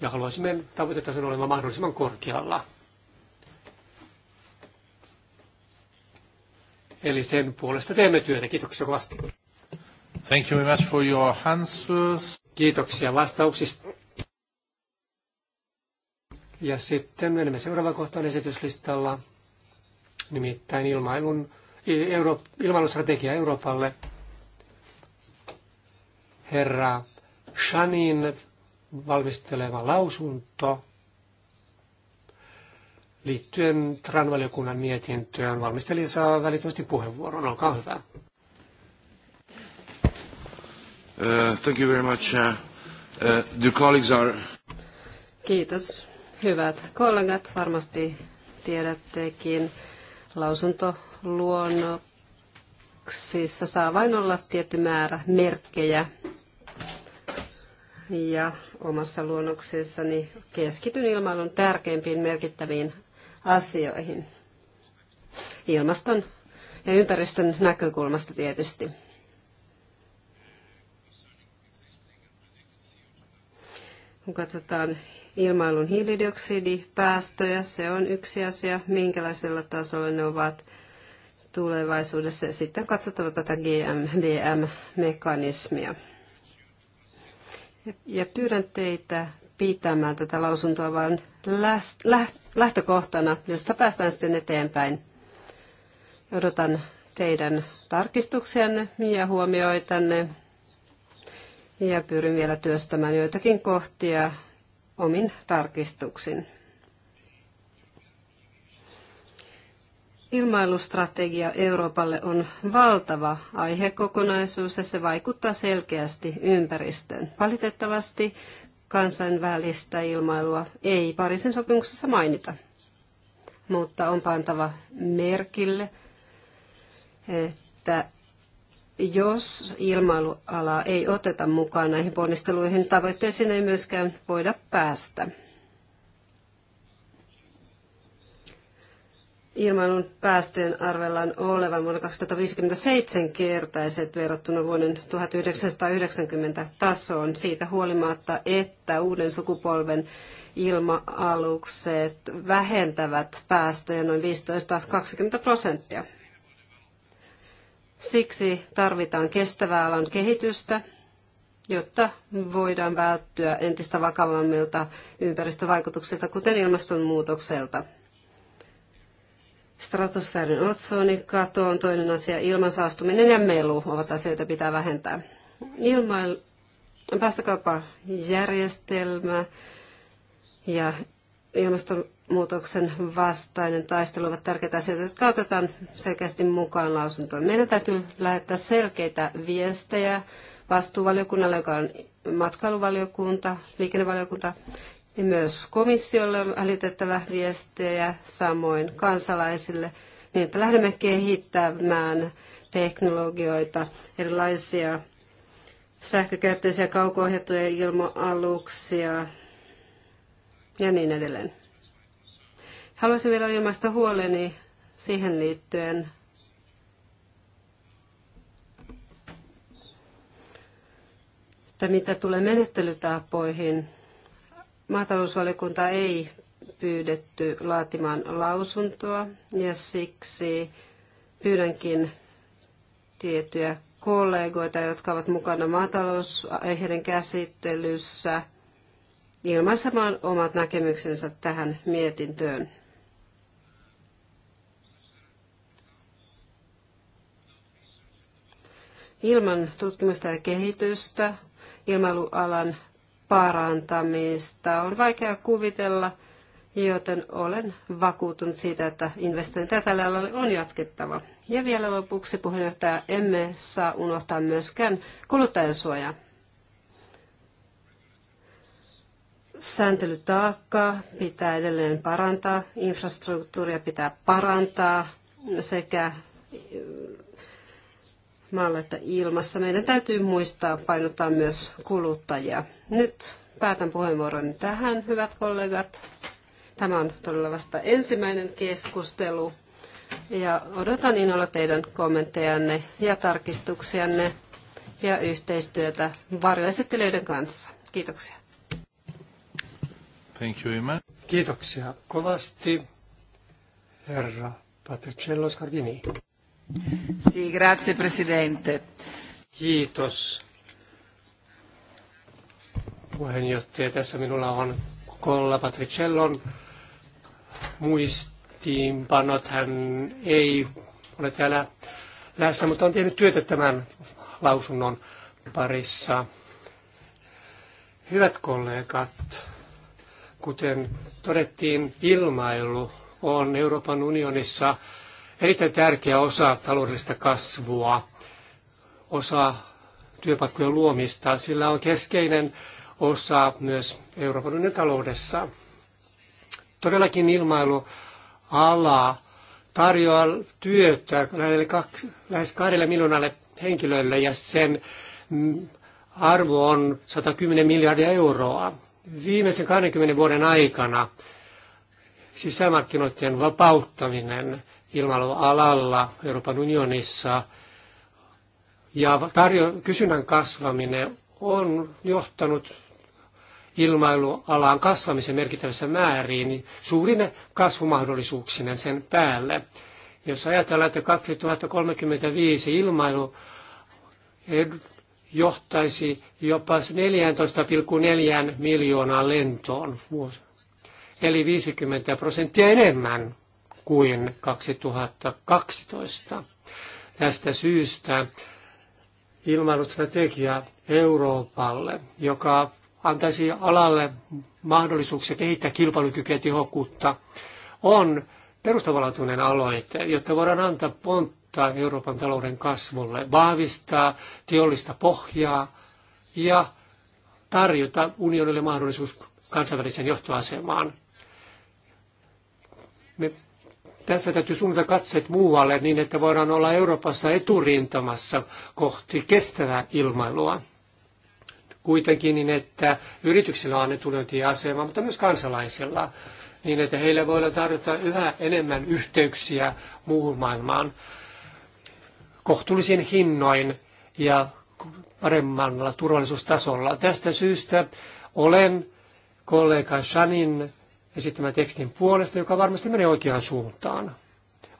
Ja haluaisimme tavoitetason olevan mahdollisimman korkealla. Eli sen puolesta teemme työtä. Kiitoksia kovasti. Thank you very much for your answers. Kiitoksia vastauksista. Ja sitten menemme seuraava kohtaan esityslistalla, nimittäin ilmailun, euro, ilmailustrategia Euroopalle. Herra Shanin valmistelema lausunto liittyen TRAN-valiokunnan mietintöön. Valmistelija saa välittömästi puheenvuoron. Olkaa hyvä. Uh, thank you very much. Uh, uh, the colleagues are... Kiitos Hyvät kollegat, varmasti tiedättekin lausuntoluonnoksissa saa vain olla tietty määrä merkkejä. Ja omassa luonnoksessani keskityn ilmailun tärkeimpiin merkittäviin asioihin. Ilmaston ja ympäristön näkökulmasta tietysti. kun katsotaan ilmailun hiilidioksidipäästöjä. Se on yksi asia, minkälaisella tasolla ne ovat tulevaisuudessa. Sitten katsottava tätä GMBM-mekanismia. Ja pyydän teitä pitämään tätä lausuntoa vain lähtökohtana, josta päästään sitten eteenpäin. Odotan teidän tarkistuksianne ja huomioitanne. Ja pyrin vielä työstämään joitakin kohtia, omin tarkistuksin. Ilmailustrategia Euroopalle on valtava aihekokonaisuus ja se vaikuttaa selkeästi ympäristöön. Valitettavasti kansainvälistä ilmailua ei Pariisin sopimuksessa mainita, mutta on pantava merkille, että jos ilmailualaa ei oteta mukaan näihin ponnisteluihin, tavoitteisiin ei myöskään voida päästä. Ilmailun päästöjen arvellaan olevan vuonna 2057 kertaiset verrattuna vuoden 1990 tasoon siitä huolimatta, että uuden sukupolven ilma-alukset vähentävät päästöjä noin 15-20 prosenttia. Siksi tarvitaan kestävää alan kehitystä, jotta voidaan välttyä entistä vakavammilta ympäristövaikutuksilta, kuten ilmastonmuutokselta. Stratosfäärin otsoni, kato on toinen asia, ilmansaastuminen ja melu ovat asioita, pitää vähentää. Ilmail, päästökauppajärjestelmä ja ilmaston muutoksen vastainen taistelu ovat tärkeitä asioita, jotka otetaan selkeästi mukaan lausuntoon. Meidän täytyy lähettää selkeitä viestejä vastuuvaliokunnalle, joka on matkailuvaliokunta, liikennevaliokunta, ja myös komissiolle on välitettävä viestejä, samoin kansalaisille, niin että lähdemme kehittämään teknologioita, erilaisia sähkökäyttöisiä kauko-ohjattuja ilmoaluksia ja niin edelleen. Haluaisin vielä ilmaista huoleni siihen liittyen. Että mitä tulee menettelytapoihin, maatalousvaliokunta ei pyydetty laatimaan lausuntoa ja siksi pyydänkin tiettyjä kollegoita, jotka ovat mukana maatalousaiheiden käsittelyssä, ilmaisemaan omat näkemyksensä tähän mietintöön. Ilman tutkimusta ja kehitystä, ilmailualan parantamista on vaikea kuvitella, joten olen vakuutunut siitä, että investointeja tällä alalla on jatkettava. Ja vielä lopuksi puheenjohtaja, emme saa unohtaa myöskään kuluttajansuojaa. Sääntelytaakkaa pitää edelleen parantaa, infrastruktuuria pitää parantaa sekä maalla että ilmassa. Meidän täytyy muistaa painottaa myös kuluttajia. Nyt päätän puheenvuoron tähän, hyvät kollegat. Tämä on todella vasta ensimmäinen keskustelu. Ja odotan innolla teidän kommenttejanne ja tarkistuksianne ja yhteistyötä varjoesittelijöiden kanssa. Kiitoksia. Thank you, Emma. Kiitoksia kovasti, herra Patricello Scardini. Si, grazie presidente. Kiitos. Puheenjohtaja, tässä minulla on Kolla Patricellon muistiinpanot. Hän ei ole täällä läsnä, mutta on tehnyt työtä tämän lausunnon parissa. Hyvät kollegat, kuten todettiin, ilmailu on Euroopan unionissa erittäin tärkeä osa taloudellista kasvua, osa työpaikkojen luomista. Sillä on keskeinen osa myös Euroopan unionin taloudessa. Todellakin ilmailuala tarjoaa työtä lähes kahdelle miljoonalle henkilölle ja sen arvo on 110 miljardia euroa. Viimeisen 20 vuoden aikana sisämarkkinoiden vapauttaminen ilmailualalla Euroopan unionissa. Ja tarjo- kysynnän kasvaminen on johtanut ilmailualan kasvamisen merkittävässä määrin suurin kasvumahdollisuuksinen sen päälle. Jos ajatellaan, että 2035 ilmailu johtaisi jopa 14,4 miljoonaa lentoon vuosi. Eli 50 prosenttia enemmän kuin 2012. Tästä syystä ilmailustrategia Euroopalle, joka antaisi alalle mahdollisuuksia kehittää kilpailukykyä ja tehokkuutta, on perustavanlaatuinen aloite, jotta voidaan antaa pontta Euroopan talouden kasvulle, vahvistaa teollista pohjaa ja tarjota unionille mahdollisuus kansainväliseen johtoasemaan. Me tässä täytyy suunnata katseet muualle niin, että voidaan olla Euroopassa eturintamassa kohti kestävää ilmailua. Kuitenkin niin, että yrityksillä on annetunnoti asema, mutta myös kansalaisilla, niin että heille voi tarjota yhä enemmän yhteyksiä muuhun maailmaan kohtuullisin hinnoin ja paremmalla turvallisuustasolla. Tästä syystä olen kollega Shanin esittämän tekstin puolesta, joka varmasti menee oikeaan suuntaan.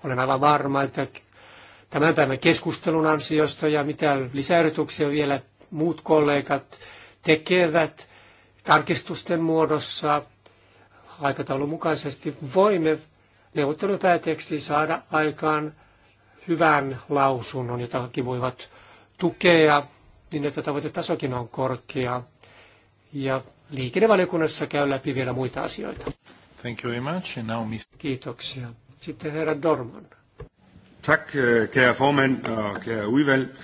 Olen aivan varma, että tämän päivän keskustelun ansiosta ja mitä lisäyrityksiä vielä muut kollegat tekevät tarkistusten muodossa aikataulun mukaisesti, voimme neuvottelupäätekstiin saada aikaan hyvän lausunnon, jota kaikki voivat tukea, niin että tavoitetasokin on korkea. Ja liikennevaliokunnassa käy läpi vielä muita asioita. Thank you very much. And now Mr. Kiitoksia. Sitten herra Dorman. Tack, øh, kära formand och kära udvalg. <clears throat>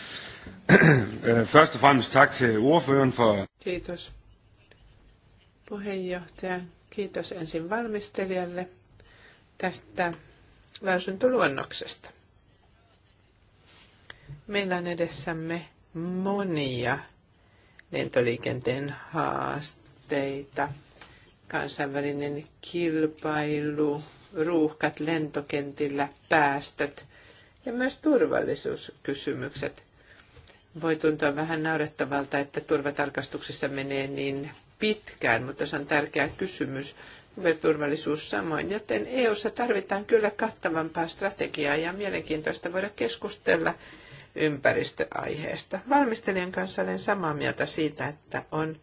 Øh, Först och främst tack till ordföranden för... Kiitos. Puheenjohtaja, kiitos ensin valmistelijalle tästä lausuntoluonnoksesta. Meillä on edessämme monia lentoliikenteen haasteita esteitä. Kansainvälinen kilpailu, ruuhkat lentokentillä, päästöt ja myös turvallisuuskysymykset. Voi tuntua vähän naurettavalta, että turvatarkastuksessa menee niin pitkään, mutta se on tärkeä kysymys. Turvallisuus samoin, joten EU:ssa tarvitaan kyllä kattavampaa strategiaa ja mielenkiintoista voida keskustella ympäristöaiheesta. Valmistelijan kanssa olen samaa mieltä siitä, että on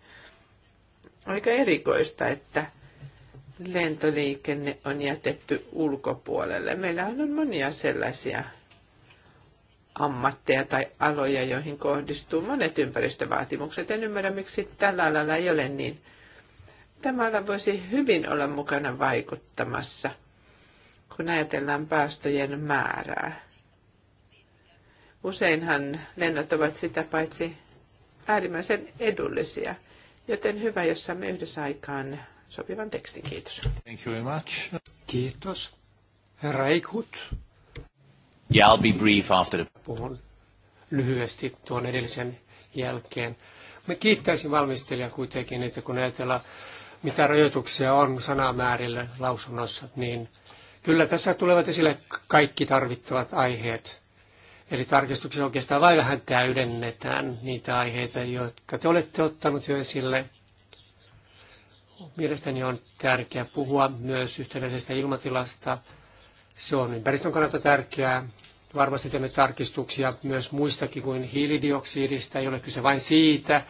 aika erikoista, että lentoliikenne on jätetty ulkopuolelle. Meillä on monia sellaisia ammatteja tai aloja, joihin kohdistuu monet ympäristövaatimukset. En ymmärrä, miksi tällä alalla ei ole niin. Tämä ala voisi hyvin olla mukana vaikuttamassa, kun ajatellaan päästöjen määrää. Useinhan lennot ovat sitä paitsi äärimmäisen edullisia – Joten hyvä, jos saamme yhdessä aikaan sopivan tekstin. Kiitos. Thank you very much. Kiitos. Herra Eikhut. Yeah, I'll be brief after the... Puhun lyhyesti tuon edellisen jälkeen. Me kiittäisin valmistelijaa kuitenkin, että kun ajatellaan, mitä rajoituksia on sanamäärille lausunnossa, niin kyllä tässä tulevat esille kaikki tarvittavat aiheet. Eli tarkistuksessa oikeastaan vain vähän täydennetään niitä aiheita, jotka te olette ottanut jo esille. Mielestäni on tärkeää puhua myös yhtenäisestä ilmatilasta. Se on ympäristön kannalta tärkeää. Varmasti teemme tarkistuksia myös muistakin kuin hiilidioksidista. Ei ole kyse vain siitä.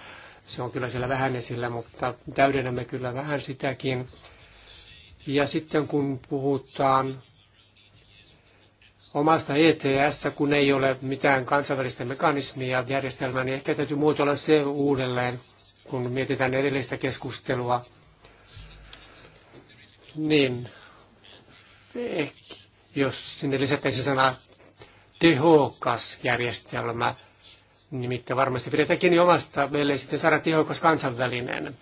Se on kyllä siellä vähän esillä, mutta täydennämme kyllä vähän sitäkin. Ja sitten kun puhutaan omasta ETS, kun ei ole mitään kansainvälistä mekanismia järjestelmää, niin ehkä täytyy muotoilla se uudelleen, kun mietitään edellistä keskustelua. Niin, ehkä, jos sinne lisättäisiin sana tehokas järjestelmä, nimittäin varmasti pidetään kiinni omasta, meille sitten saada tehokas kansainvälinen.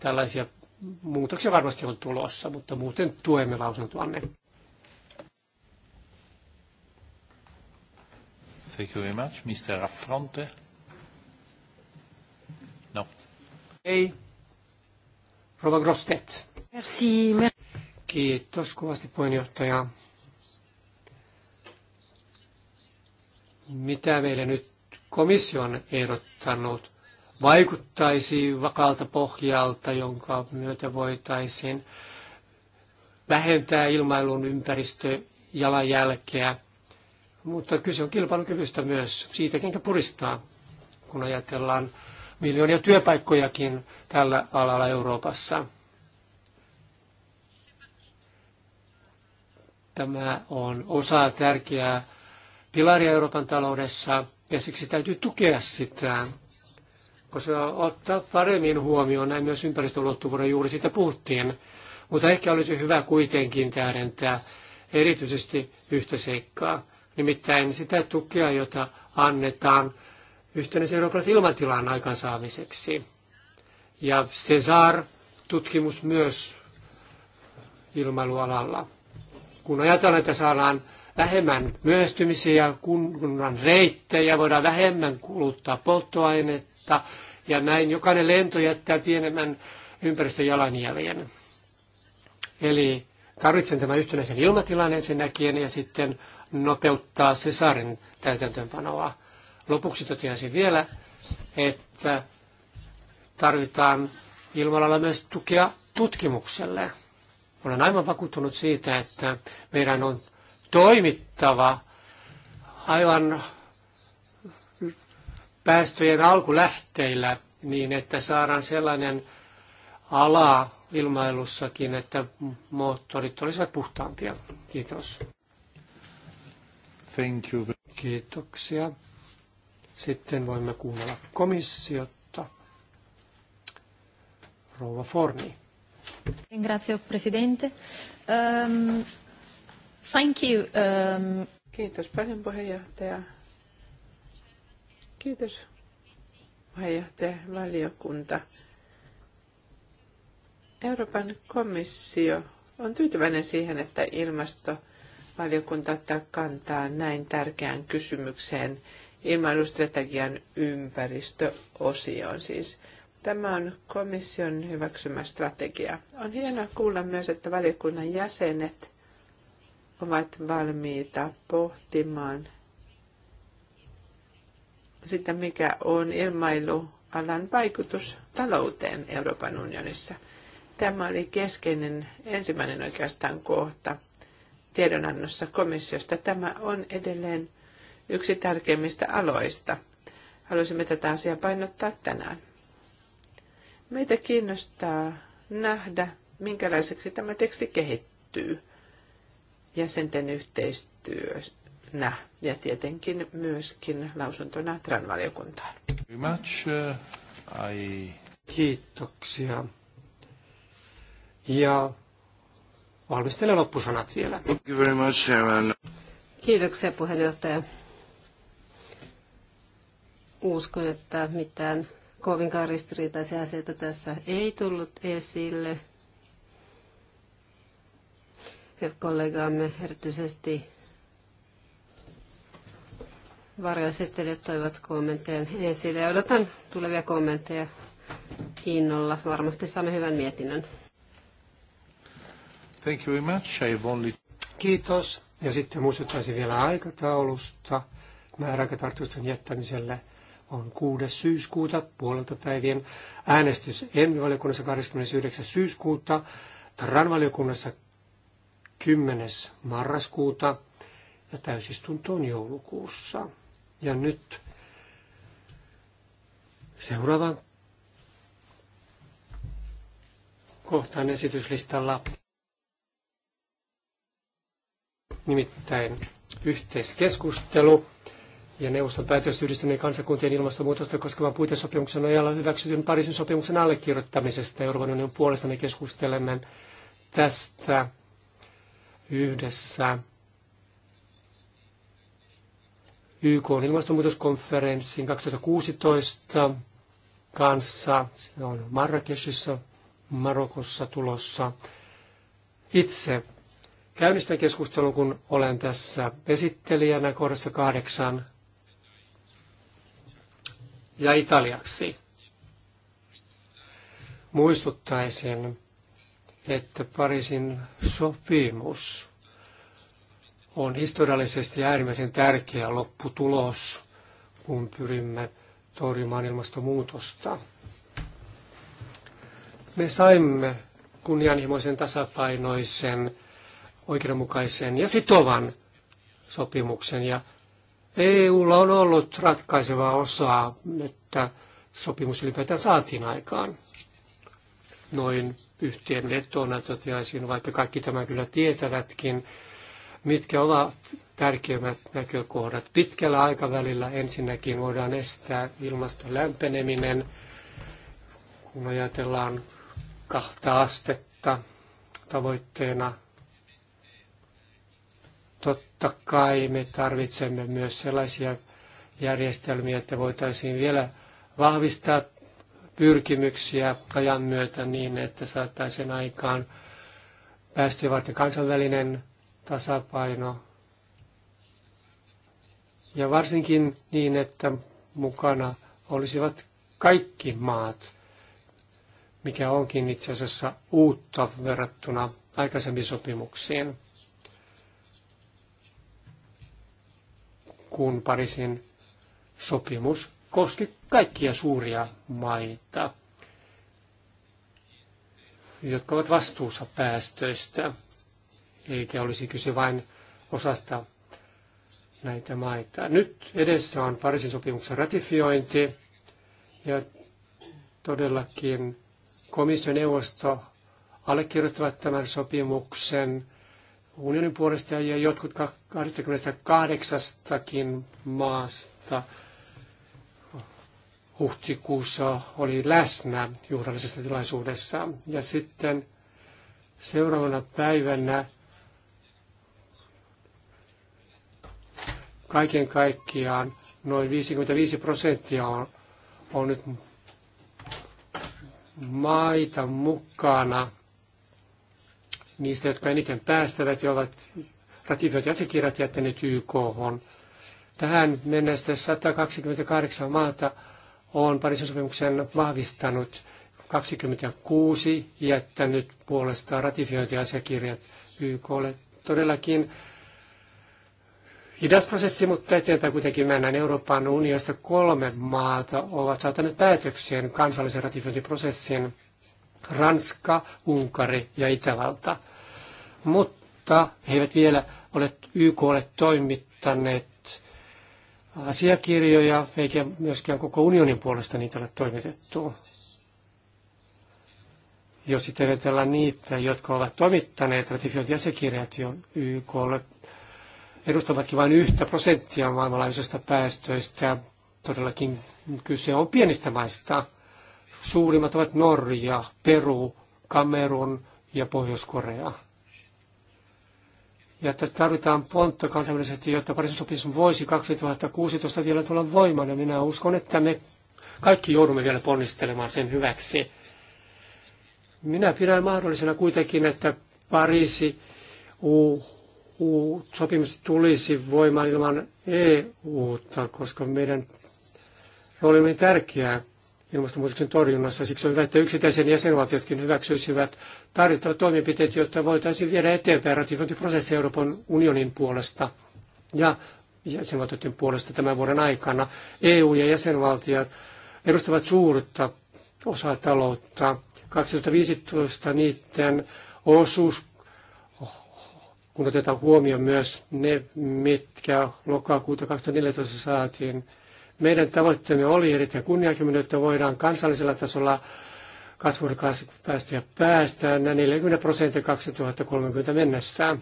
Tällaisia muutoksia varmasti on tulossa, mutta muuten tuemme lausuntoanne. Thank you very much. Mr. Affronte? No. Ei. Rova Grostet. Merci. Kiitos kovasti puheenjohtaja. Mitä meille nyt komissio on ehdottanut vaikuttaisi vakalta pohjalta, jonka myötä voitaisiin vähentää ilmailun ympäristöjalanjälkeä mutta kyse on kilpailukyvystä myös siitä, kenkä puristaa, kun ajatellaan miljoonia työpaikkojakin tällä alalla Euroopassa. Tämä on osa tärkeää pilaria Euroopan taloudessa ja siksi täytyy tukea sitä, koska ottaa paremmin huomioon näin myös ympäristöulottuvuuden juuri siitä puhuttiin. Mutta ehkä olisi hyvä kuitenkin tähdentää erityisesti yhtä seikkaa nimittäin sitä tukea, jota annetaan yhtenäisen eurooppalaisen ilmatilan aikaansaamiseksi. Ja Cesar-tutkimus myös ilmailualalla. Kun ajatellaan, että saadaan vähemmän myöhästymisiä, kunnan reittejä, voidaan vähemmän kuluttaa polttoainetta ja näin jokainen lento jättää pienemmän ympäristöjalanjäljen. Eli Tarvitsen tämän yhtenäisen ilmatilan ensinnäkin ja sitten nopeuttaa Cesarin täytäntöönpanoa. Lopuksi toteaisin vielä, että tarvitaan ilmalalla myös tukea tutkimukselle. Olen aivan vakuuttunut siitä, että meidän on toimittava aivan päästöjen alkulähteillä niin, että saadaan sellainen ala ilmailussakin, että moottorit olisivat puhtaampia. Kiitos. Thank you. Kiitoksia. Sitten voimme kuunnella komissiota. Rouva Forni. Grazie, presidente. Um, thank you. Um... Kiitos paljon puheenjohtaja. Kiitos puheenjohtaja valiokunta Euroopan komissio on tyytyväinen siihen, että ilmastovaliokunta ottaa kantaa näin tärkeään kysymykseen ilmailustrategian ympäristöosioon siis. Tämä on komission hyväksymä strategia. On hienoa kuulla myös, että valiokunnan jäsenet ovat valmiita pohtimaan sitä, mikä on ilmailualan vaikutus talouteen Euroopan unionissa – Tämä oli keskeinen ensimmäinen oikeastaan kohta tiedonannossa komissiosta. Tämä on edelleen yksi tärkeimmistä aloista. Haluaisimme tätä asiaa painottaa tänään. Meitä kiinnostaa nähdä, minkälaiseksi tämä teksti kehittyy jäsenten yhteistyönä ja tietenkin myöskin lausuntona TRAN-valiokuntaan. Uh, Kiitoksia ja valmistele loppusanat vielä. Thank you very much, Kiitoksia puheenjohtaja. Uskon, että mitään kovinkaan ristiriitaisia asioita tässä ei tullut esille. Ja kollegaamme erityisesti varjoesittelijät toivat kommentteja esille. Odotan tulevia kommentteja innolla. Varmasti saamme hyvän mietinnön. Thank you very much. I have only... Kiitos. Ja sitten muistuttaisin vielä aikataulusta. Määräaikatarkistusten jättämiselle on 6. syyskuuta puolelta päivien äänestys ENVI-valiokunnassa 29. syyskuuta, TRAN-valiokunnassa 10. marraskuuta ja täysistuntoon joulukuussa. Ja nyt seuraavan kohtaan esityslistalla nimittäin yhteiskeskustelu ja neuvoston päätös yhdistyneen kansakuntien ilmastonmuutosta koskevan puitesopimuksen nojalla hyväksytyn Pariisin sopimuksen allekirjoittamisesta. Euroopan unionin puolesta me keskustelemme tästä yhdessä YK on ilmastonmuutoskonferenssin 2016 kanssa. Se on Marrakeshissa, Marokossa tulossa. Itse käynnistän keskustelun, kun olen tässä esittelijänä kohdassa kahdeksan ja italiaksi. Muistuttaisin, että Pariisin sopimus on historiallisesti äärimmäisen tärkeä lopputulos, kun pyrimme torjumaan ilmastonmuutosta. Me saimme kunnianhimoisen tasapainoisen oikeudenmukaisen ja sitovan sopimuksen. Ja EUlla on ollut ratkaiseva osa, että sopimus ylipäätään saatiin aikaan. Noin yhteen vetona toteaisin, vaikka kaikki tämä kyllä tietävätkin, mitkä ovat tärkeimmät näkökohdat. Pitkällä aikavälillä ensinnäkin voidaan estää ilmaston lämpeneminen, kun ajatellaan kahta astetta tavoitteena totta kai me tarvitsemme myös sellaisia järjestelmiä, että voitaisiin vielä vahvistaa pyrkimyksiä ajan myötä niin, että saataisiin aikaan päästyä varten kansainvälinen tasapaino. Ja varsinkin niin, että mukana olisivat kaikki maat, mikä onkin itse asiassa uutta verrattuna aikaisempiin sopimuksiin. kun Pariisin sopimus koski kaikkia suuria maita, jotka ovat vastuussa päästöistä, eikä olisi kyse vain osasta näitä maita. Nyt edessä on Pariisin sopimuksen ratifiointi ja todellakin komission neuvosto allekirjoittavat tämän sopimuksen unionin puolesta ja jotkut 28 maasta huhtikuussa oli läsnä juhlallisessa tilaisuudessa. Ja sitten seuraavana päivänä kaiken kaikkiaan noin 55 prosenttia on, on nyt maita mukana – niistä, jotka eniten päästävät ja ovat ratifioit jäsenkirjat jättäneet YK. On. Tähän mennessä 128 maata on Pariisin sopimuksen vahvistanut 26 jättänyt puolestaan ratifiointiasiakirjat YKlle. Todellakin hidas prosessi, mutta eteenpäin kuitenkin mennään. Euroopan unionista kolme maata ovat saattaneet päätökseen kansallisen ratifiointiprosessin Ranska, Unkari ja Itävalta. Mutta he eivät vielä ole YKlle toimittaneet asiakirjoja, eikä myöskään koko unionin puolesta niitä ole toimitettu. Jos sitten ajatellaan niitä, jotka ovat toimittaneet jäsenkirjat jo YKlle, edustavatkin vain yhtä prosenttia maailmanlaajuisista päästöistä. Todellakin kyse on pienistä maista. Suurimmat ovat Norja, Peru, Kamerun ja Pohjois-Korea. Ja tässä tarvitaan pontta kansainvälisesti, jotta Pariisin sopimus voisi 2016 vielä tulla voimaan. Ja minä uskon, että me kaikki joudumme vielä ponnistelemaan sen hyväksi. Minä pidän mahdollisena kuitenkin, että Pariisi uu, sopimus tulisi voimaan ilman EUta, koska meidän roolimme on tärkeää ilmastonmuutoksen torjunnassa. Siksi on hyvä, että yksittäisen jäsenvaltiotkin hyväksyisivät tarvittavat toimenpiteet, jotta voitaisiin viedä eteenpäin ratifiointiprosessi Euroopan unionin puolesta ja jäsenvaltioiden puolesta tämän vuoden aikana. EU ja jäsenvaltiot edustavat suurta osaa taloutta. 2015 niiden osuus, kun otetaan huomioon myös ne, mitkä lokakuuta 2014 saatiin meidän tavoitteemme oli erittäin kunnianhimoinen, että voidaan kansallisella tasolla kasvuhuonekaasupäästöjä päästään 40 prosenttia 2030 mennessä.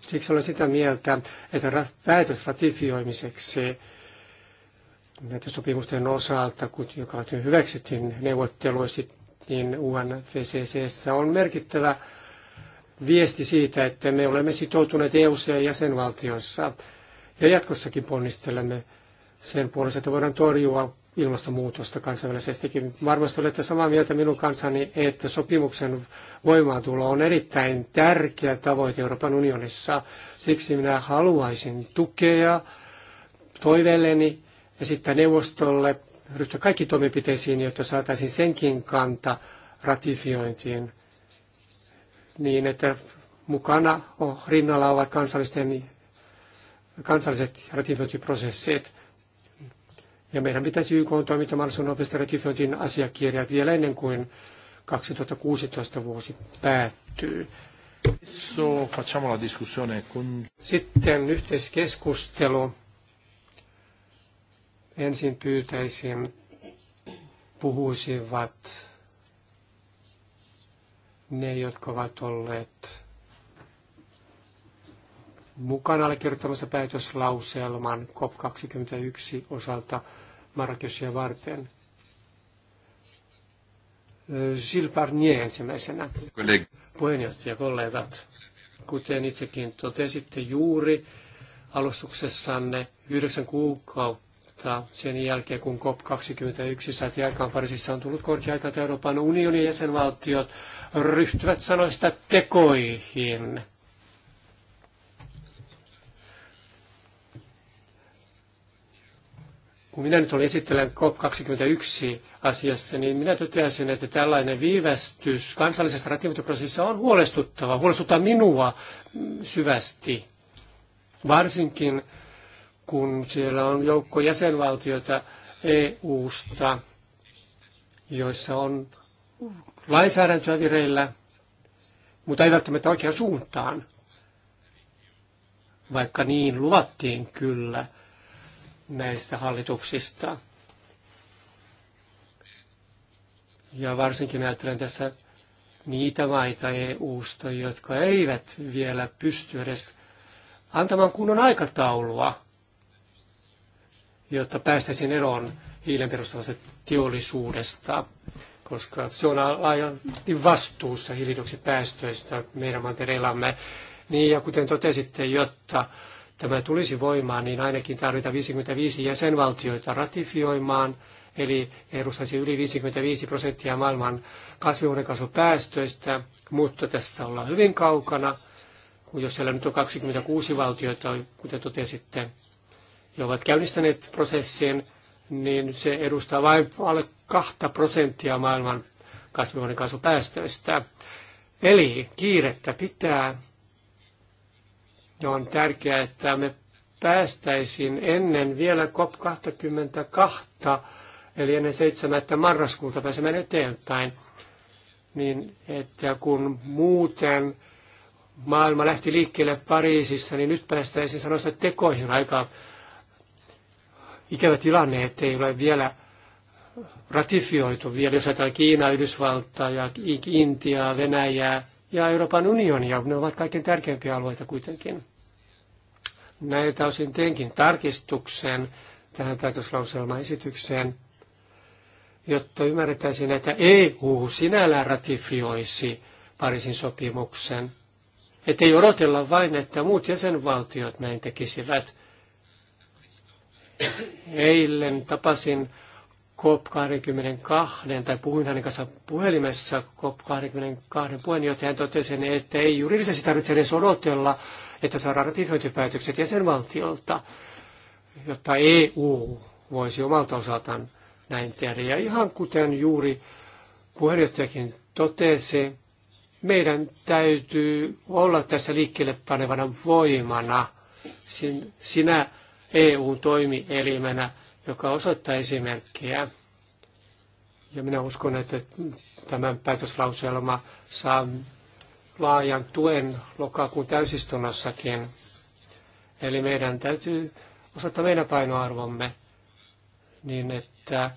Siksi olen sitä mieltä, että päätös ratifioimiseksi näiden sopimusten osalta, joka hyväksyttiin neuvotteluissa, niin UNFCC on merkittävä viesti siitä, että me olemme sitoutuneet EU- ja jäsenvaltioissa ja jatkossakin ponnistelemme sen puolesta, että voidaan torjua ilmastonmuutosta kansainvälisestikin. Varmasti olette samaa mieltä minun kanssani, että sopimuksen voimaantulo on erittäin tärkeä tavoite Euroopan unionissa. Siksi minä haluaisin tukea toiveelleni sitten neuvostolle ryhtyä kaikki toimenpiteisiin, jotta saataisiin senkin kanta ratifiointiin niin, että mukana on, rinnalla ovat kansallisten, kansalliset ratifiointiprosessit. Ja meidän pitäisi YK on toimintamallisuuden nopeasti ratifiointiin asiakirjat vielä ennen kuin 2016 vuosi päättyy. Sitten yhteiskeskustelu. Ensin pyytäisin puhuisivat ne, jotka ovat olleet mukana allekirjoittamassa päätöslauselman COP21 osalta – Marrakeshia varten. Gilles Barnier ensimmäisenä. Puheenjohtaja, kollegat, kuten itsekin totesitte juuri alustuksessanne yhdeksän kuukautta sen jälkeen, kun COP21 saatiin aikaan Pariisissa, on tullut korkea aika, Euroopan unionin jäsenvaltiot ryhtyvät sanoista tekoihin – kun minä nyt olen esittelen COP21 asiassa, niin minä toteaisin, että tällainen viivästys kansallisessa ratifiointiprosessissa on huolestuttava, huolestuttaa minua syvästi, varsinkin kun siellä on joukko jäsenvaltioita EU-sta, joissa on lainsäädäntöä vireillä, mutta ei välttämättä oikeaan suuntaan, vaikka niin luvattiin kyllä – näistä hallituksista. Ja varsinkin ajattelen tässä niitä maita EU-sta, jotka eivät vielä pysty edes antamaan kunnon aikataulua, jotta päästäisiin eroon hiilen perustavasta teollisuudesta, koska se on laajalti vastuussa hiilidioksipäästöistä meidän mantereillamme. Niin ja kuten totesitte, jotta tämä tulisi voimaan, niin ainakin tarvitaan 55 jäsenvaltioita ratifioimaan, eli edustaisi yli 55 prosenttia maailman kasvihuonekaasupäästöistä, mutta tästä ollaan hyvin kaukana, kun jos siellä nyt on 26 valtiota, kuten totesitte, ja ovat käynnistäneet prosessin, niin se edustaa vain alle 2 prosenttia maailman kasvihuonekaasupäästöistä. Eli kiirettä pitää No, on tärkeää, että me päästäisiin ennen vielä COP22, eli ennen 7. marraskuuta pääsemään eteenpäin, niin että kun muuten maailma lähti liikkeelle Pariisissa, niin nyt päästäisiin sanoa tekoihin aika ikävä tilanne, ei ole vielä ratifioitu vielä, jos ajatellaan Kiinaa, Yhdysvaltaa ja Intiaa, Venäjää ja Euroopan unionia. Ne ovat kaikkein tärkeimpiä alueita kuitenkin. Näiltä osin teenkin tarkistuksen tähän päätöslauselmaesitykseen, jotta ymmärrettäisiin, että EU sinällään ratifioisi Pariisin sopimuksen. Että ei odotella vain, että muut jäsenvaltiot näin tekisivät. Eilen tapasin COP22, tai puhuin hänen kanssa puhelimessa COP22 puheenjohtajan totesi, että ei juridisesti tarvitse edes odotella että saadaan ratifiointipäätökset jäsenvaltiolta, jotta EU voisi omalta osaltaan näin tehdä. Ja ihan kuten juuri puheenjohtajakin totesi, meidän täytyy olla tässä liikkeelle panevana voimana sinä EU-toimielimenä, joka osoittaa esimerkkiä. Ja minä uskon, että tämän päätöslauselma saa laajan tuen lokakuun täysistunnossakin. Eli meidän täytyy osata meidän painoarvomme niin, että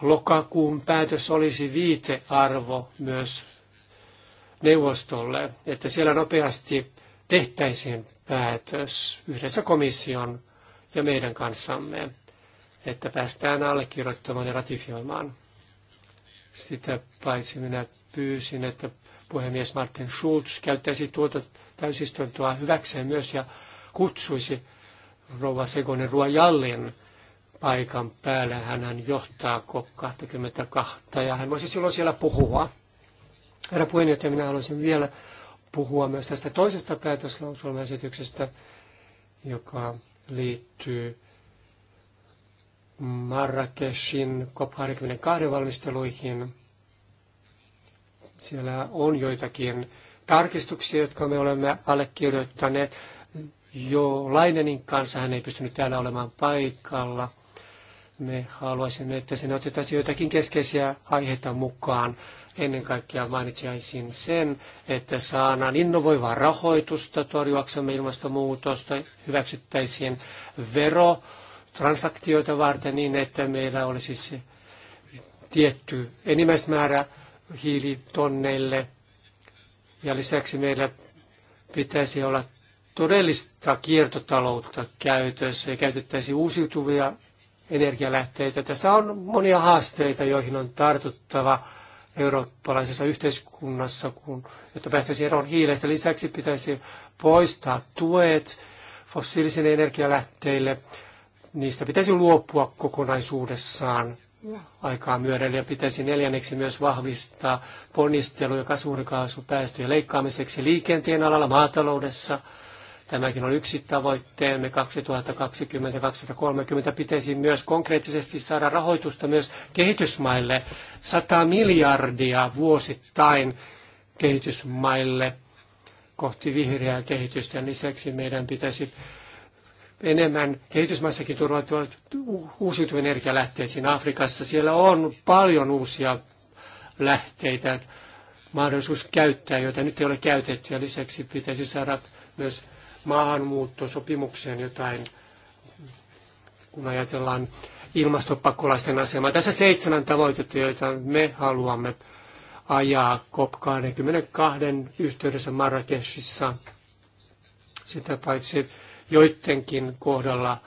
lokakuun päätös olisi viitearvo myös neuvostolle, että siellä nopeasti tehtäisiin päätös yhdessä komission ja meidän kanssamme, että päästään allekirjoittamaan ja ratifioimaan. Sitä paitsi minä pyysin, että puhemies Martin Schulz käyttäisi tuota täysistuntoa hyväkseen myös ja kutsuisi rouva Segonen Ruojallin paikan päälle. Hän johtaa COP22 ja hän voisi silloin siellä puhua. Herra puheenjohtaja, minä haluaisin vielä puhua myös tästä toisesta päätöslauselmaesityksestä, joka liittyy Marrakeshin COP22 valmisteluihin. Siellä on joitakin tarkistuksia, jotka me olemme allekirjoittaneet. Jo Lainenin kanssa hän ei pystynyt täällä olemaan paikalla. Me haluaisimme, että sinne otettaisiin joitakin keskeisiä aiheita mukaan. Ennen kaikkea mainitsisin sen, että saadaan innovoivaa rahoitusta torjuaksamme ilmastonmuutosta, hyväksyttäisiin vero transaktioita varten niin, että meillä olisi siis tietty enimmäismäärä hiilitonneille. Ja lisäksi meillä pitäisi olla todellista kiertotaloutta käytössä ja käytettäisiin uusiutuvia energialähteitä. Tässä on monia haasteita, joihin on tartuttava eurooppalaisessa yhteiskunnassa, kun, jotta päästäisiin eroon hiilestä. Lisäksi pitäisi poistaa tuet fossiilisille energialähteille. Niistä pitäisi luopua kokonaisuudessaan aikaa myöden ja pitäisi neljänneksi myös vahvistaa ponnisteluja kasvuhuonekaasupäästöjen leikkaamiseksi liikenteen alalla maataloudessa. Tämäkin on yksi tavoitteemme 2020-2030. Pitäisi myös konkreettisesti saada rahoitusta myös kehitysmaille. 100 miljardia vuosittain kehitysmaille kohti vihreää kehitystä. Lisäksi meidän pitäisi enemmän kehitysmaissakin turvautua uusiutuvien energialähteisiin Afrikassa. Siellä on paljon uusia lähteitä, mahdollisuus käyttää, joita nyt ei ole käytetty. Ja lisäksi pitäisi saada myös maahanmuuttosopimukseen jotain, kun ajatellaan ilmastopakolaisten asemaa. Tässä seitsemän tavoitetta, joita me haluamme ajaa COP22 yhteydessä Marrakeshissa. Sitä paitsi joidenkin kohdalla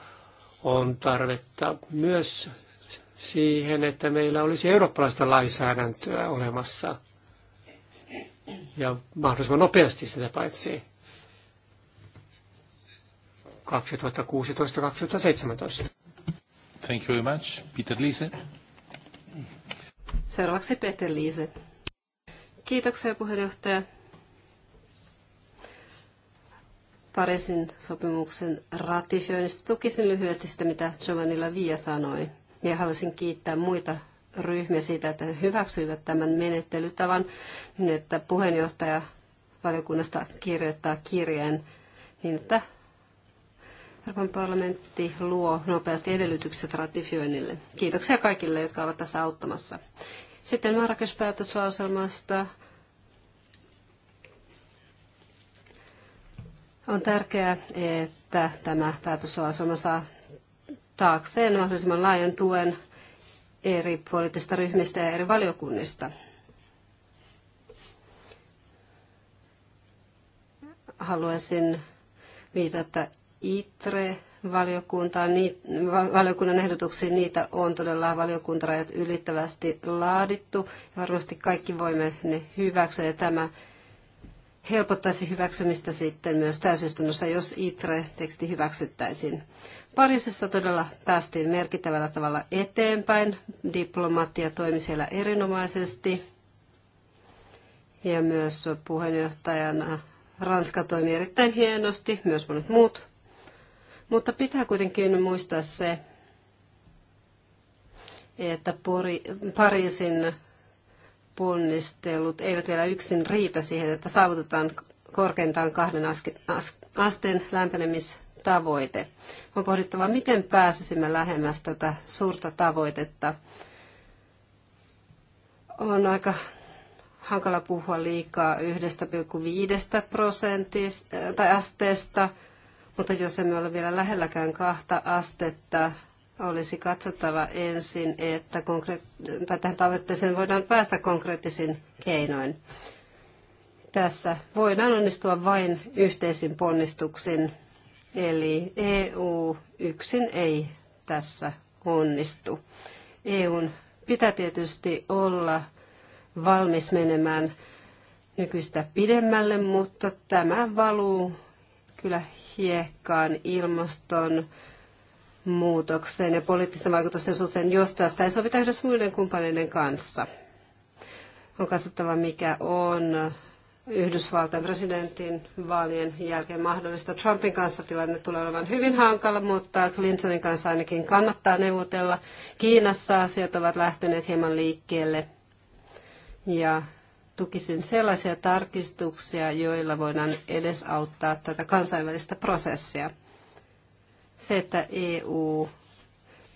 on tarvetta myös siihen, että meillä olisi eurooppalaista lainsäädäntöä olemassa. Ja mahdollisimman nopeasti sitä paitsi 2016-2017. Thank you very much. Peter Liese. Seuraavaksi Peter Liese. Kiitoksia puheenjohtaja. Pariisin sopimuksen ratifioinnista. Tukisin lyhyesti sitä, mitä Giovanni Lavia sanoi. Ja haluaisin kiittää muita ryhmiä siitä, että he hyväksyivät tämän menettelytavan, niin että puheenjohtaja valiokunnasta kirjoittaa kirjeen, niin että Euroopan parlamentti luo nopeasti edellytykset ratifioinnille. Kiitoksia kaikille, jotka ovat tässä auttamassa. Sitten Marrakesh-päätöslauselmasta On tärkeää, että tämä päätöslausuma saa taakseen mahdollisimman laajan tuen eri poliittisista ryhmistä ja eri valiokunnista. Haluaisin viitata ITRE-valiokuntaan, valiokunnan ehdotuksiin. Niitä on todella valiokuntarajat ylittävästi laadittu. Varmasti kaikki voimme ne hyväksyä ja tämä helpottaisi hyväksymistä sitten myös täysistunnossa, jos ITRE-teksti hyväksyttäisiin. Pariisissa todella päästiin merkittävällä tavalla eteenpäin. Diplomatia toimi siellä erinomaisesti. Ja myös puheenjohtajana Ranska toimi erittäin hienosti, myös monet muut. Mutta pitää kuitenkin muistaa se, että Pori, Pariisin ponnistelut eivät vielä yksin riitä siihen, että saavutetaan korkeintaan kahden asteen lämpenemistavoite. On pohdittava, miten pääsisimme lähemmäs tätä suurta tavoitetta. On aika hankala puhua liikaa 1,5 prosentista tai asteesta, mutta jos emme ole vielä lähelläkään kahta astetta, olisi katsottava ensin, että konkre- tai tähän tavoitteeseen voidaan päästä konkreettisin keinoin. Tässä voidaan onnistua vain yhteisin ponnistuksin, eli EU yksin ei tässä onnistu. EUn pitää tietysti olla valmis menemään nykyistä pidemmälle, mutta tämä valuu kyllä hiekkaan ilmaston muutokseen ja poliittisten vaikutusten suhteen, jos tästä ei sovita yhdessä muiden kumppaneiden kanssa. On katsottava, mikä on Yhdysvaltain presidentin vaalien jälkeen mahdollista. Trumpin kanssa tilanne tulee olemaan hyvin hankala, mutta Clintonin kanssa ainakin kannattaa neuvotella. Kiinassa asiat ovat lähteneet hieman liikkeelle. Ja tukisin sellaisia tarkistuksia, joilla voidaan edesauttaa tätä kansainvälistä prosessia. Se, että EU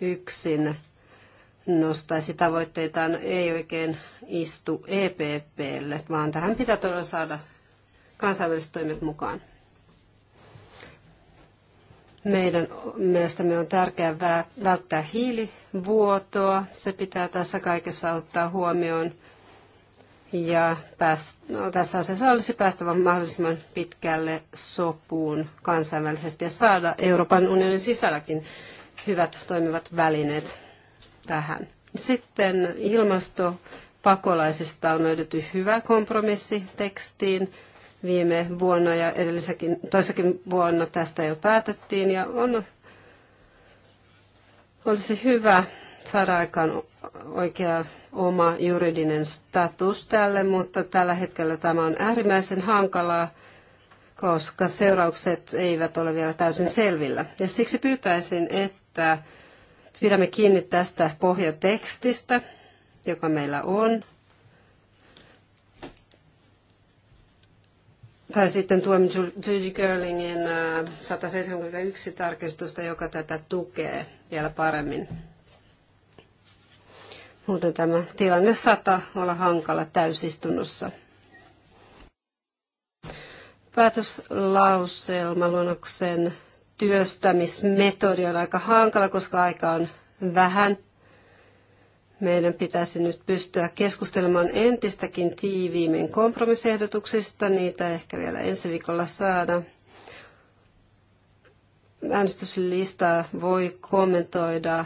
yksin nostaisi tavoitteitaan, ei oikein istu EPPlle, vaan tähän pitää todella saada kansainväliset toimet mukaan. Meidän mielestämme on tärkeää välttää hiilivuotoa. Se pitää tässä kaikessa ottaa huomioon. Ja pääst, no, tässä asiassa olisi päästävä mahdollisimman pitkälle sopuun kansainvälisesti ja saada Euroopan unionin sisälläkin hyvät toimivat välineet tähän. Sitten ilmastopakolaisista on löydetty hyvä kompromissi tekstiin viime vuonna ja edellisäkin, toisakin vuonna tästä jo päätettiin ja on, olisi hyvä saada aikaan oikea oma juridinen status tälle, mutta tällä hetkellä tämä on äärimmäisen hankalaa, koska seuraukset eivät ole vielä täysin selvillä. Ja siksi pyytäisin, että pidämme kiinni tästä pohjatekstistä, joka meillä on. Tai sitten tuomme Judy Girlingin 171 äh, tarkistusta, joka tätä tukee vielä paremmin. Muuten tämä tilanne saattaa olla hankala täysistunnossa. luonnoksen työstämismetodi on aika hankala, koska aika on vähän. Meidän pitäisi nyt pystyä keskustelemaan entistäkin tiiviimmin kompromissehdotuksista. Niitä ehkä vielä ensi viikolla saada. Äänestyslistaa voi kommentoida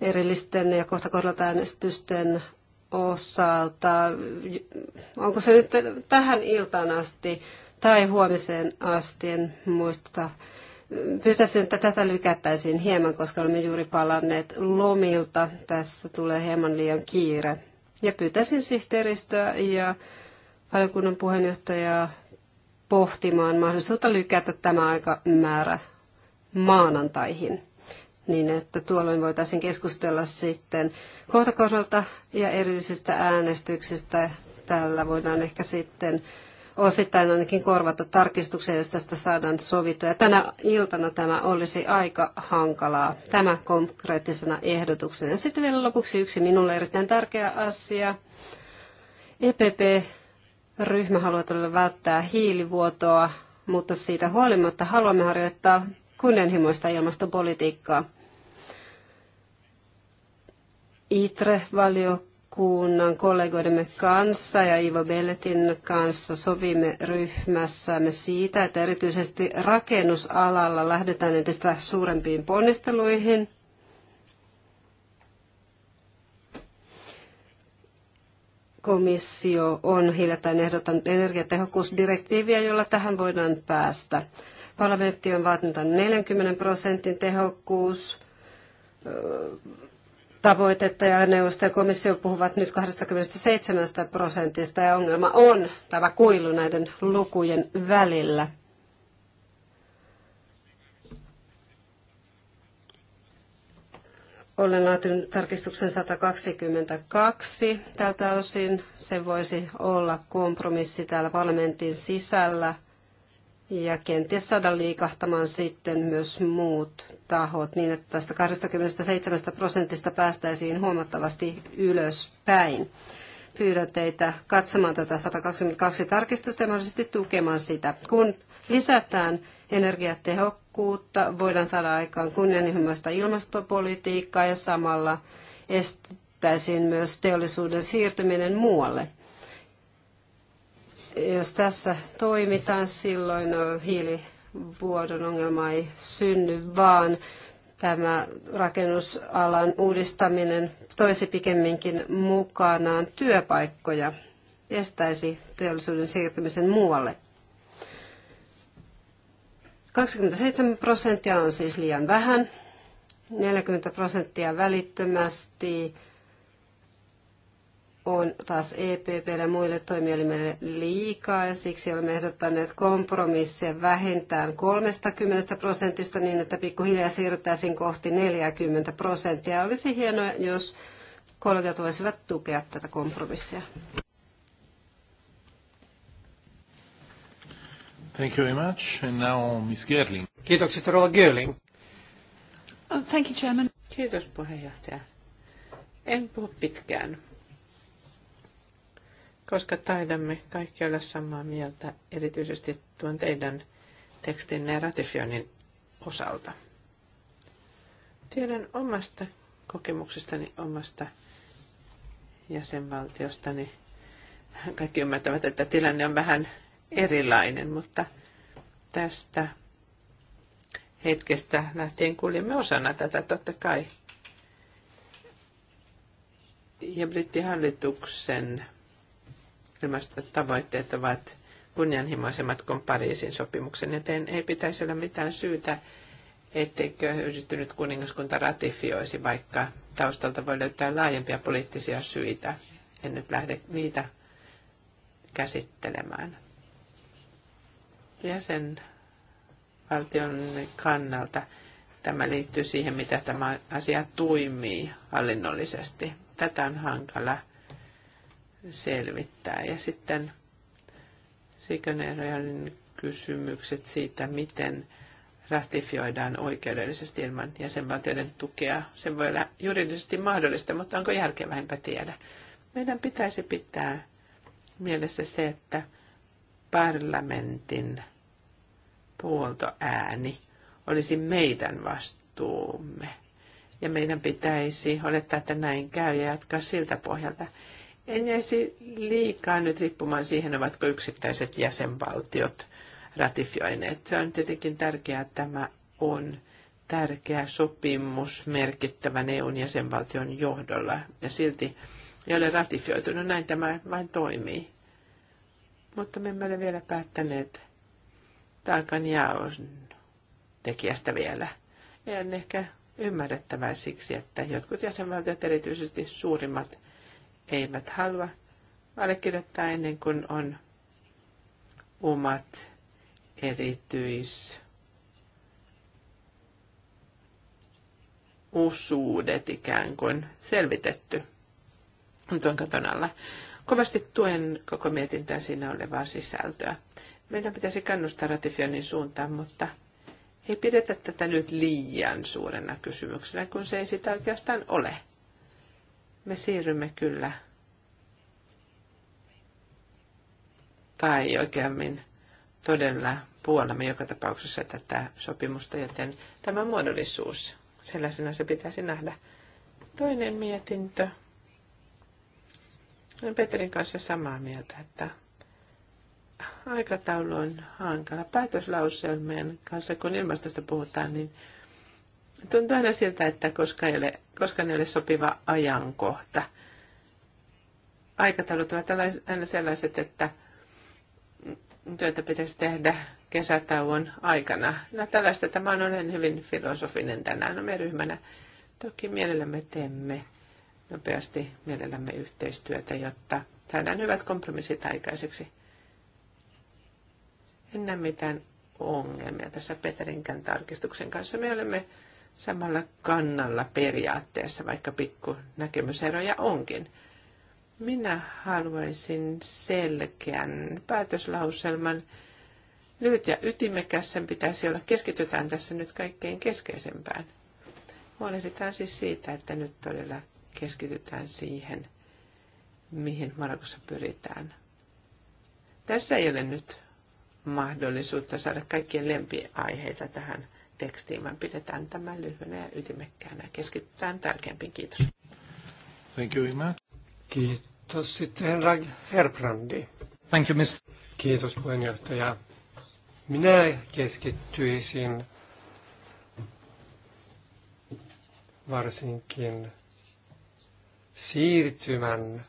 erillisten ja kohta kohdalta äänestysten osalta. Onko se nyt tähän iltaan asti tai huomiseen asti, en muista. Pyytäisin, että tätä lykättäisiin hieman, koska olemme juuri palanneet lomilta. Tässä tulee hieman liian kiire. Ja pyytäisin sihteeristöä ja valiokunnan puheenjohtajaa pohtimaan mahdollisuutta lykätä tämä aika määrä maanantaihin niin että tuolloin voitaisiin keskustella sitten kohtakohdalta ja erillisestä äänestyksistä. Tällä voidaan ehkä sitten osittain ainakin korvata tarkistuksia, jos tästä saadaan sovittua. Ja tänä iltana tämä olisi aika hankalaa, tämä konkreettisena ehdotuksena. Sitten vielä lopuksi yksi minulle erittäin tärkeä asia. EPP-ryhmä haluaa todella välttää hiilivuotoa, mutta siitä huolimatta haluamme harjoittaa kunnianhimoista ilmastopolitiikkaa. ITRE-valiokunnan kollegoidemme kanssa ja Ivo Belletin kanssa sovimme ryhmässämme siitä, että erityisesti rakennusalalla lähdetään entistä suurempiin ponnisteluihin – komissio on hiljattain ehdottanut energiatehokkuusdirektiiviä, jolla tähän voidaan päästä. Parlamentti on vaatinut 40 prosentin tehokkuus tavoitetta ja neuvosto ja komissio puhuvat nyt 27 prosentista ja ongelma on tämä kuilu näiden lukujen välillä. Olen laatinut tarkistuksen 122 tältä osin. Se voisi olla kompromissi täällä parlamentin sisällä – ja kenties saada liikahtamaan sitten myös muut tahot niin, että tästä 27 prosentista päästäisiin huomattavasti ylöspäin. Pyydän teitä katsomaan tätä 122 tarkistusta ja mahdollisesti tukemaan sitä. Kun lisätään energiatehokkuutta, voidaan saada aikaan kunnianhimoista ilmastopolitiikkaa ja samalla estettäisiin myös teollisuuden siirtyminen muualle. Jos tässä toimitaan, silloin hiilivuodon ongelma ei synny, vaan tämä rakennusalan uudistaminen toisi pikemminkin mukanaan työpaikkoja, estäisi teollisuuden siirtymisen muualle. 27 prosenttia on siis liian vähän, 40 prosenttia välittömästi on taas EPP ja muille toimielimille liikaa ja siksi olemme ehdottaneet kompromissia vähintään 30 prosentista niin, että pikkuhiljaa siirryttäisiin kohti 40 prosenttia. Olisi hienoa, jos kollegat voisivat tukea tätä kompromissia. Thank you very much. And now Ms. Gerling. Kiitokset, Rova Gerling. Oh, thank you, Chairman. Kiitos, puheenjohtaja. En puhu pitkään koska taidamme kaikki olla samaa mieltä, erityisesti tuon teidän tekstinne ratifioinnin osalta. Tiedän omasta kokemuksestani, omasta jäsenvaltiostani. Kaikki ymmärtävät, että tilanne on vähän erilainen, mutta tästä hetkestä lähtien kuljemme osana tätä totta kai. Ja brittihallituksen ilmastotavoitteet ovat kunnianhimoisemmat kuin Pariisin sopimuksen, joten ei pitäisi olla mitään syytä, etteikö yhdistynyt kuningaskunta ratifioisi, vaikka taustalta voi löytää laajempia poliittisia syitä. En nyt lähde niitä käsittelemään. Jäsenvaltion kannalta tämä liittyy siihen, mitä tämä asia toimii hallinnollisesti. Tätä on hankala selvittää. Ja sitten Sikanerojan kysymykset siitä, miten ratifioidaan oikeudellisesti ilman jäsenvaltioiden tukea. Se voi olla juridisesti mahdollista, mutta onko järkevää, tiedä. Meidän pitäisi pitää mielessä se, että parlamentin puoltoääni olisi meidän vastuumme. Ja meidän pitäisi olettaa, että näin käy ja jatkaa siltä pohjalta. En jäisi liikaa nyt riippumaan siihen, ovatko yksittäiset jäsenvaltiot ratifioineet. Se on tietenkin tärkeää, että tämä on tärkeä sopimus merkittävän EUn jäsenvaltion johdolla ja silti ei ole ratifioitunut. No näin tämä vain toimii. Mutta me emme ole vielä päättäneet taakan jaon tekijästä vielä. Ei on ehkä ymmärrettävää siksi, että jotkut jäsenvaltiot, erityisesti suurimmat, eivät halua allekirjoittaa ennen kuin on omat erityis osuudet ikään kuin selvitetty tuon katon alla. Kovasti tuen koko mietintää siinä olevaa sisältöä. Meidän pitäisi kannustaa ratifioinnin suuntaan, mutta ei pidetä tätä nyt liian suurena kysymyksenä, kun se ei sitä oikeastaan ole me siirrymme kyllä, tai oikeammin todella puolamme joka tapauksessa tätä sopimusta, joten tämä muodollisuus, sellaisena se pitäisi nähdä. Toinen mietintö. Olen Petrin kanssa samaa mieltä, että aikataulu on hankala. Päätöslauselmien kanssa, kun ilmastosta puhutaan, niin Tuntuu aina siltä, että koska ei ole, koska ei ole sopiva ajankohta. Aikataulut ovat aina sellaiset, että työtä pitäisi tehdä kesätauon aikana. No tällaista tämä on olen hyvin filosofinen tänään no, me ryhmänä. Toki mielellämme teemme nopeasti mielellämme yhteistyötä, jotta saadaan hyvät kompromissit aikaiseksi. En näe mitään ongelmia tässä Peterinkän tarkistuksen kanssa. Me olemme samalla kannalla periaatteessa, vaikka pikku näkemyseroja onkin. Minä haluaisin selkeän päätöslauselman. Lyhyt ja ytimekäs sen pitäisi olla. Keskitytään tässä nyt kaikkein keskeisempään. Huolehditaan siis siitä, että nyt todella keskitytään siihen, mihin Markussa pyritään. Tässä ei ole nyt mahdollisuutta saada kaikkien lempiaiheita tähän tekstiin, vaan pidetään tämä lyhyenä ja ytimekkäänä. Keskitytään tärkeimpiin. Kiitos. Thank you, Ima. Kiitos. Sitten herra Herbrandi. Thank you, miss. Kiitos puheenjohtaja. Minä keskittyisin varsinkin siirtymän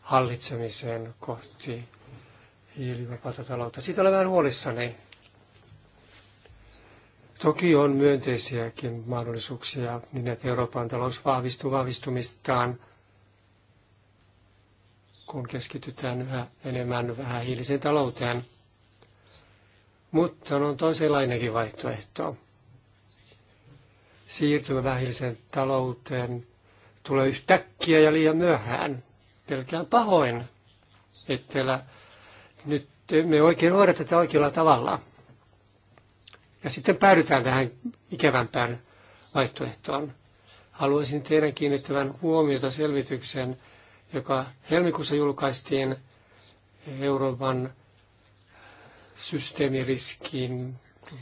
hallitsemiseen kohti hiilivapaata taloutta. Siitä olen vähän huolissani. Toki on myönteisiäkin mahdollisuuksia niin, että Euroopan talous vahvistuu vahvistumistaan, kun keskitytään yhä enemmän vähän hiiliseen talouteen. Mutta on toisenlainenkin vaihtoehto. Siirtymä vähähiiliseen talouteen tulee yhtäkkiä ja liian myöhään. Pelkään pahoin, että nyt me oikein hoida tätä oikealla tavalla ja sitten päädytään tähän ikävämpään vaihtoehtoon. Haluaisin teidän kiinnittävän huomiota selvitykseen, joka helmikuussa julkaistiin Euroopan systeemiriskin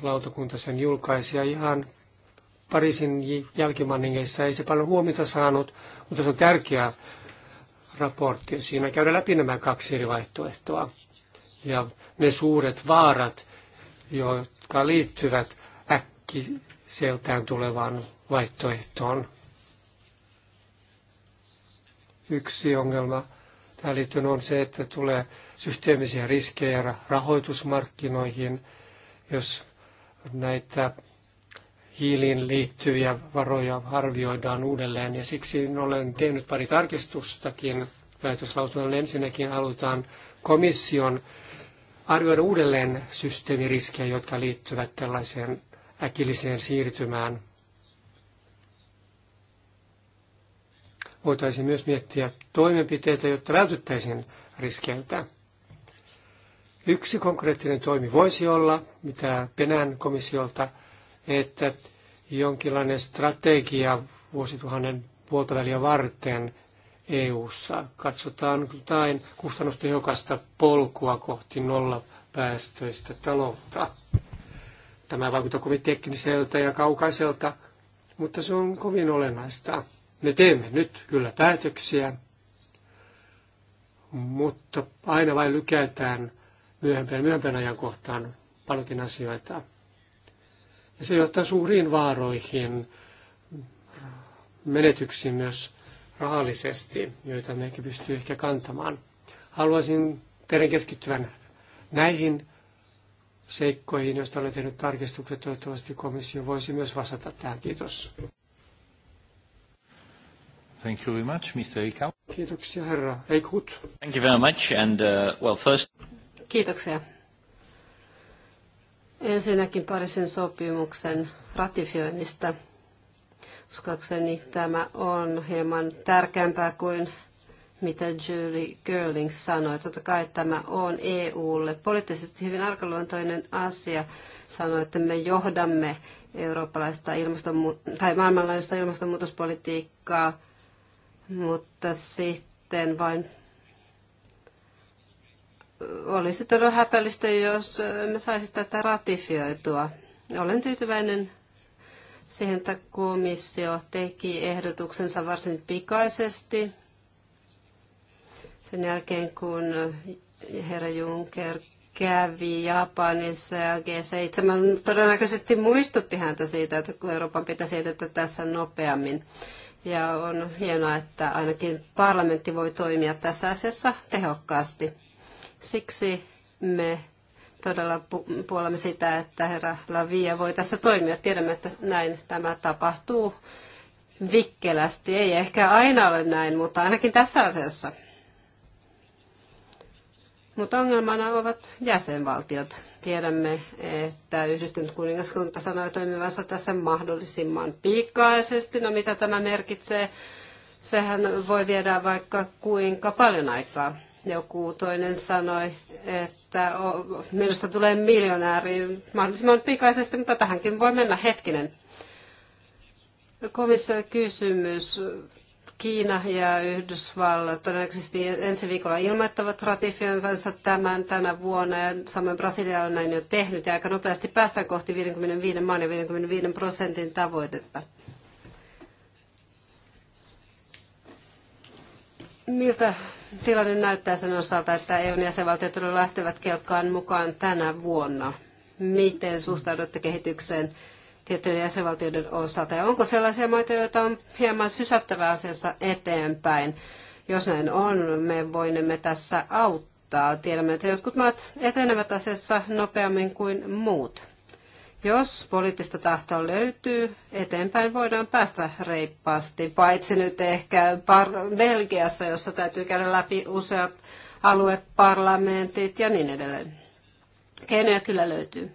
lautakunta sen julkaisi ja ihan Pariisin jälkimanningeissa ei se paljon huomiota saanut, mutta se on tärkeä raportti. Siinä käydään läpi nämä kaksi eri vaihtoehtoa ja ne suuret vaarat, jotka liittyvät äkkiseltään tulevaan vaihtoehtoon. Yksi ongelma tähän liittyen on se, että tulee systeemisiä riskejä rahoitusmarkkinoihin, jos näitä hiiliin liittyviä varoja arvioidaan uudelleen. Ja siksi olen tehnyt pari tarkistustakin päätöslausunnolle. Ensinnäkin halutaan komission arvioida uudelleen systeemiriskejä, jotka liittyvät tällaiseen äkilliseen siirtymään. Voitaisiin myös miettiä toimenpiteitä, jotta vältyttäisiin riskeiltä. Yksi konkreettinen toimi voisi olla, mitä penään komissiolta, että jonkinlainen strategia vuosituhannen väliä varten EU-ssa. Katsotaan jotain kustannustehokasta polkua kohti nollapäästöistä taloutta. Tämä vaikuttaa kovin tekniseltä ja kaukaiselta, mutta se on kovin olennaista. Me teemme nyt kyllä päätöksiä, mutta aina vain lykätään myöhempään, myöhempään ajankohtaan paljonkin asioita. Ja se johtaa suuriin vaaroihin, menetyksiin myös rahallisesti, joita me ehkä pystyy ehkä kantamaan. Haluaisin teidän keskittyvän näihin seikkoihin, joista olen tehnyt tarkistukset. Toivottavasti komissio voisi myös vastata tähän. Kiitos. Thank you very much, Mr. Eichhout. Kiitoksia, herra Eichhut. Thank you very much, and uh, well, first... Kiitoksia. Ensinnäkin Pariisin sopimuksen ratifioinnista – Uskoakseni tämä on hieman tärkeämpää kuin mitä Julie Girling sanoi. Totta kai tämä on EUlle poliittisesti hyvin arkaluontoinen asia. Sanoi, että me johdamme eurooppalaista ilmastonmu- tai maailmanlaajuista ilmastonmuutospolitiikkaa, mutta sitten vain olisi todella häpeällistä, jos me saisi tätä ratifioitua. Olen tyytyväinen siihen, että komissio teki ehdotuksensa varsin pikaisesti sen jälkeen, kun herra Juncker kävi Japanissa ja G7 todennäköisesti muistutti häntä siitä, että Euroopan pitäisi edetä tässä nopeammin. Ja on hienoa, että ainakin parlamentti voi toimia tässä asiassa tehokkaasti. Siksi me todella pu- puolemme sitä, että herra Lavia voi tässä toimia. Tiedämme, että näin tämä tapahtuu vikkelästi. Ei ehkä aina ole näin, mutta ainakin tässä asiassa. Mutta ongelmana ovat jäsenvaltiot. Tiedämme, että yhdistynyt kuningaskunta sanoi toimivansa tässä mahdollisimman pikaisesti. No mitä tämä merkitsee? Sehän voi viedä vaikka kuinka paljon aikaa. Joku toinen sanoi, että minusta tulee miljonääri mahdollisimman pikaisesti, mutta tähänkin voi mennä hetkinen. Komissio kysymys. Kiina ja Yhdysvallat todennäköisesti ensi viikolla ilmoittavat ratifioivansa tämän tänä vuonna ja samoin Brasilia on näin jo tehnyt ja aika nopeasti päästään kohti 55 maan ja 55 prosentin tavoitetta. Miltä tilanne näyttää sen osalta, että EUn jäsenvaltiot lähtevät kelkkaan mukaan tänä vuonna? Miten suhtaudutte kehitykseen tiettyjen jäsenvaltioiden osalta? Ja onko sellaisia maita, joita on hieman sysättävä asiassa eteenpäin? Jos näin on, me voinemme tässä auttaa. Tiedämme, että jotkut maat etenevät asiassa nopeammin kuin muut. Jos poliittista tahtoa löytyy, eteenpäin voidaan päästä reippaasti, paitsi nyt ehkä par- Belgiassa, jossa täytyy käydä läpi useat alueparlamentit ja niin edelleen. Keinoja kyllä löytyy.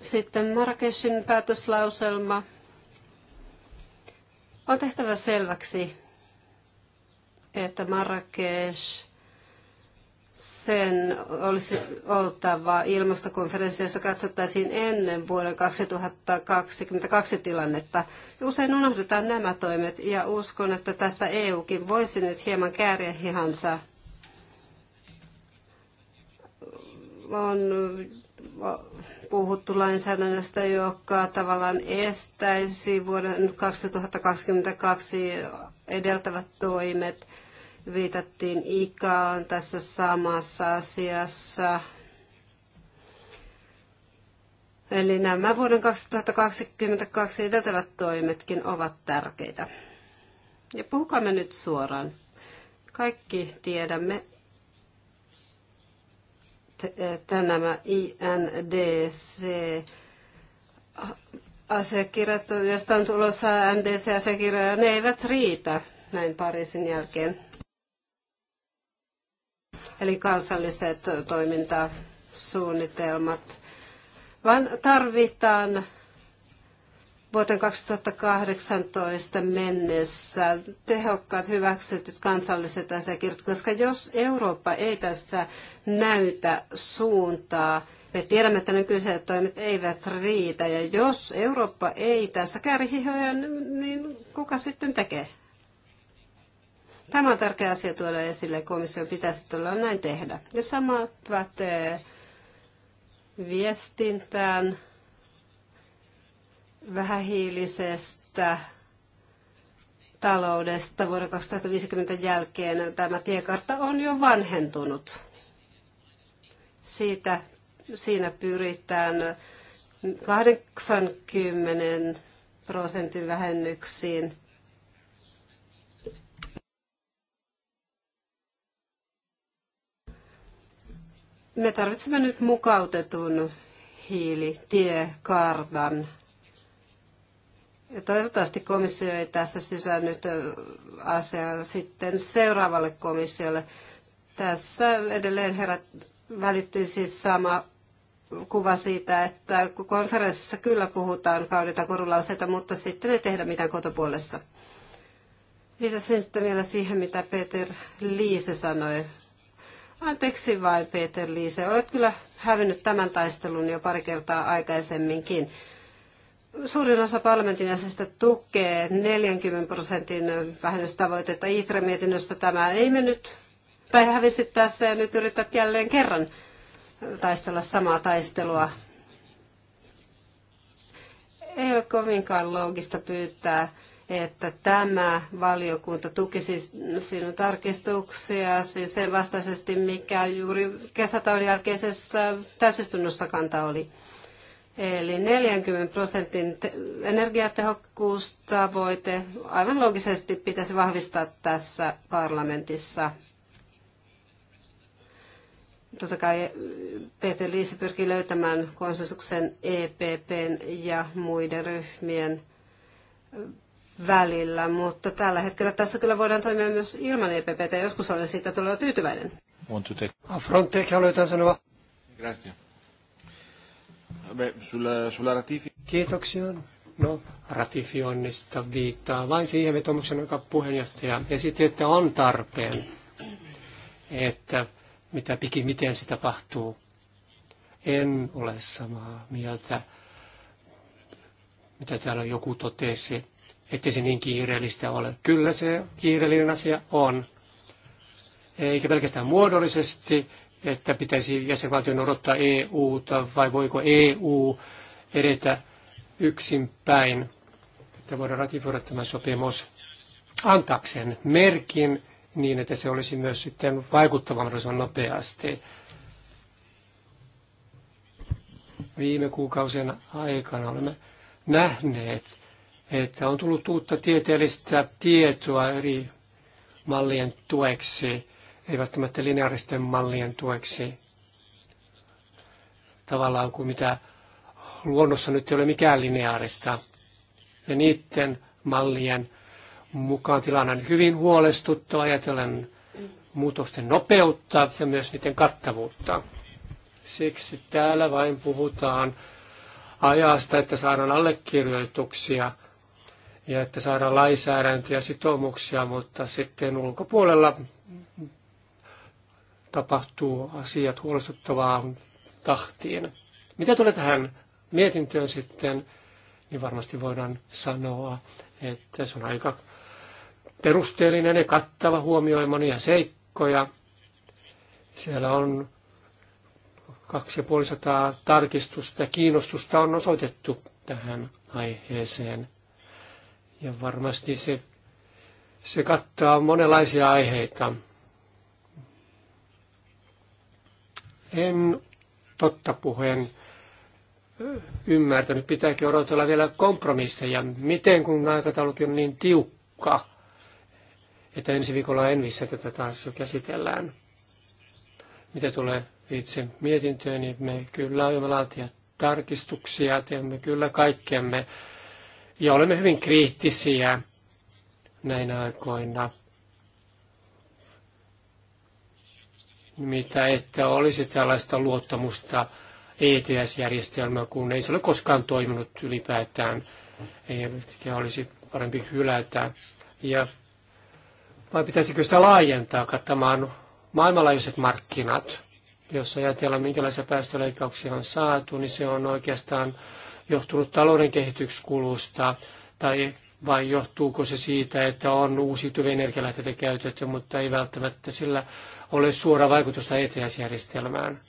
Sitten Marrakeshin päätöslauselma. On tehtävä selväksi, että Marrakesh sen olisi oltava ilmastokonferenssi, jossa katsottaisiin ennen vuoden 2022 tilannetta. Usein unohdetaan nämä toimet ja uskon, että tässä EUkin voisi nyt hieman kääriä hihansa. On puhuttu lainsäädännöstä, joka tavallaan estäisi vuoden 2022 edeltävät toimet viitattiin IKAan tässä samassa asiassa. Eli nämä vuoden 2022 edeltävät toimetkin ovat tärkeitä. Ja puhukaamme nyt suoraan. Kaikki tiedämme, että nämä INDC-asiakirjat, joista on tulossa NDC-asiakirjoja, ne eivät riitä näin Pariisin jälkeen eli kansalliset toimintasuunnitelmat, vaan tarvitaan vuoteen 2018 mennessä tehokkaat hyväksytyt kansalliset asiakirjat, koska jos Eurooppa ei tässä näytä suuntaa, me tiedämme, että nykyiset toimet eivät riitä, ja jos Eurooppa ei tässä kärjihyä, niin kuka sitten tekee Tämä on tärkeä asia tuoda esille, komissio pitäisi tulla näin tehdä. Ja sama pätee viestintään vähähiilisestä taloudesta vuoden 2050 jälkeen. Tämä tiekartta on jo vanhentunut. Siitä, siinä pyritään 80 prosentin vähennyksiin Me tarvitsemme nyt mukautetun hiilitiekartan. Ja toivottavasti komissio ei tässä sysännyt asiaa sitten seuraavalle komissiolle. Tässä edelleen herät, välittyy siis sama kuva siitä, että konferenssissa kyllä puhutaan kauniita korulauseita, mutta sitten ei tehdä mitään kotopuolessa. Viitasin sitten vielä siihen, mitä Peter Liise sanoi. Anteeksi vain, Peter Liise. Olet kyllä hävinnyt tämän taistelun jo pari kertaa aikaisemminkin. Suurin osa parlamentin jäsenistä tukee 40 prosentin vähennystavoitetta. ITRE-mietinnössä tämä ei mennyt, tai hävisit tässä ja nyt yrität jälleen kerran taistella samaa taistelua. Ei ole kovinkaan loogista pyytää että tämä valiokunta tukisi sinun tarkistuksiasi siis sen vastaisesti, mikä juuri kesätaudin jälkeisessä täysistunnossa kanta oli. Eli 40 prosentin energiatehokkuustavoite aivan logisesti pitäisi vahvistaa tässä parlamentissa. Totta kai Peter Liisi pyrkii löytämään konsensuksen EPPn ja muiden ryhmien välillä, mutta tällä hetkellä tässä kyllä voidaan toimia myös ilman EPPT. Joskus olen siitä todella tyytyväinen. Frontex haluaa jotain sanoa. Grazie. Sulla, sulla ratifi... Kiitoksia. No, ratifioinnista viittaa vain siihen vetomuksen, joka puheenjohtaja esitti, että on tarpeen, että mitä pikimiten se tapahtuu. En ole samaa mieltä, mitä täällä joku totesi ettei se niin kiireellistä ole. Kyllä se kiireellinen asia on, eikä pelkästään muodollisesti, että pitäisi jäsenvaltion odottaa EUta vai voiko EU edetä yksin päin, että voidaan ratifioida tämä sopimus antaakseen merkin niin, että se olisi myös sitten vaikuttava mahdollisimman nopeasti. Viime kuukausien aikana olemme nähneet, että on tullut uutta tieteellistä tietoa eri mallien tueksi, ei välttämättä lineaaristen mallien tueksi, tavallaan kuin mitä luonnossa nyt ei ole mikään lineaarista. Ja niiden mallien mukaan tilanne on hyvin huolestuttava ajatellen muutosten nopeutta ja myös niiden kattavuutta. Siksi täällä vain puhutaan ajasta, että saadaan allekirjoituksia – ja että saadaan lainsäädäntöä ja sitoumuksia, mutta sitten ulkopuolella tapahtuu asiat huolestuttavaan tahtiin. Mitä tulee tähän mietintöön sitten, niin varmasti voidaan sanoa, että se on aika perusteellinen ja kattava huomioi monia seikkoja. Siellä on 250 tarkistusta ja kiinnostusta on osoitettu tähän aiheeseen. Ja varmasti se, se kattaa monenlaisia aiheita. En totta puheen ymmärtänyt, pitääkö odotella vielä kompromisseja. Miten, kun aikataulukin on niin tiukka, että ensi viikolla Envissä tätä taas käsitellään. Mitä tulee itse mietintöön, niin me kyllä olemme laatia tarkistuksia, teemme kyllä kaikkemme ja olemme hyvin kriittisiä näinä aikoina. Mitä että olisi tällaista luottamusta ETS-järjestelmää, kun ei se ole koskaan toiminut ylipäätään, ei olisi parempi hylätä. Ja vai pitäisikö sitä laajentaa kattamaan maailmanlaajuiset markkinat? Jos ajatellaan, minkälaisia päästöleikkauksia on saatu, niin se on oikeastaan johtunut talouden kehityskulusta tai vai johtuuko se siitä, että on uusiutuvia energialähteitä käytetty, mutta ei välttämättä sillä ole suora vaikutusta ETS-järjestelmään.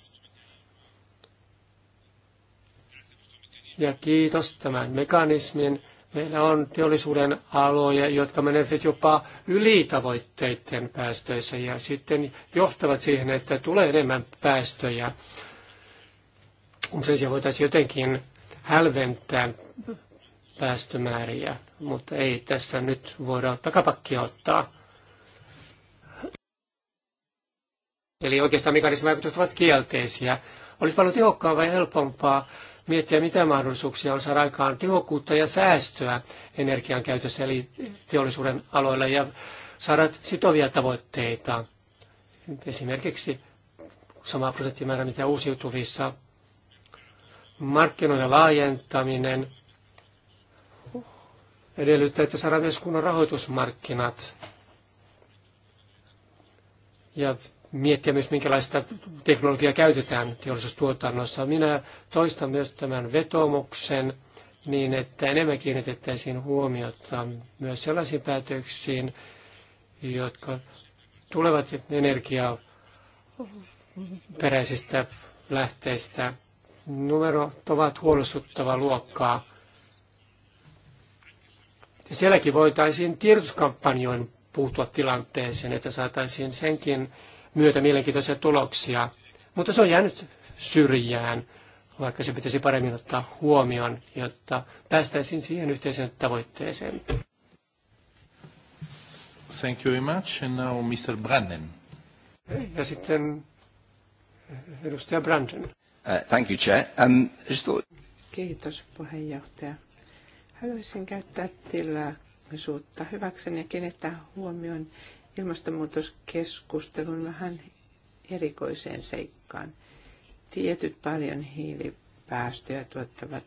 Ja kiitos tämän mekanismin Meillä on teollisuuden aloja, jotka menevät jopa yli tavoitteiden päästöissä ja sitten johtavat siihen, että tulee enemmän päästöjä. Usein sen voitaisiin jotenkin hälventää päästömääriä, mutta ei tässä nyt voida takapakkia ottaa. Eli oikeastaan mekanismivaikutukset ovat kielteisiä. Olisi paljon tehokkaampaa ja helpompaa miettiä, mitä mahdollisuuksia on saada aikaan tehokkuutta ja säästöä energian käytössä, eli teollisuuden aloilla, ja saada sitovia tavoitteita. Esimerkiksi sama prosenttimäärä, mitä uusiutuvissa, markkinoiden laajentaminen edellyttää, että saadaan myös kunnon rahoitusmarkkinat ja miettiä myös, minkälaista teknologiaa käytetään teollisuustuotannossa. Minä toistan myös tämän vetomuksen niin, että enemmän kiinnitettäisiin huomiota myös sellaisiin päätöksiin, jotka tulevat energiaa peräisistä lähteistä. Numerot ovat huolestuttavaa luokkaa. Ja sielläkin voitaisiin tiedotuskampanjoin puuttua tilanteeseen, että saataisiin senkin myötä mielenkiintoisia tuloksia, mutta se on jäänyt syrjään, vaikka se pitäisi paremmin ottaa huomioon, jotta päästäisiin siihen yhteiseen tavoitteeseen. Thank you very much. And now Mr. Branden. Ja sitten edustaja Brandon. Uh, thank you, Chair. Um, just thought... Kiitos, puheenjohtaja. Haluaisin käyttää tilaisuutta hyväkseni ja kiinnittää huomioon ilmastonmuutoskeskustelun vähän erikoiseen seikkaan. Tietyt paljon hiilipäästöjä tuottavat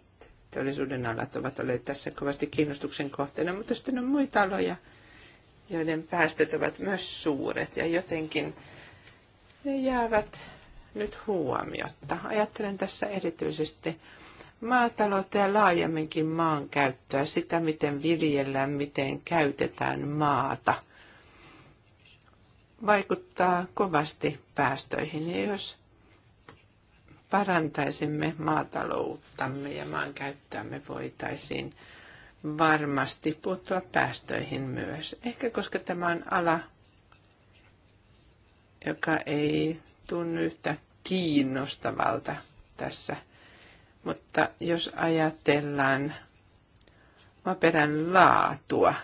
teollisuuden alat ovat olleet tässä kovasti kiinnostuksen kohteena, mutta sitten on muita aloja, joiden päästöt ovat myös suuret ja jotenkin ne jäävät nyt huomiotta. Ajattelen tässä erityisesti maataloutta ja laajemminkin maankäyttöä, sitä miten viljellään, miten käytetään maata – vaikuttaa kovasti päästöihin. Ja jos parantaisimme maatalouttamme ja maankäyttöämme, voitaisiin varmasti puuttua päästöihin myös. Ehkä koska tämä on ala, joka ei tunnu yhtä kiinnostavalta tässä. Mutta jos ajatellaan maaperän laatua,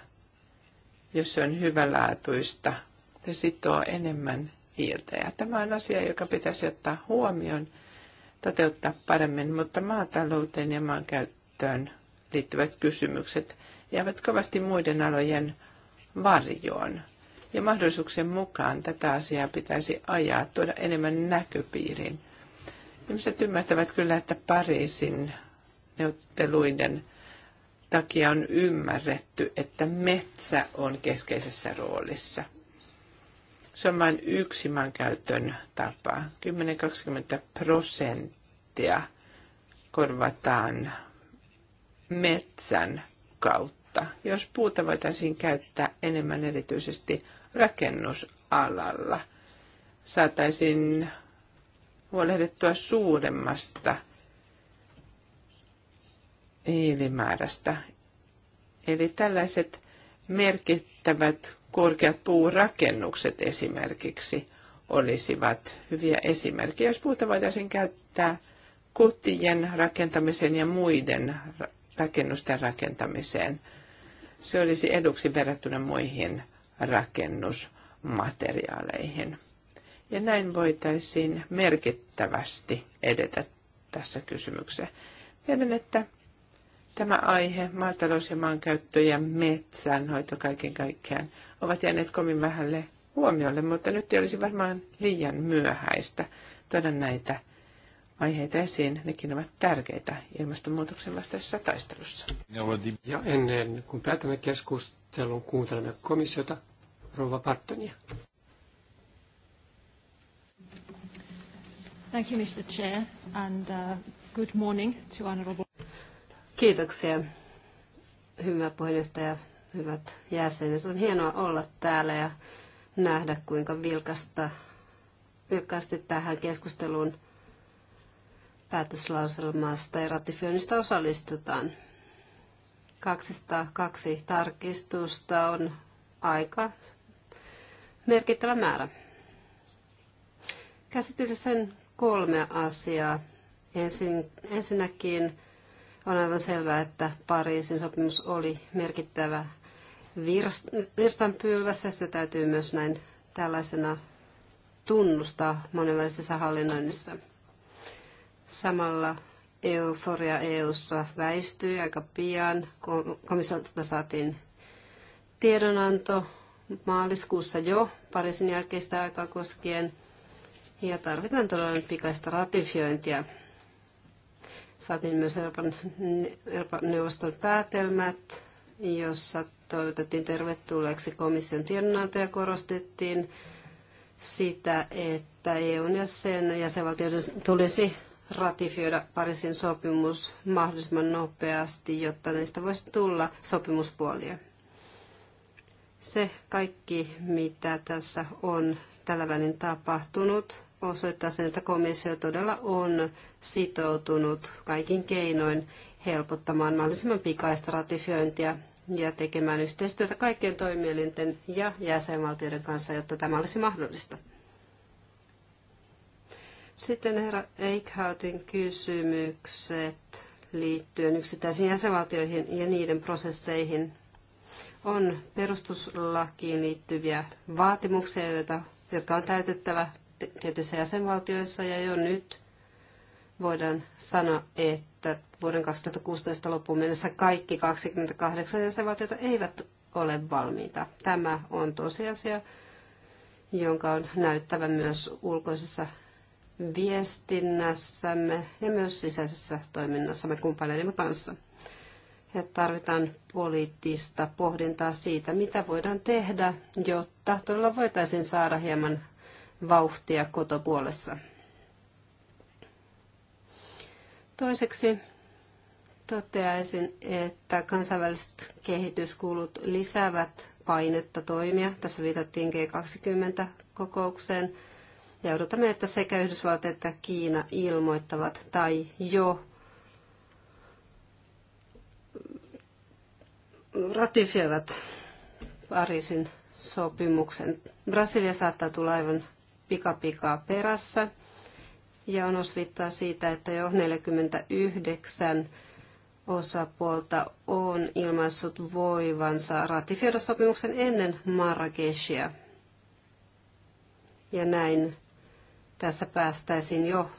jos se on hyvälaatuista – se sitoo enemmän hiiltä. Ja tämä on asia, joka pitäisi ottaa huomioon, toteuttaa paremmin, mutta maatalouteen ja maankäyttöön liittyvät kysymykset jäävät kovasti muiden alojen varjoon. Ja mahdollisuuksien mukaan tätä asiaa pitäisi ajaa, tuoda enemmän näköpiiriin. Ihmiset ymmärtävät kyllä, että Pariisin neuvotteluiden takia on ymmärretty, että metsä on keskeisessä roolissa – se on vain yksi maankäytön tapa. 10-20 prosenttia korvataan metsän kautta. Jos puuta voitaisiin käyttää enemmän erityisesti rakennusalalla, saataisiin huolehdittua suuremmasta hiilimäärästä. Eli tällaiset merkittävät korkeat puurakennukset esimerkiksi olisivat hyviä esimerkkejä. Jos puuta voitaisiin käyttää kotien rakentamiseen ja muiden rakennusten rakentamiseen, se olisi eduksi verrattuna muihin rakennusmateriaaleihin. Ja näin voitaisiin merkittävästi edetä tässä kysymyksessä. Tiedän, että Tämä aihe, maatalous ja maankäyttö ja metsänhoito kaiken kaikkiaan, ovat jääneet kovin vähälle huomiolle, mutta nyt ei olisi varmaan liian myöhäistä tuoda näitä aiheita esiin. Nekin ovat tärkeitä ilmastonmuutoksen vastaisessa taistelussa. Ja ennen kuin päätämme keskustelun, kuuntelemme komissiota Rouva Pattonia. Thank you, Mr. Chair, and uh, good morning to honorable... Kiitoksia, hyvä puheenjohtaja, hyvät jäsenet. On hienoa olla täällä ja nähdä, kuinka vilkasta, vilkasti tähän keskusteluun päätöslauselmasta ja ratifioinnista osallistutaan. 202 tarkistusta on aika merkittävä määrä. Käsittelen sen kolme asiaa. Ensin, ensinnäkin on aivan selvää, että Pariisin sopimus oli merkittävä virstanpylväs ja sitä täytyy myös näin tällaisena tunnustaa monenvälisessä hallinnoinnissa. Samalla euforia EUssa väistyi aika pian. Komissiolta saatiin tiedonanto maaliskuussa jo Pariisin jälkeistä aikaa koskien ja tarvitaan todella pikaista ratifiointia. Saatiin myös Euroopan, Euroopan neuvoston päätelmät, jossa toivotettiin tervetulleeksi komission tiedonantoja ja korostettiin sitä, että EUn ja sen jäsenvaltioiden tulisi ratifioida Pariisin sopimus mahdollisimman nopeasti, jotta niistä voisi tulla sopimuspuolia. Se kaikki, mitä tässä on tällä välin tapahtunut, osoittaa sen, että komissio todella on sitoutunut kaikin keinoin helpottamaan mahdollisimman pikaista ratifiointia ja tekemään yhteistyötä kaikkien toimielinten ja jäsenvaltioiden kanssa, jotta tämä olisi mahdollista. Sitten herra Eichhautin kysymykset liittyen yksittäisiin jäsenvaltioihin ja niiden prosesseihin on perustuslakiin liittyviä vaatimuksia, joita, jotka on täytettävä tietyissä jäsenvaltioissa ja jo nyt voidaan sanoa, että vuoden 2016 loppuun mennessä kaikki 28 jäsenvaltiota eivät ole valmiita. Tämä on tosiasia, jonka on näyttävä myös ulkoisessa viestinnässämme ja myös sisäisessä toiminnassamme kumppaneidemme kanssa. Ja tarvitaan poliittista pohdintaa siitä, mitä voidaan tehdä, jotta todella voitaisiin saada hieman vauhtia kotopuolessa. Toiseksi toteaisin, että kansainväliset kehityskulut lisäävät painetta toimia. Tässä viitattiin G20-kokoukseen. Ja odotamme, että sekä Yhdysvallat että Kiina ilmoittavat tai jo ratifioivat Pariisin sopimuksen. Brasilia saattaa tulla aivan pikapikaa perässä ja on osviittaa siitä, että jo 49 osapuolta on ilmaissut voivansa ratifioida sopimuksen ennen Marrakeshia. Ja näin tässä päästäisiin jo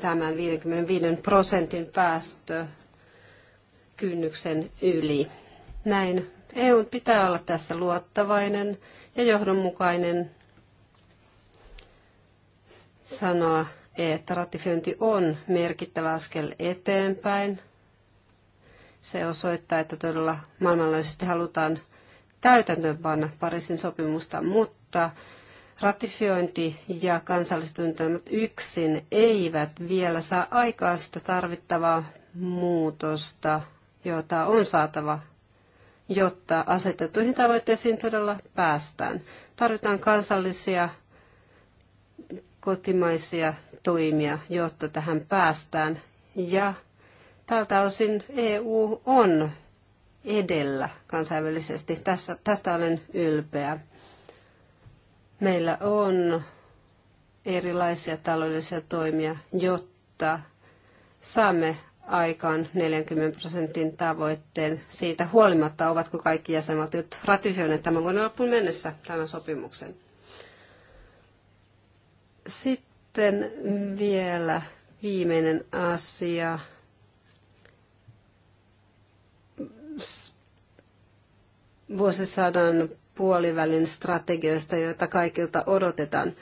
tämän 55 prosentin päästökynnyksen yli. Näin EU pitää olla tässä luottavainen ja johdonmukainen sanoa, että ratifiointi on merkittävä askel eteenpäin. Se osoittaa, että todella maailmanlaajuisesti halutaan täytäntöönpanna Pariisin sopimusta, mutta ratifiointi ja kansalliset yksin eivät vielä saa aikaan sitä tarvittavaa muutosta, jota on saatava, jotta asetettuihin tavoitteisiin todella päästään. Tarvitaan kansallisia kotimaisia toimia, jotta tähän päästään. Ja tältä osin EU on edellä kansainvälisesti. Tässä, tästä olen ylpeä. Meillä on erilaisia taloudellisia toimia, jotta saamme aikaan 40 prosentin tavoitteen siitä huolimatta, ovatko kaikki jäsenvaltiot ratifioineet tämän vuoden loppuun mennessä tämän sopimuksen. Sitten vielä viimeinen asia. Vuosisadan puolivälin strategioista, joita kaikilta odotetaan.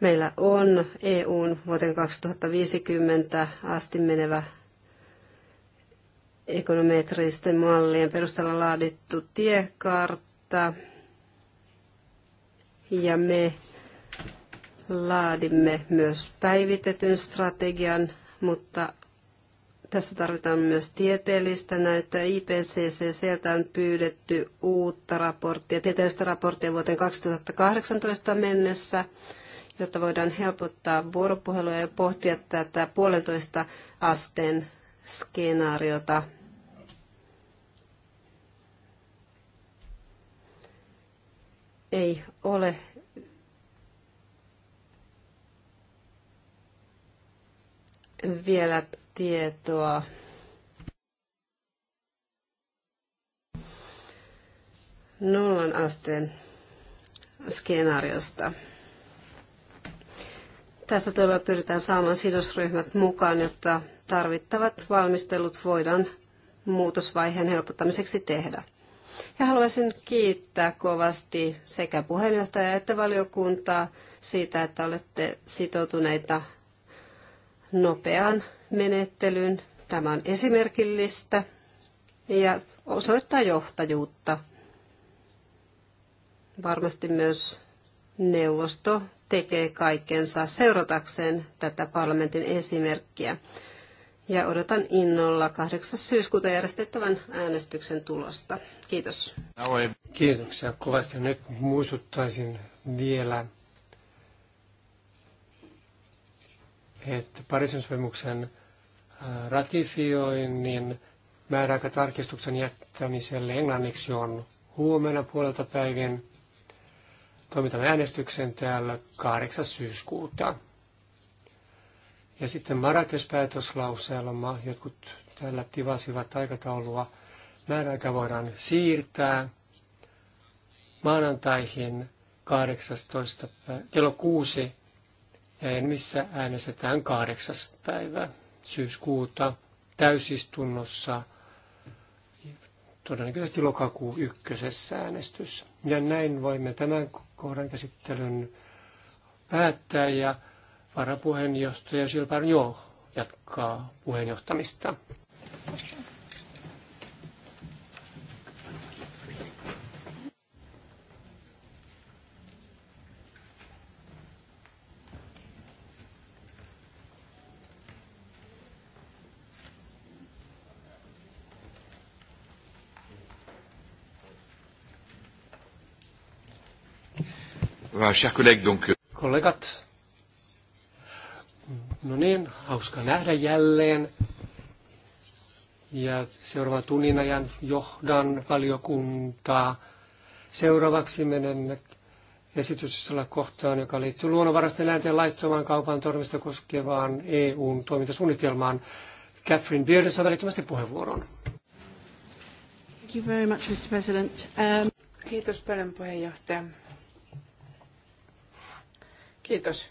Meillä on EUn vuoteen 2050 asti menevä ekonometristen mallien perusteella laadittu tiekartta. Ja me laadimme myös päivitetyn strategian, mutta tässä tarvitaan myös tieteellistä näyttöä. IPCC, sieltä on pyydetty uutta raporttia, tieteellistä raporttia vuoteen 2018 mennessä, jotta voidaan helpottaa vuoropuhelua ja pohtia tätä puolentoista asteen skenaariota. Ei ole vielä tietoa nollan asteen skenaariosta. Tässä toivoa pyritään saamaan sidosryhmät mukaan, jotta tarvittavat valmistelut voidaan muutosvaiheen helpottamiseksi tehdä. Ja haluaisin kiittää kovasti sekä puheenjohtajaa että valiokuntaa siitä, että olette sitoutuneita nopean menettelyn Tämä on esimerkillistä ja osoittaa johtajuutta. Varmasti myös neuvosto tekee kaikkensa seuratakseen tätä parlamentin esimerkkiä. Ja odotan innolla 8. syyskuuta järjestettävän äänestyksen tulosta. Kiitos. Kiitoksia kovasti. Nyt muistuttaisin vielä että Pariisin sopimuksen äh, ratifioinnin määräaikatarkistuksen jättämiselle englanniksi on huomenna puolelta päivin. Toimitamme äänestyksen täällä 8. syyskuuta. Ja sitten Marrakesh-päätöslauselma, jotkut täällä tivasivat aikataulua, määräaika voidaan siirtää maanantaihin 18. kello 6 missä äänestetään 8. päivä syyskuuta täysistunnossa todennäköisesti lokakuu ykkösessä äänestys. Ja näin voimme tämän kohdan käsittelyn päättää ja varapuheenjohtaja Gilles Parnio jatkaa puheenjohtamista. chers collègues, donc... Euh, Kollegat, no niin, hauska nähdä jälleen. Ja seuraavan tunnin ajan johdan valiokuntaa. Seuraavaksi menemme esityksessä kohtaan, joka liittyy luonnonvaraisten eläinten laittoman kaupan tormista koskevaan EUn toimintasuunnitelmaan. Catherine Beard saa välittömästi puheenvuoron. Thank you very much, Mr. President. Um... Kiitos paljon puheenjohtaja. Kiitos.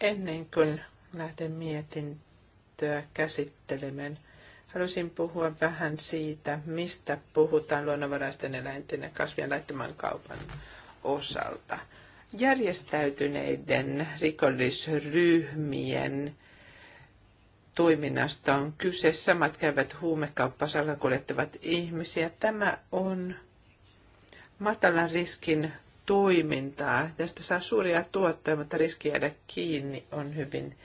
Ennen kuin lähden mietintöä käsittelemään, haluaisin puhua vähän siitä, mistä puhutaan luonnonvaraisten eläinten ja kasvien laittoman kaupan osalta. Järjestäytyneiden rikollisryhmien toiminnasta on kyse. Samat käyvät huumekauppasalla kuljettavat ihmisiä. Tämä on matalan riskin toimintaa. Tästä saa suuria tuottoja, mutta riski jäädä kiinni on hyvin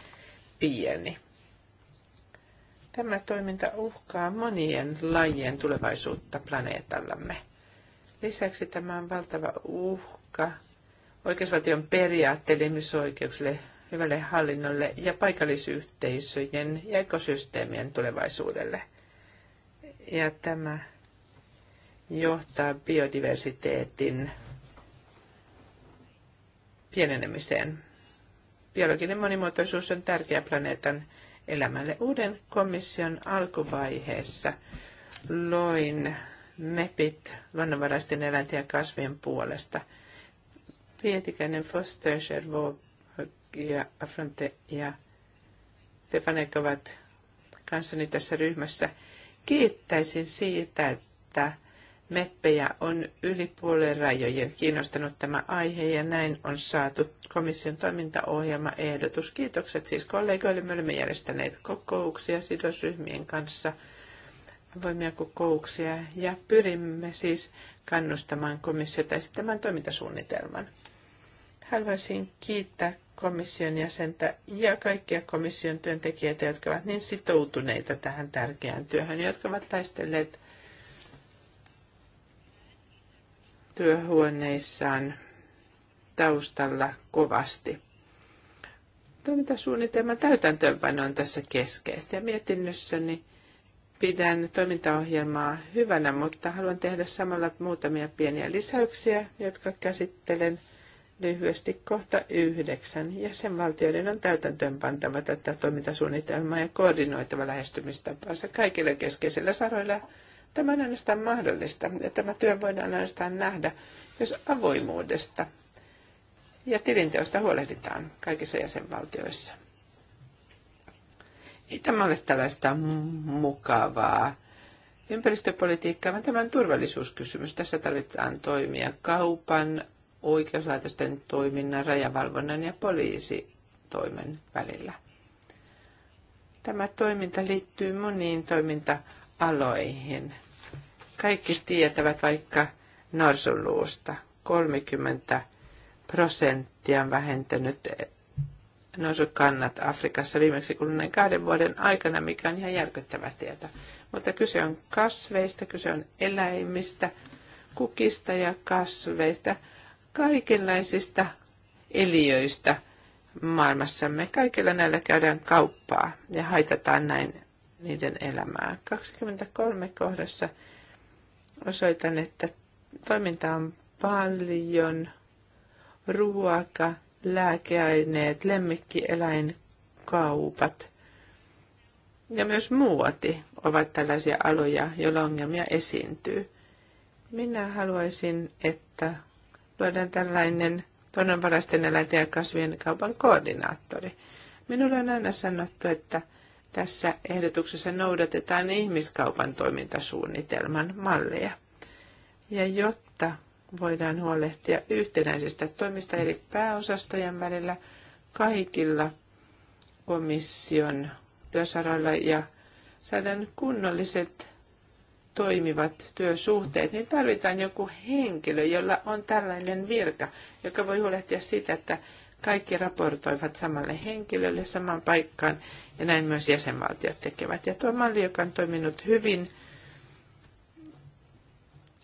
pieni. Tämä toiminta uhkaa monien lajien tulevaisuutta planeetallamme. Lisäksi tämä on valtava uhka oikeusvaltion periaatteille, ihmisoikeuksille, hyvälle hallinnolle ja paikallisyhteisöjen ja ekosysteemien tulevaisuudelle. Ja tämä johtaa biodiversiteetin pienenemiseen. Biologinen monimuotoisuus on tärkeä planeetan elämälle. Uuden komission alkuvaiheessa loin MEPit luonnonvaraisten eläinten ja kasvien puolesta. Pietikäinen Foster, Sherwood ja Afronte ja Stefanek ovat kanssani tässä ryhmässä. Kiittäisin siitä, että meppejä on yli puolen rajojen kiinnostanut tämä aihe ja näin on saatu komission ehdotus. Kiitokset siis kollegoille. Me olemme järjestäneet kokouksia sidosryhmien kanssa, voimia kokouksia ja pyrimme siis kannustamaan komissiota esittämään toimintasuunnitelman. Haluaisin kiittää komission jäsentä ja kaikkia komission työntekijöitä, jotka ovat niin sitoutuneita tähän tärkeään työhön, jotka ovat taistelleet työhuoneissaan taustalla kovasti. Toimintasuunnitelman täytäntöönpano on tässä keskeistä ja mietinnössäni pidän toimintaohjelmaa hyvänä, mutta haluan tehdä samalla muutamia pieniä lisäyksiä, jotka käsittelen lyhyesti kohta yhdeksän. Jäsenvaltioiden on täytäntöönpantava tätä toimintasuunnitelmaa ja koordinoitava lähestymistapaansa kaikilla keskeisillä saroilla Tämä on ainoastaan mahdollista ja tämä työ voidaan ainoastaan nähdä, jos avoimuudesta ja tilinteosta huolehditaan kaikissa jäsenvaltioissa. Ei tämä ole tällaista mukavaa ympäristöpolitiikkaa, vaan tämän turvallisuuskysymys. Tässä tarvitaan toimia kaupan, oikeuslaitosten toiminnan, rajavalvonnan ja poliisitoimen välillä. Tämä toiminta liittyy moniin toiminta-aloihin. Kaikki tietävät vaikka norsunluusta. 30 prosenttia on vähentänyt norsukannat Afrikassa viimeksi kuluneen kahden vuoden aikana, mikä on ihan järkyttävä tieto. Mutta kyse on kasveista, kyse on eläimistä, kukista ja kasveista, kaikenlaisista eliöistä maailmassamme. Kaikilla näillä käydään kauppaa ja haitataan näin niiden elämää. 23 kohdassa osoitan, että toiminta on paljon. Ruoka, lääkeaineet, lemmikkieläinkaupat ja myös muoti ovat tällaisia aloja, joilla ongelmia esiintyy. Minä haluaisin, että luodaan tällainen luonnonvaraisten eläinten ja kasvien kaupan koordinaattori. Minulle on aina sanottu, että – tässä ehdotuksessa noudatetaan ihmiskaupan toimintasuunnitelman malleja. Ja jotta voidaan huolehtia yhtenäisistä toimista eri pääosastojen välillä kaikilla komission työsaroilla ja saadaan kunnolliset toimivat työsuhteet, niin tarvitaan joku henkilö, jolla on tällainen virka, joka voi huolehtia siitä, että kaikki raportoivat samalle henkilölle samaan paikkaan ja näin myös jäsenvaltiot tekevät. Ja tuo malli, joka on toiminut hyvin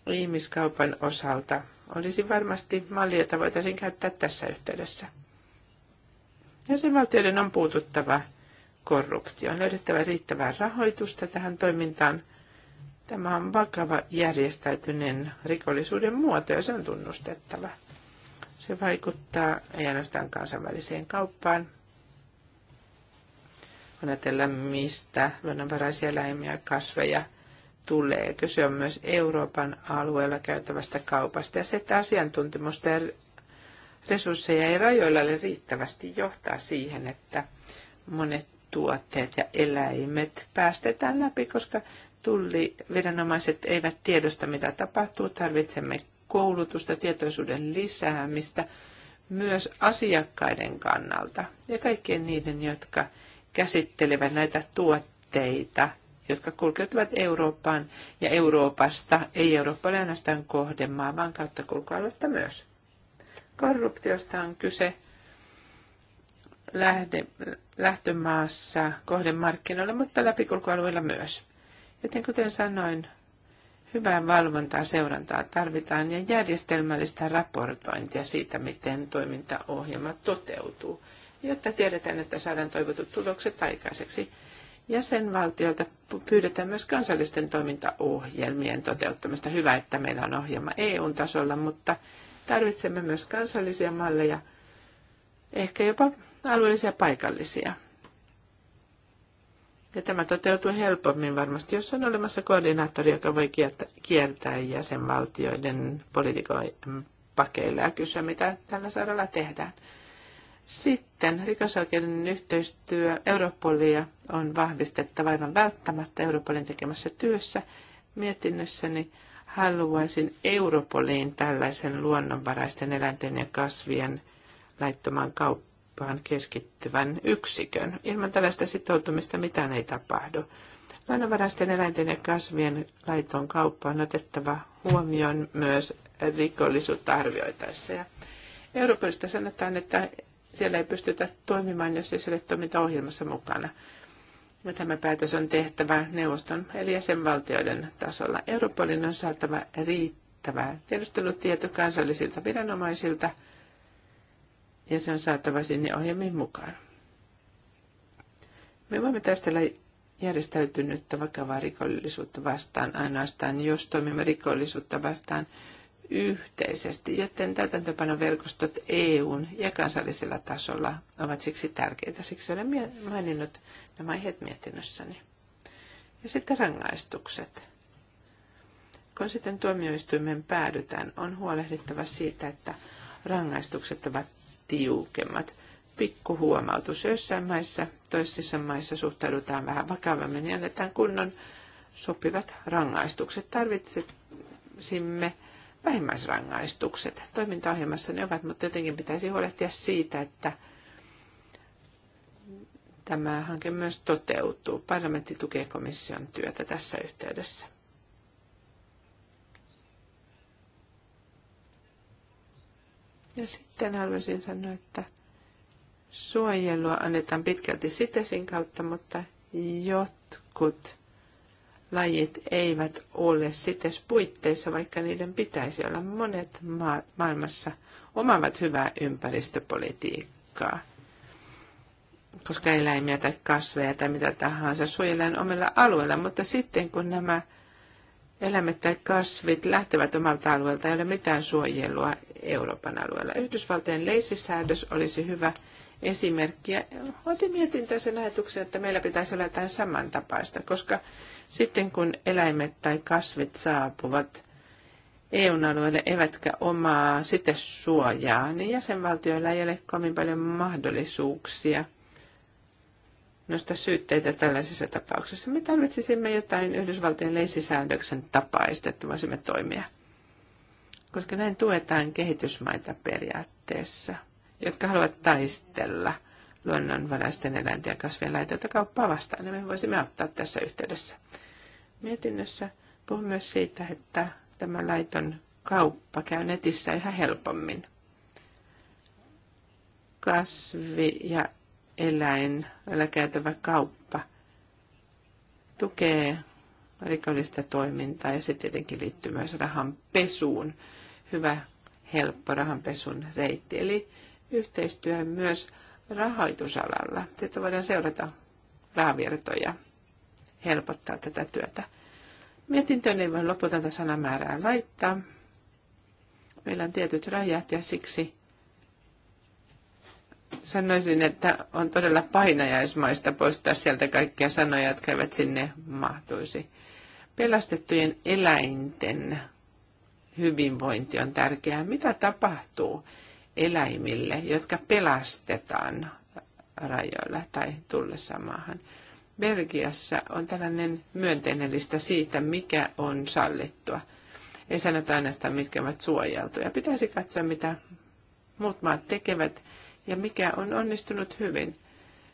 ihmiskaupan osalta, olisi varmasti malli, jota voitaisiin käyttää tässä yhteydessä. Jäsenvaltioiden on puututtava korruptioon, löydettävä riittävää rahoitusta tähän toimintaan. Tämä on vakava järjestäytyneen rikollisuuden muoto ja se on tunnustettava. Se vaikuttaa ei ainoastaan kansainväliseen kauppaan. On ajatella, mistä luonnonvaraisia eläimiä ja kasveja tulee. Kyse on myös Euroopan alueella käytävästä kaupasta ja se, että asiantuntemusta ja resursseja ei rajoilla ole riittävästi johtaa siihen, että monet tuotteet ja eläimet päästetään läpi, koska tulliviranomaiset eivät tiedosta, mitä tapahtuu. Tarvitsemme koulutusta, tietoisuuden lisäämistä myös asiakkaiden kannalta ja kaikkien niiden, jotka käsittelevät näitä tuotteita, jotka kulkeutuvat Eurooppaan ja Euroopasta, ei Eurooppa ole ainoastaan kohdemaa, vaan kautta kulkualuetta myös. Korruptiosta on kyse lähde, lähtömaassa kohdemarkkinoilla, mutta läpikulkualueilla myös. Joten kuten sanoin, Hyvää valvontaa, seurantaa tarvitaan ja järjestelmällistä raportointia siitä, miten toimintaohjelma toteutuu, jotta tiedetään, että saadaan toivotut tulokset aikaiseksi. Jäsenvaltiolta pyydetään myös kansallisten toimintaohjelmien toteuttamista. Hyvä, että meillä on ohjelma EU-tasolla, mutta tarvitsemme myös kansallisia malleja, ehkä jopa alueellisia paikallisia ja tämä toteutuu helpommin varmasti, jos on olemassa koordinaattori, joka voi kiertää jäsenvaltioiden poliitikoiden pakeilla ja kysyä, mitä tällä saralla tehdään. Sitten rikosoikeuden yhteistyö Europolia on vahvistettava aivan välttämättä Europolin tekemässä työssä. Mietinnössäni haluaisin Europoliin tällaisen luonnonvaraisten eläinten ja kasvien laittoman kauppaan Eurooppaan keskittyvän yksikön. Ilman tällaista sitoutumista mitään ei tapahdu. Luonnonvaraisten eläinten ja kasvien laiton kauppa on otettava huomioon myös rikollisuutta arvioitaessa. Ja Euroopasta sanotaan, että siellä ei pystytä toimimaan, jos ei se ole toimintaohjelmassa mukana. Ja tämä päätös on tehtävä neuvoston eli jäsenvaltioiden tasolla. Europolin on saatava riittävää tiedustelutieto kansallisilta viranomaisilta – ja se on saatava sinne ohjelmiin mukaan. Me voimme taistella järjestäytynyttä vakavaa rikollisuutta vastaan ainoastaan, jos toimimme rikollisuutta vastaan yhteisesti, joten täytäntöpanoverkostot EUn ja kansallisella tasolla ovat siksi tärkeitä. Siksi olen maininnut nämä aiheet mietinnössäni. Ja sitten rangaistukset. Kun sitten tuomioistuimen päädytään, on huolehdittava siitä, että rangaistukset ovat tiukemmat. Pikku huomautus. Joissain maissa, toisissa maissa suhtaudutaan vähän vakavammin ja annetaan kunnon sopivat rangaistukset. Tarvitsisimme vähimmäisrangaistukset. Toimintaohjelmassa ne ovat, mutta jotenkin pitäisi huolehtia siitä, että tämä hanke myös toteutuu. Parlamentti tukee komission työtä tässä yhteydessä. Ja sitten haluaisin sanoa, että suojelua annetaan pitkälti sitesin kautta, mutta jotkut lajit eivät ole sites puitteissa, vaikka niiden pitäisi olla. Monet maat maailmassa omaavat hyvää ympäristöpolitiikkaa, koska eläimiä tai kasveja tai mitä tahansa suojellaan omilla alueilla, mutta sitten kun nämä eläimet tai kasvit lähtevät omalta alueelta, ei ole mitään suojelua Euroopan alueella. Yhdysvaltojen leisisäädös olisi hyvä esimerkki. Ja otin mietintä sen ajatuksen, että meillä pitäisi olla jotain samantapaista, koska sitten kun eläimet tai kasvit saapuvat EUn alueelle eivätkä omaa sitä suojaa, niin jäsenvaltioilla ei ole kovin paljon mahdollisuuksia – nostaa syytteitä tällaisessa tapauksessa. Me tarvitsisimme jotain Yhdysvaltojen leisisäännöksen tapaista, että voisimme toimia. Koska näin tuetaan kehitysmaita periaatteessa, jotka haluavat taistella luonnonvaraisten eläinten ja kasvien laitonta kauppaa vastaan, niin me voisimme ottaa tässä yhteydessä. Mietinnössä puhun myös siitä, että tämä laiton kauppa käy netissä yhä helpommin. Kasvi- ja eläinillä käytävä kauppa tukee rikollista toimintaa ja se tietenkin liittyy myös rahan pesuun. Hyvä, helppo rahanpesun reitti. Eli yhteistyö myös rahoitusalalla. Sitten voidaan seurata rahavirtoja, helpottaa tätä työtä. Mietintöön ei voi lopulta tätä sanamäärää laittaa. Meillä on tietyt rajat ja siksi sanoisin, että on todella painajaismaista poistaa sieltä kaikkia sanoja, jotka eivät sinne mahtuisi. Pelastettujen eläinten hyvinvointi on tärkeää. Mitä tapahtuu eläimille, jotka pelastetaan rajoilla tai tullessa maahan? Belgiassa on tällainen myönteinen lista siitä, mikä on sallittua. Ei sanota ainoastaan, mitkä ovat suojeltuja. Pitäisi katsoa, mitä muut maat tekevät ja mikä on onnistunut hyvin.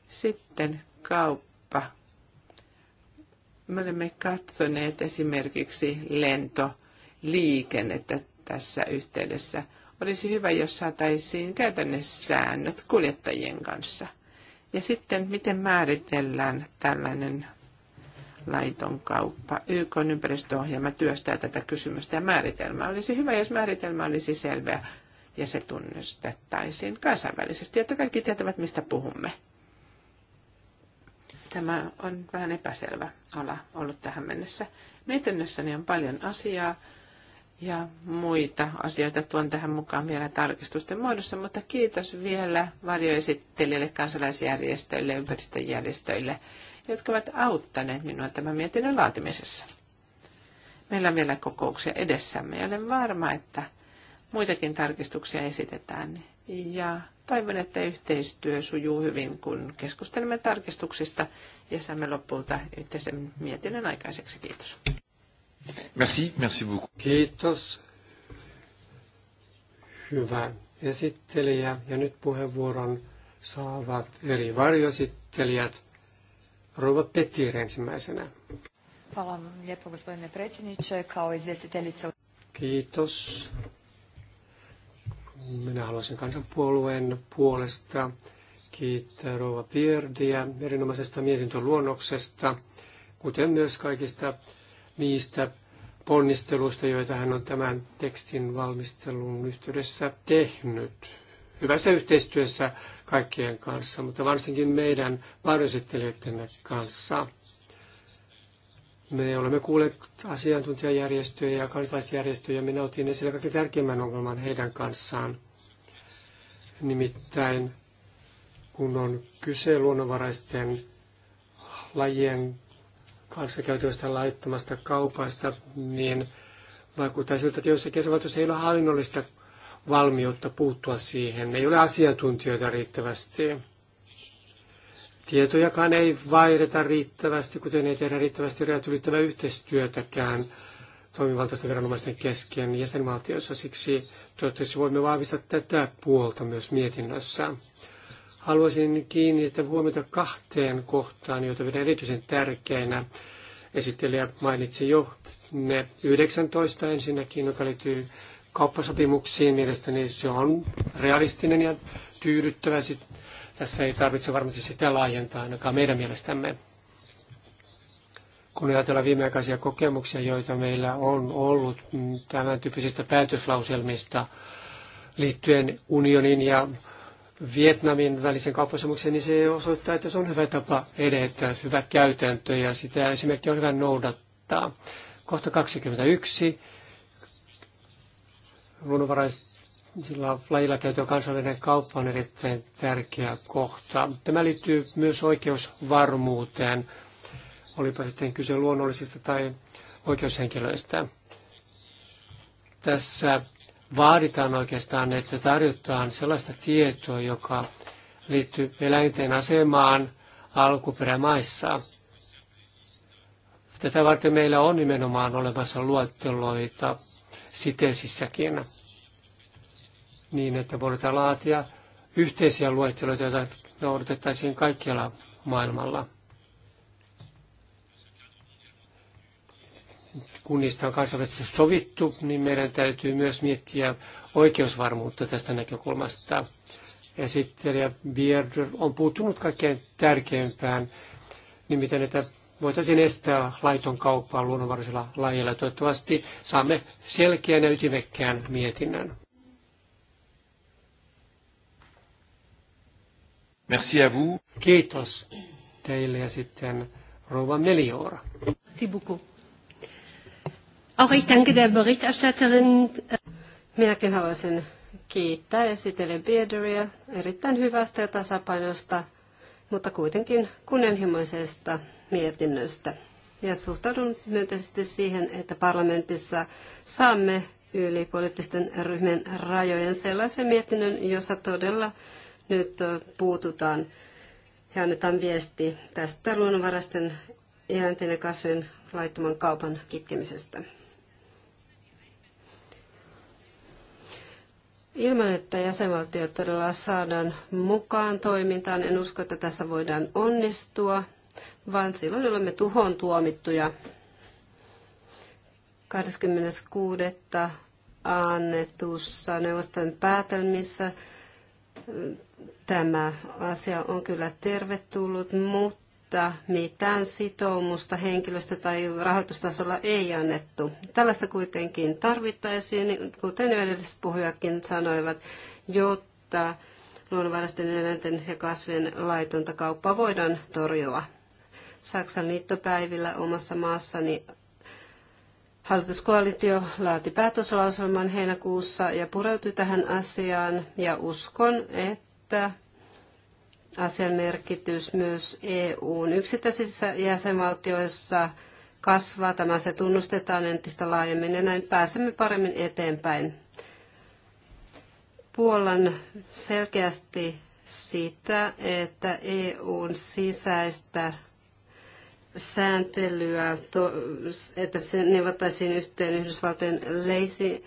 Sitten kauppa. Me olemme katsoneet esimerkiksi lentoliikennettä tässä yhteydessä. Olisi hyvä, jos saataisiin käytännössäännöt kuljettajien kanssa. Ja sitten, miten määritellään tällainen laiton kauppa. YK ympäristöohjelma työstää tätä kysymystä ja määritelmää. Olisi hyvä, jos määritelmä olisi selveä ja se tunnistettaisiin kansainvälisesti, jotta kaikki tietävät, mistä puhumme. Tämä on vähän epäselvä ala ollut tähän mennessä. Mietinnössäni on paljon asiaa ja muita asioita tuon tähän mukaan vielä tarkistusten muodossa, mutta kiitos vielä varjoesittelijälle, kansalaisjärjestöille ja ympäristöjärjestöille, jotka ovat auttaneet minua tämän mietinnön laatimisessa. Meillä on vielä kokouksia edessämme ja olen varma, että muitakin tarkistuksia esitetään. Ja toivon, että yhteistyö sujuu hyvin, kun keskustelemme tarkistuksista ja saamme lopulta yhteisen mietinnön aikaiseksi. Kiitos. Merci, merci beaucoup. Kiitos. Hyvä esittelijä. Ja nyt puheenvuoron saavat eri varjoesittelijät. Rouva Petir ensimmäisenä. Kiitos, minä haluaisin kansanpuolueen puolesta kiittää Rova Pierdiä erinomaisesta mietintöluonnoksesta, kuten myös kaikista niistä ponnisteluista, joita hän on tämän tekstin valmistelun yhteydessä tehnyt. Hyvässä yhteistyössä kaikkien kanssa, mutta varsinkin meidän varjoesittelijöidemme kanssa. Me olemme kuulleet asiantuntijajärjestöjä ja kansalaisjärjestöjä. Minä otin esille kaikki tärkeimmän ongelman heidän kanssaan. Nimittäin kun on kyse luonnonvaraisten lajien kanssa käytävästä laittomasta kaupasta, niin vaikuttaa siltä, että joissakin jäsenvaltioissa ei ole hallinnollista valmiutta puuttua siihen. Ei ole asiantuntijoita riittävästi. Tietojakaan ei vaihdeta riittävästi, kuten ei tehdä riittävästi rajat ylittävää yhteistyötäkään toimivaltaisten viranomaisten kesken jäsenvaltioissa. Siksi toivottavasti voimme vahvistaa tätä puolta myös mietinnössä. Haluaisin kiinnittää huomiota kahteen kohtaan, joita pidän erityisen tärkeinä. Esittelijä mainitsi jo ne 19 ensinnäkin, joka liittyy kauppasopimuksiin. Mielestäni se on realistinen ja tyydyttävä. Tässä ei tarvitse varmasti sitä laajentaa ainakaan meidän mielestämme. Kun ajatellaan viimeaikaisia kokemuksia, joita meillä on ollut tämän tyyppisistä päätöslauselmista liittyen unionin ja Vietnamin välisen kauppasopimuksen, niin se osoittaa, että se on hyvä tapa edetä, hyvä käytäntö ja sitä esimerkiksi on hyvä noudattaa. Kohta 21. Luonnonvaraiset sillä lajilla käyty kansainvälinen kauppa on erittäin tärkeä kohta. Tämä liittyy myös oikeusvarmuuteen, olipa sitten kyse luonnollisista tai oikeushenkilöistä. Tässä vaaditaan oikeastaan, että tarjotaan sellaista tietoa, joka liittyy eläinten asemaan alkuperämaissa. Tätä varten meillä on nimenomaan olemassa luetteloita sitesissäkin niin, että voidaan laatia yhteisiä luetteloita, joita noudatettaisiin kaikkialla maailmalla. niistä on kansainvälisesti sovittu, niin meidän täytyy myös miettiä oikeusvarmuutta tästä näkökulmasta. Esittelijä Beard on puuttunut kaikkein tärkeimpään, nimittäin että voitaisiin estää laiton kauppaa luonnonvaraisilla lajeilla. Toivottavasti saamme selkeän ja ytimekkään mietinnän. Merci à vous. Kiitos teille ja sitten rouva Meliora. Merci beaucoup. Auch ich danke der Berichterstatterin. Minäkin haluaisin kiittää esitellen Biederia erittäin hyvästä ja tasapainosta, mutta kuitenkin kunnianhimoisesta mietinnöstä. Ja suhtaudun myönteisesti siihen, että parlamentissa saamme yli poliittisten ryhmien rajojen sellaisen mietinnön, jossa todella nyt puututaan ja annetaan viesti tästä luonnonvarasten eläinten ja kasvien laittoman kaupan kitkemisestä. Ilman, että jäsenvaltiot todella saadaan mukaan toimintaan, en usko, että tässä voidaan onnistua, vaan silloin olemme tuhoon tuomittuja. 26. annetussa neuvoston päätelmissä Tämä asia on kyllä tervetullut, mutta mitään sitoumusta henkilöstö- tai rahoitustasolla ei annettu. Tällaista kuitenkin tarvittaisiin, kuten edelliset puhujatkin sanoivat, jotta luonnonvaraisten eläinten ja kasvien laitonta kauppaa voidaan torjua. Saksan liittopäivillä omassa maassani Hallituskoalitio laati päätöslauselman heinäkuussa ja pureutui tähän asiaan ja uskon, että asian merkitys myös EUn yksittäisissä jäsenvaltioissa kasvaa. Tämä se tunnustetaan entistä laajemmin ja näin pääsemme paremmin eteenpäin. Puolan selkeästi sitä, että EUn sisäistä sääntelyä, että se neuvottaisiin yhteen Yhdysvaltojen leisi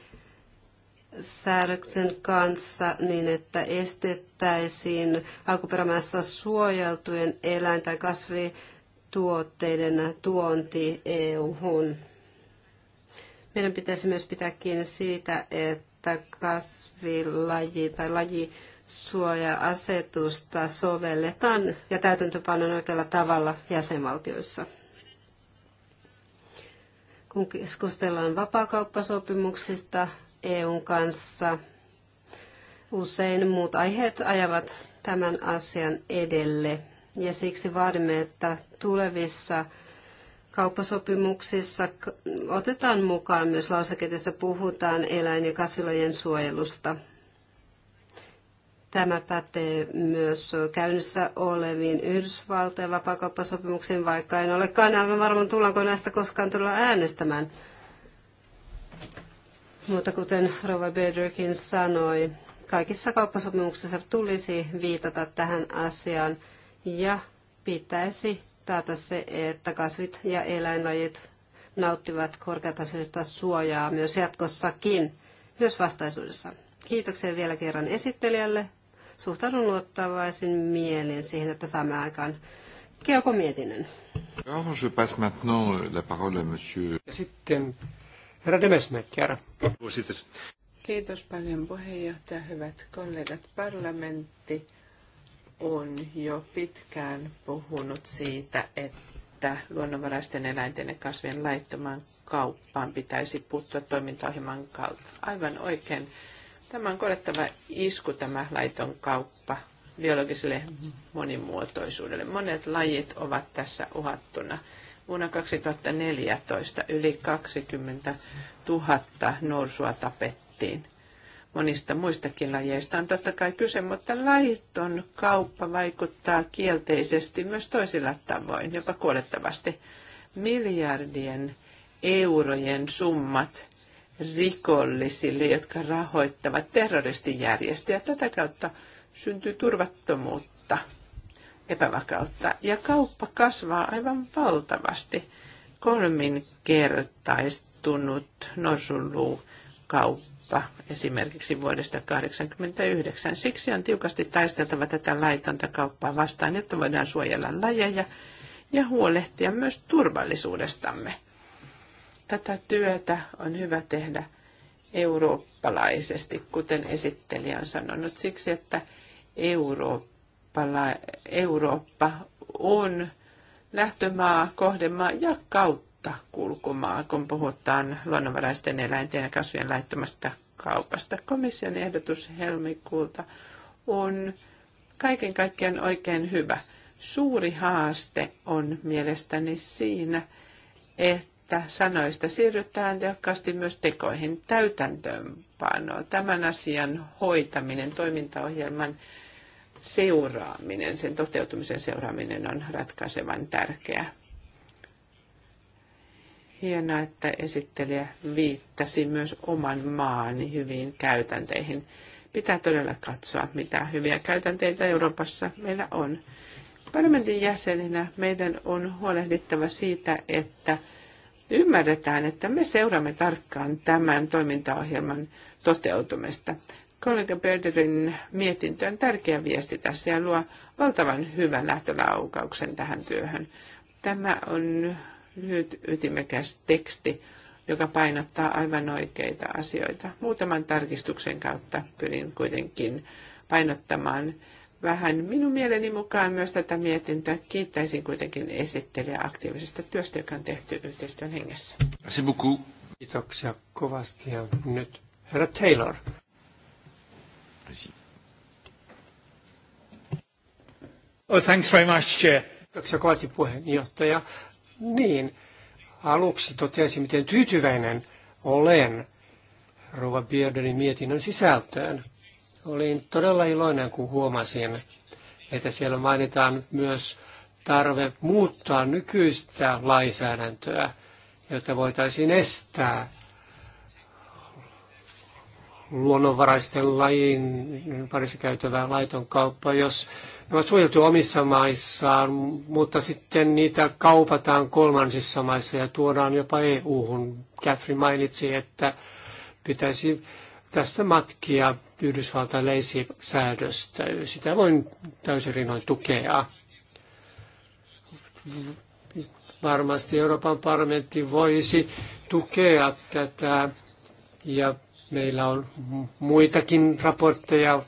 säädöksen kanssa niin, että estettäisiin alkuperämässä suojeltujen eläin- tai kasvituotteiden tuonti EU-hun. Meidän pitäisi myös pitää kiinni siitä, että kasvilaji tai laji suoja-asetusta sovelletaan ja täytäntöpanon oikealla tavalla jäsenvaltioissa. Kun keskustellaan vapaakauppasopimuksista EUn kanssa, usein muut aiheet ajavat tämän asian edelle. Ja siksi vaadimme, että tulevissa kauppasopimuksissa otetaan mukaan myös lauseke, puhutaan eläin- ja kasvilajien suojelusta – Tämä pätee myös käynnissä oleviin Yhdysvaltojen vapaakauppasopimuksiin, vaikka en olekaan aivan varmaan tullaanko näistä koskaan tulla äänestämään. Mutta kuten Rova Bederkin sanoi, kaikissa kauppasopimuksissa tulisi viitata tähän asiaan ja pitäisi taata se, että kasvit ja eläinlajit nauttivat korkeatasoista suojaa myös jatkossakin, myös vastaisuudessa. Kiitoksia vielä kerran esittelijälle suhtaudun luottavaisin mielin siihen, että saamme aikaan kelpomietinnön. Alors, euh, Ja sitten herra Demesmecker. Kiitos paljon puheenjohtaja, hyvät kollegat. Parlamentti on jo pitkään puhunut siitä, että luonnonvaraisten eläinten ja kasvien laittoman kauppaan pitäisi puuttua toimintaohjelman kautta. Aivan oikein Tämä on korjattava isku, tämä laiton kauppa biologiselle monimuotoisuudelle. Monet lajit ovat tässä uhattuna. Vuonna 2014 yli 20 000 norsua tapettiin. Monista muistakin lajeista on totta kai kyse, mutta laiton kauppa vaikuttaa kielteisesti myös toisilla tavoin, jopa kuolettavasti. Miljardien eurojen summat rikollisille, jotka rahoittavat terroristijärjestöjä. Tätä kautta syntyy turvattomuutta, epävakautta ja kauppa kasvaa aivan valtavasti. Kolminkertaistunut norsuluu kauppa esimerkiksi vuodesta 1989. Siksi on tiukasti taisteltava tätä laitonta kauppaa vastaan, jotta voidaan suojella lajeja ja huolehtia myös turvallisuudestamme. Tätä työtä on hyvä tehdä eurooppalaisesti, kuten esittelijä on sanonut, siksi että Eurooppala, Eurooppa on lähtömaa, kohdemaa ja kautta kulkumaa, kun puhutaan luonnonvaraisten eläinten ja kasvien laittomasta kaupasta. Komission ehdotus helmikuulta on kaiken kaikkiaan oikein hyvä. Suuri haaste on mielestäni siinä, että että sanoista siirrytään tehokkaasti myös tekoihin täytäntöönpanoa. Tämän asian hoitaminen, toimintaohjelman seuraaminen, sen toteutumisen seuraaminen on ratkaisevan tärkeää. Hienoa, että esittelijä viittasi myös oman maan hyviin käytänteihin. Pitää todella katsoa, mitä hyviä käytänteitä Euroopassa meillä on. Parlamentin jäsenenä meidän on huolehdittava siitä, että ymmärretään, että me seuraamme tarkkaan tämän toimintaohjelman toteutumista. Kollega Berderin mietintö on tärkeä viesti tässä ja luo valtavan hyvän lähtölaukauksen tähän työhön. Tämä on lyhyt ytimekäs teksti, joka painottaa aivan oikeita asioita. Muutaman tarkistuksen kautta pyrin kuitenkin painottamaan vähän minun mieleni mukaan myös tätä mietintöä. Kiittäisin kuitenkin esittelijä aktiivisesta työstä, joka on tehty yhteistyön hengessä. Kiitoksia kovasti ja nyt herra Taylor. Oh, thanks very much, Chair. Kiitoksia kovasti puheenjohtaja. Niin, aluksi totesin, miten tyytyväinen olen Rova Bierdenin mietinnön sisältöön. Olin todella iloinen, kun huomasin, että siellä mainitaan myös tarve muuttaa nykyistä lainsäädäntöä, jotta voitaisiin estää luonnonvaraisten lajin parissa käytävää laiton kauppa, jos ne ovat suojeltu omissa maissaan, mutta sitten niitä kaupataan kolmansissa maissa ja tuodaan jopa EU-hun. Catherine mainitsi, että pitäisi tästä matkia Yhdysvaltain leisisäädöstä. Sitä voin täysin rinnoin tukea. Varmasti Euroopan parlamentti voisi tukea tätä ja meillä on muitakin raportteja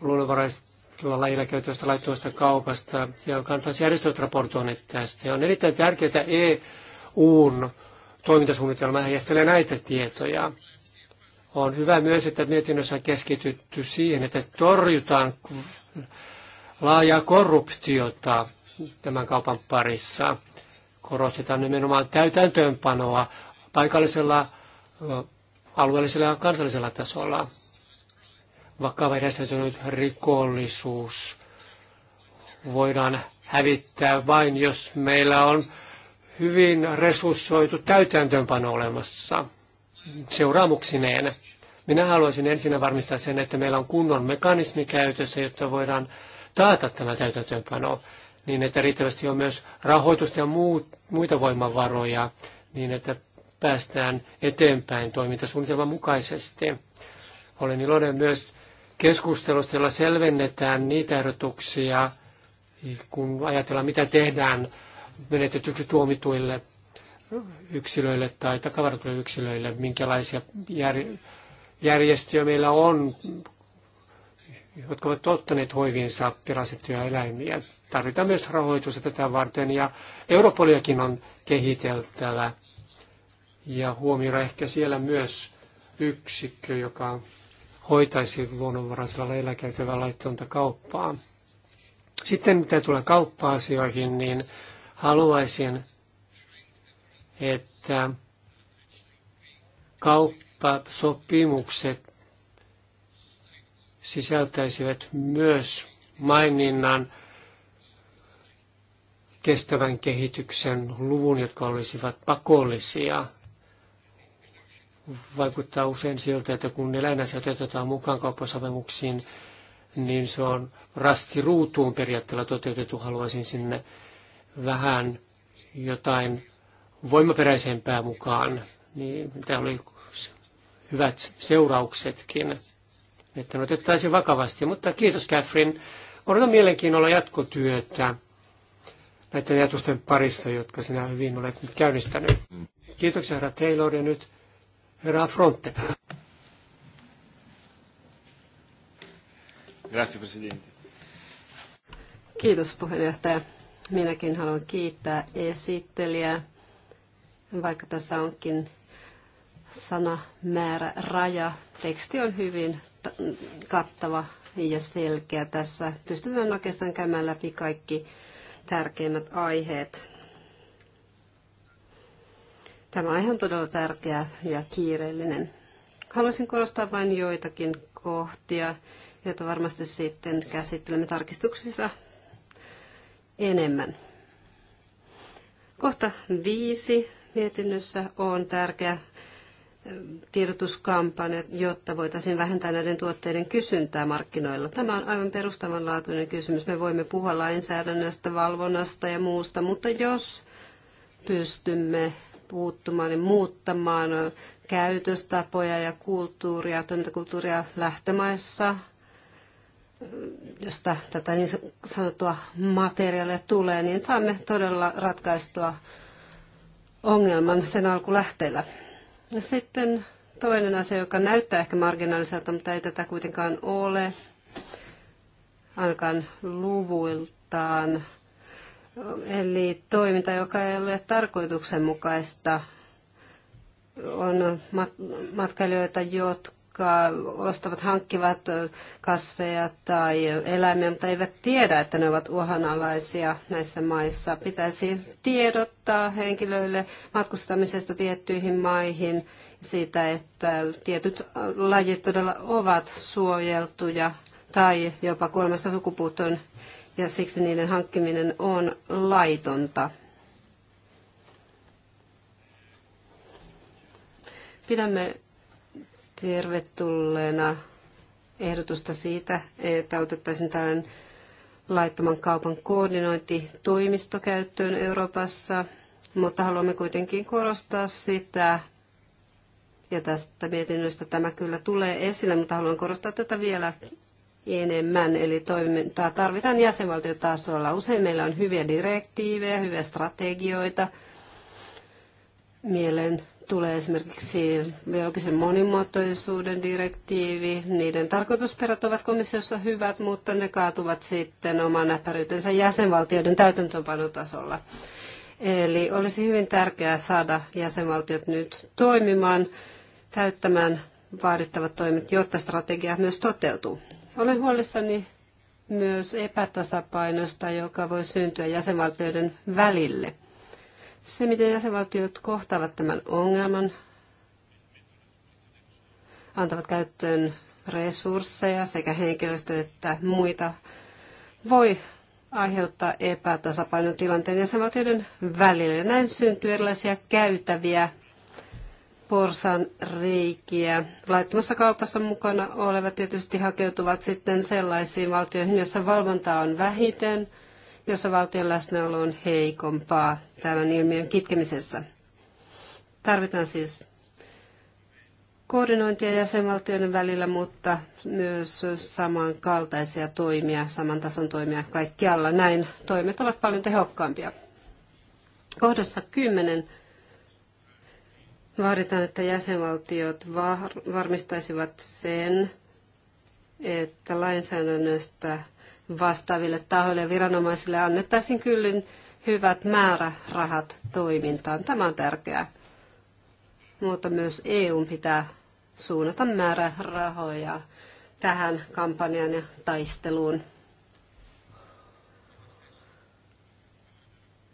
luonnonvaraisilla lajilla käytävästä laittomasta kaupasta ja kansalaisjärjestöt raportoineet tästä. Ja on erittäin tärkeää EUn e toimintasuunnitelma heijastelee näitä tietoja. On hyvä myös, että mietinnössä on keskitytty siihen, että torjutaan laajaa korruptiota tämän kaupan parissa. Korostetaan nimenomaan täytäntöönpanoa paikallisella, alueellisella ja kansallisella tasolla. Vakava järjestäytynyt rikollisuus voidaan hävittää vain, jos meillä on hyvin resurssoitu täytäntöönpano olemassa seuraamuksineen. Minä haluaisin ensin varmistaa sen, että meillä on kunnon mekanismi käytössä, jotta voidaan taata tämä täytäntöönpano niin, että riittävästi on myös rahoitusta ja muut, muita voimavaroja, niin että päästään eteenpäin toimintasuunnitelman mukaisesti. Olen iloinen myös keskustelusta, jolla selvennetään niitä ehdotuksia, kun ajatellaan, mitä tehdään menetetyksi tuomituille yksilöille tai takavarikoille yksilöille, minkälaisia jär, järjestöjä meillä on, jotka ovat ottaneet hoiviinsa pirasettuja eläimiä. Tarvitaan myös rahoitusta tätä varten ja Europoliakin on kehiteltävä ja huomioida ehkä siellä myös yksikkö, joka hoitaisi luonnonvaraisella leillä käytävää laittonta kauppaa. Sitten mitä tulee kauppa-asioihin, niin haluaisin että kauppasopimukset sisältäisivät myös maininnan kestävän kehityksen luvun, jotka olisivat pakollisia. Vaikuttaa usein siltä, että kun eläinasiat otetaan mukaan kauppasopimuksiin, niin se on rasti ruutuun periaatteella toteutettu. Haluaisin sinne vähän jotain voimaperäisempää mukaan, niin täällä oli hyvät seurauksetkin, että ne otettaisiin vakavasti. Mutta kiitos Catherine. Odotan mielenkiinnolla jatkotyötä näiden ajatusten parissa, jotka sinä hyvin olet nyt käynnistänyt. Kiitoksia herra Taylor ja nyt herra Fronte. Grazie, Presidente. Kiitos puheenjohtaja. Minäkin haluan kiittää esittelijää vaikka tässä onkin sana määrä raja, teksti on hyvin kattava ja selkeä. Tässä pystytään oikeastaan käymään läpi kaikki tärkeimmät aiheet. Tämä aihe on todella tärkeä ja kiireellinen. Haluaisin korostaa vain joitakin kohtia, joita varmasti sitten käsittelemme tarkistuksissa enemmän. Kohta viisi mietinnössä on tärkeä tiedotuskampanja, jotta voitaisiin vähentää näiden tuotteiden kysyntää markkinoilla. Tämä on aivan perustavanlaatuinen kysymys. Me voimme puhua lainsäädännöstä, valvonnasta ja muusta, mutta jos pystymme puuttumaan ja niin muuttamaan käytöstapoja ja kulttuuria, toimintakulttuuria lähtömaissa, josta tätä niin sanottua materiaalia tulee, niin saamme todella ratkaistua ongelman sen alkulähteellä. Ja sitten toinen asia, joka näyttää ehkä marginaaliselta, mutta ei tätä kuitenkaan ole, ainakaan luvuiltaan. Eli toiminta, joka ei ole tarkoituksenmukaista, on matkailijoita, jotka jotka ostavat, hankkivat kasveja tai eläimiä, mutta eivät tiedä, että ne ovat uhanalaisia näissä maissa. Pitäisi tiedottaa henkilöille matkustamisesta tiettyihin maihin siitä, että tietyt lajit todella ovat suojeltuja tai jopa kolmessa sukupuuttoon ja siksi niiden hankkiminen on laitonta. Pidämme tervetulleena ehdotusta siitä, että otettaisiin tämän laittoman kaupan koordinointitoimisto käyttöön Euroopassa, mutta haluamme kuitenkin korostaa sitä, ja tästä mietinnöstä tämä kyllä tulee esille, mutta haluan korostaa tätä vielä enemmän, eli toimintaa tarvitaan jäsenvaltiotasolla. Usein meillä on hyviä direktiivejä, hyviä strategioita, mielen tulee esimerkiksi biologisen monimuotoisuuden direktiivi. Niiden tarkoitusperät ovat komissiossa hyvät, mutta ne kaatuvat sitten oman näppäryytensä jäsenvaltioiden täytäntöönpanotasolla. Eli olisi hyvin tärkeää saada jäsenvaltiot nyt toimimaan, täyttämään vaadittavat toimet, jotta strategia myös toteutuu. Olen huolissani myös epätasapainosta, joka voi syntyä jäsenvaltioiden välille – se, miten jäsenvaltiot kohtaavat tämän ongelman, antavat käyttöön resursseja sekä henkilöstö että muita, voi aiheuttaa epätasapainotilanteen jäsenvaltioiden välillä. Näin syntyy erilaisia käytäviä porsan reikiä. Laittomassa kaupassa mukana olevat tietysti hakeutuvat sitten sellaisiin valtioihin, joissa valvontaa on vähiten – jossa valtion läsnäolo on heikompaa tämän ilmiön kitkemisessä. Tarvitaan siis koordinointia jäsenvaltioiden välillä, mutta myös samankaltaisia toimia, saman tason toimia kaikkialla. Näin toimet ovat paljon tehokkaampia. Kohdassa 10 vaaditaan, että jäsenvaltiot varmistaisivat sen, että lainsäädännöstä vastaaville tahoille ja viranomaisille annettaisiin kyllin hyvät määrärahat toimintaan. Tämä on tärkeää. Mutta myös EU pitää suunnata määrärahoja tähän kampanjan ja taisteluun.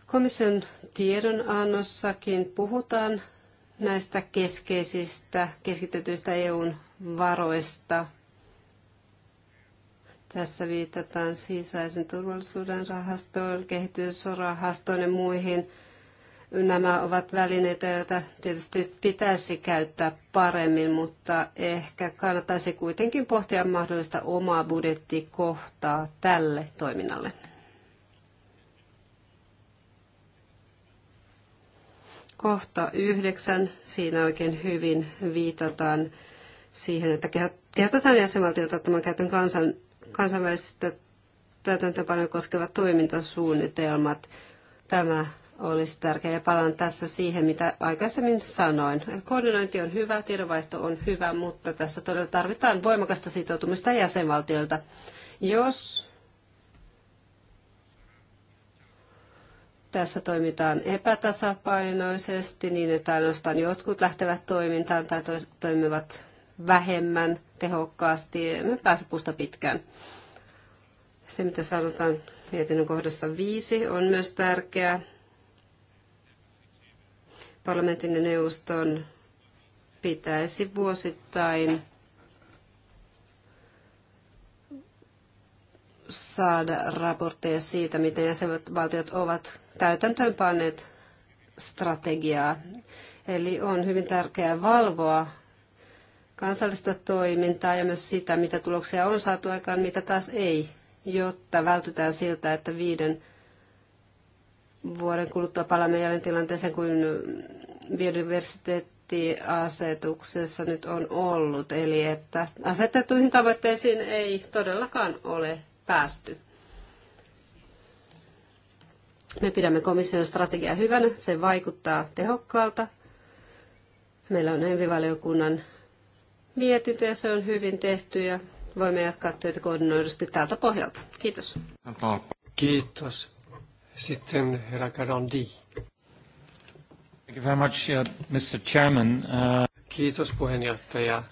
Komission tiedonannossakin puhutaan näistä keskeisistä keskitetyistä EUn varoista – tässä viitataan sisäisen turvallisuuden rahastoon, kehitysrahastoon ja muihin. Nämä ovat välineitä, joita tietysti pitäisi käyttää paremmin, mutta ehkä kannattaisi kuitenkin pohtia mahdollista omaa budjettikohtaa tälle toiminnalle. kohta yhdeksän, siinä oikein hyvin viitataan siihen, että kehotetaan jäsenvaltiota ottamaan käytön kansan, kansainvälistä täytäntöpanoja koskevat toimintasuunnitelmat. Tämä olisi tärkeä ja palaan tässä siihen, mitä aikaisemmin sanoin. Koordinointi on hyvä, tiedonvaihto on hyvä, mutta tässä todella tarvitaan voimakasta sitoutumista jäsenvaltioilta. Jos tässä toimitaan epätasapainoisesti niin, että ainoastaan jotkut lähtevät toimintaan tai toimivat vähemmän tehokkaasti, emme pääse puusta pitkään. Se, mitä sanotaan mietinnön kohdassa viisi, on myös tärkeää. Parlamentin ja neuvoston pitäisi vuosittain saada raportteja siitä, miten jäsenvaltiot ovat täytäntöönpanneet strategiaa. Eli on hyvin tärkeää valvoa kansallista toimintaa ja myös sitä, mitä tuloksia on saatu aikaan, mitä taas ei, jotta vältytään siltä, että viiden vuoden kuluttua palaamme jälleen tilanteeseen kuin biodiversiteettiasetuksessa nyt on ollut. Eli että asetettuihin tavoitteisiin ei todellakaan ole päästy. Me pidämme komission strategiaa hyvänä, se vaikuttaa tehokkaalta. Meillä on envivaliokunnan mietintö ja se on hyvin tehty ja voimme jatkaa töitä koordinoidusti tältä pohjalta. Kiitos. Kiitos. Sitten herra Karandi. Thank you very much, uh, Mr. Chairman. Uh... Kiitos puheenjohtaja.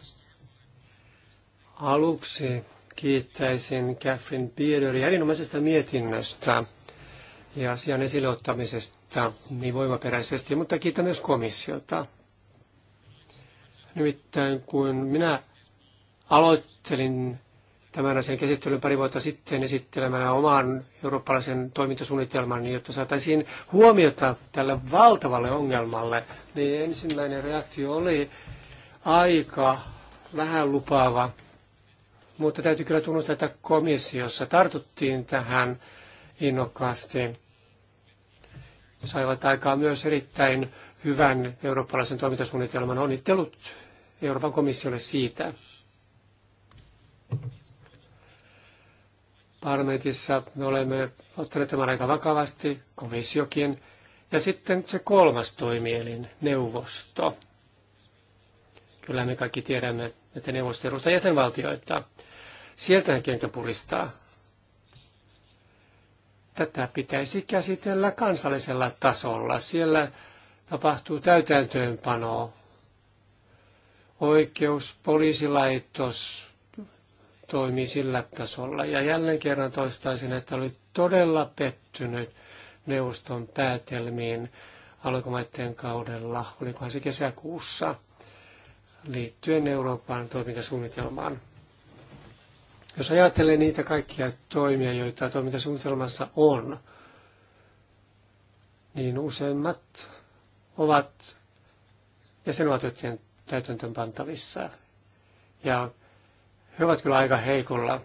Aluksi kiittäisin Catherine Biederia erinomaisesta mietinnöstä ja asian esille ottamisesta niin voimaperäisesti, mutta kiitän myös komissiota. Nimittäin kun minä aloittelin tämän asian käsittelyn pari vuotta sitten esittelemällä oman eurooppalaisen toimintasuunnitelman, jotta saataisiin huomiota tälle valtavalle ongelmalle, niin ensimmäinen reaktio oli aika vähän lupaava. Mutta täytyy kyllä tunnustaa, että komissiossa tartuttiin tähän innokkaasti. Saivat aikaa myös erittäin hyvän eurooppalaisen toimintasuunnitelman. Onnittelut Euroopan komissiolle siitä. Parlamentissa me olemme ottaneet tämän aika vakavasti, komissiokin. Ja sitten se kolmas toimielin, neuvosto. Kyllä me kaikki tiedämme, että neuvosto edustaa jäsenvaltioita. Sieltähän kenkä puristaa. Tätä pitäisi käsitellä kansallisella tasolla. Siellä tapahtuu täytäntöönpanoa oikeus, poliisilaitos toimii sillä tasolla. Ja jälleen kerran toistaisin, että oli todella pettynyt neuvoston päätelmiin alkumaiden kaudella, olikohan se kesäkuussa, liittyen Euroopan toimintasuunnitelmaan. Jos ajattelee niitä kaikkia toimia, joita toimintasuunnitelmassa on, niin useimmat ovat jäsenvaltioiden täytäntöön Ja he ovat kyllä aika heikolla.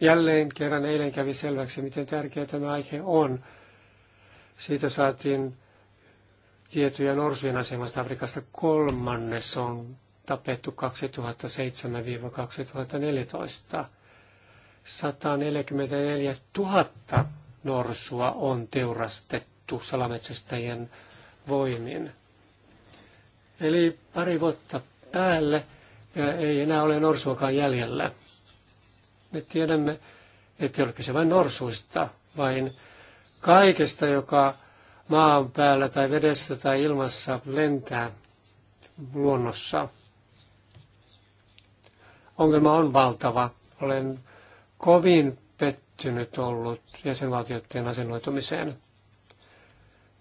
Jälleen kerran eilen kävi selväksi, miten tärkeä tämä aihe on. Siitä saatiin tietoja norsujen asemasta Afrikasta kolmannes on tapettu 2007-2014. 144 000 norsua on teurastettu salametsästäjien voimin. Eli pari vuotta päälle ja ei enää ole norsuakaan jäljellä. Me tiedämme, että ei ole kyse vain norsuista, vain kaikesta, joka maan päällä tai vedessä tai ilmassa lentää luonnossa. Ongelma on valtava. Olen kovin pettynyt ollut jäsenvaltioiden asennoitumiseen.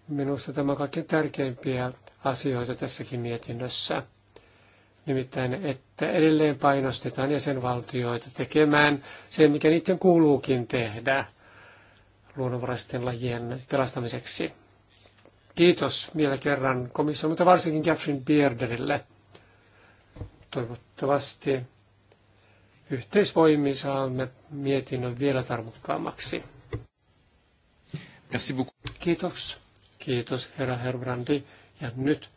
Minusta tämä on kaikkein tärkeimpiä asioita tässäkin mietinnössä. Nimittäin, että edelleen painostetaan jäsenvaltioita tekemään se, mikä niiden kuuluukin tehdä luonnonvaraisten lajien pelastamiseksi. Kiitos vielä kerran komissio, mutta varsinkin Catherine Bearderille. Toivottavasti yhteisvoimin saamme mietinnön vielä tarmokkaammaksi. Kiitos. Kiitos, herra Herbrandi. Ja nyt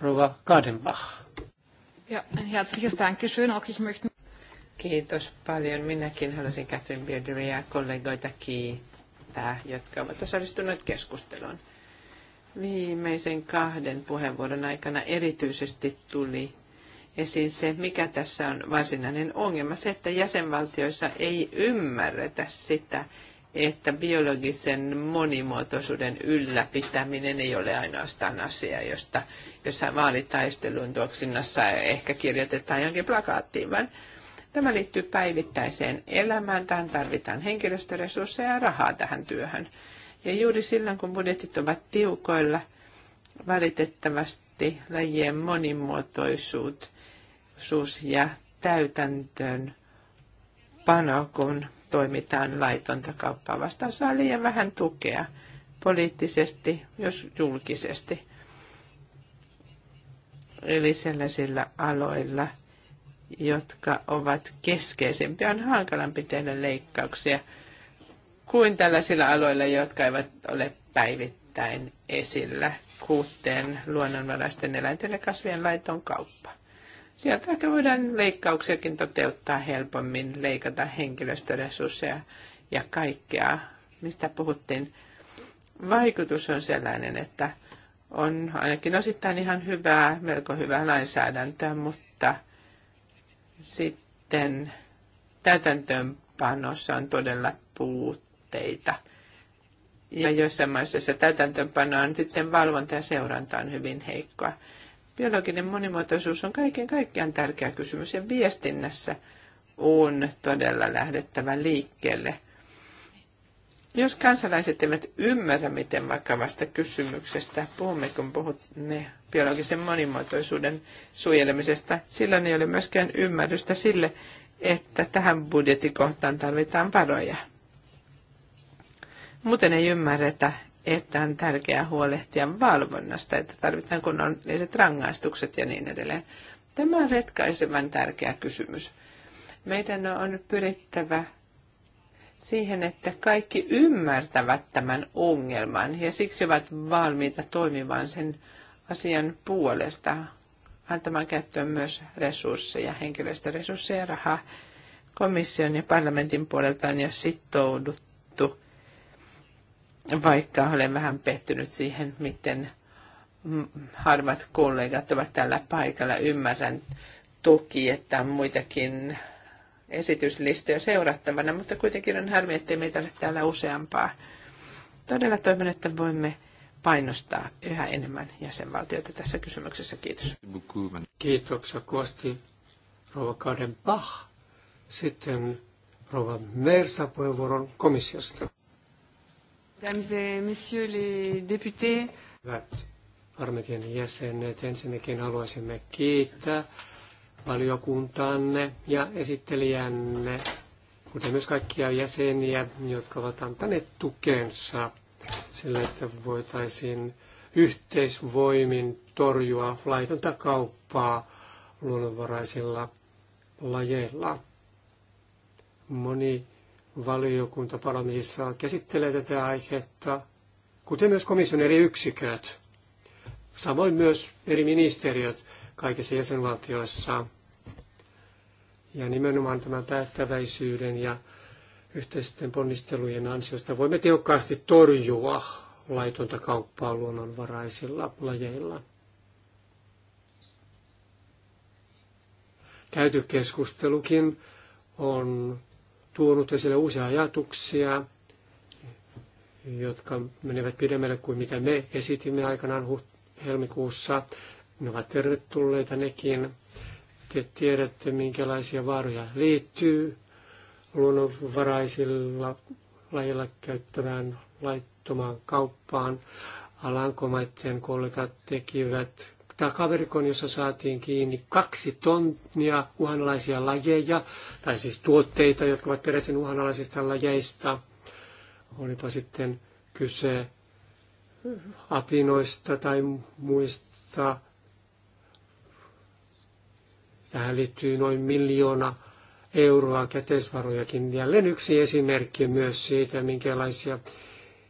Rova Kadenbach. Ja, ein herzliches Dankeschön. Auch ich möchte... Kiitos paljon. Minäkin haluaisin Catherine Bearderia ja kollegoita kiittää, jotka ovat osallistuneet keskusteluun. Viimeisen kahden puheenvuoron aikana erityisesti tuli esiin se, mikä tässä on varsinainen ongelma, se, että jäsenvaltioissa ei ymmärretä sitä, että biologisen monimuotoisuuden ylläpitäminen ei ole ainoastaan asia, josta jossain vaalitaistelun tuoksinnassa ehkä kirjoitetaan jonkin plakaattiin, vaan tämä liittyy päivittäiseen elämään. Tähän tarvitaan henkilöstöresursseja ja rahaa tähän työhön. Ja juuri silloin, kun budjetit ovat tiukoilla, valitettavasti lajien monimuotoisuus ja täytäntöön pano, kun toimitaan laitonta kauppaa vastaan, saa liian vähän tukea poliittisesti, jos julkisesti. Eli sellaisilla aloilla, jotka ovat keskeisimpiä, on hankalampi tehdä leikkauksia kuin tällaisilla aloilla, jotka eivät ole päivittäin esillä, kuten luonnonvaraisten eläinten ja kasvien laiton kauppa. Sieltä ehkä voidaan leikkauksiakin toteuttaa helpommin, leikata henkilöstöresursseja ja kaikkea, mistä puhuttiin. Vaikutus on sellainen, että on ainakin osittain ihan hyvää, melko hyvää lainsäädäntöä, mutta sitten täytäntöönpanossa on todella puutteita. Ja joissain maissa se täytäntöönpano on sitten valvonta ja seuranta on hyvin heikkoa. Biologinen monimuotoisuus on kaiken kaikkiaan tärkeä kysymys ja viestinnässä on todella lähdettävä liikkeelle. Jos kansalaiset eivät ymmärrä, miten vakavasta kysymyksestä puhumme, kun puhumme biologisen monimuotoisuuden suojelemisesta, silloin ei ole myöskään ymmärrystä sille, että tähän budjettikohtaan tarvitaan varoja. Muuten ei ymmärretä, että on tärkeää huolehtia valvonnasta, että tarvitaan kunnolliset rangaistukset ja niin edelleen. Tämä on retkaisevan tärkeä kysymys. Meidän on pyrittävä siihen, että kaikki ymmärtävät tämän ongelman ja siksi ovat valmiita toimimaan sen asian puolesta, antamaan käyttöön myös resursseja, henkilöstöresursseja, rahaa komission ja parlamentin puolelta on jo sitouduttu vaikka olen vähän pettynyt siihen, miten harvat kollegat ovat tällä paikalla. Ymmärrän toki, että on muitakin esityslistoja seurattavana, mutta kuitenkin on harmi, ettei meitä ole täällä useampaa. Todella toivon, että voimme painostaa yhä enemmän jäsenvaltioita tässä kysymyksessä. Kiitos. Kiitoksia Kosti, rouva Kadenbach. Sitten rouva Mersa puheenvuoron komissiosta. Hyvät armeijan jäsenet, ensinnäkin haluaisimme kiittää valiokuntaanne ja esittelijänne, kuten myös kaikkia jäseniä, jotka ovat antaneet tukensa sille, että voitaisiin yhteisvoimin torjua laitonta kauppaa luonnonvaraisilla lajeilla. Moni valiokunta parlamentissa käsittelee tätä aihetta, kuten myös komission eri yksiköt, samoin myös eri ministeriöt kaikissa jäsenvaltioissa. Ja nimenomaan tämän päättäväisyyden ja yhteisten ponnistelujen ansiosta voimme tehokkaasti torjua laitonta kauppaa luonnonvaraisilla lajeilla. Käyty keskustelukin on tuonut esille uusia ajatuksia, jotka menevät pidemmälle kuin mitä me esitimme aikanaan helmikuussa. Ne ovat tervetulleita nekin. Te tiedätte, minkälaisia vaaroja liittyy luonnonvaraisilla lajilla käyttävään laittomaan kauppaan. Alankomaiden kollegat tekivät kaverikon, jossa saatiin kiinni kaksi tonnia uhanalaisia lajeja, tai siis tuotteita, jotka ovat peräisin uhanalaisista lajeista. Olipa sitten kyse apinoista tai muista. Tähän liittyy noin miljoona euroa käteisvarojakin. Jälleen yksi esimerkki myös siitä, minkälaisia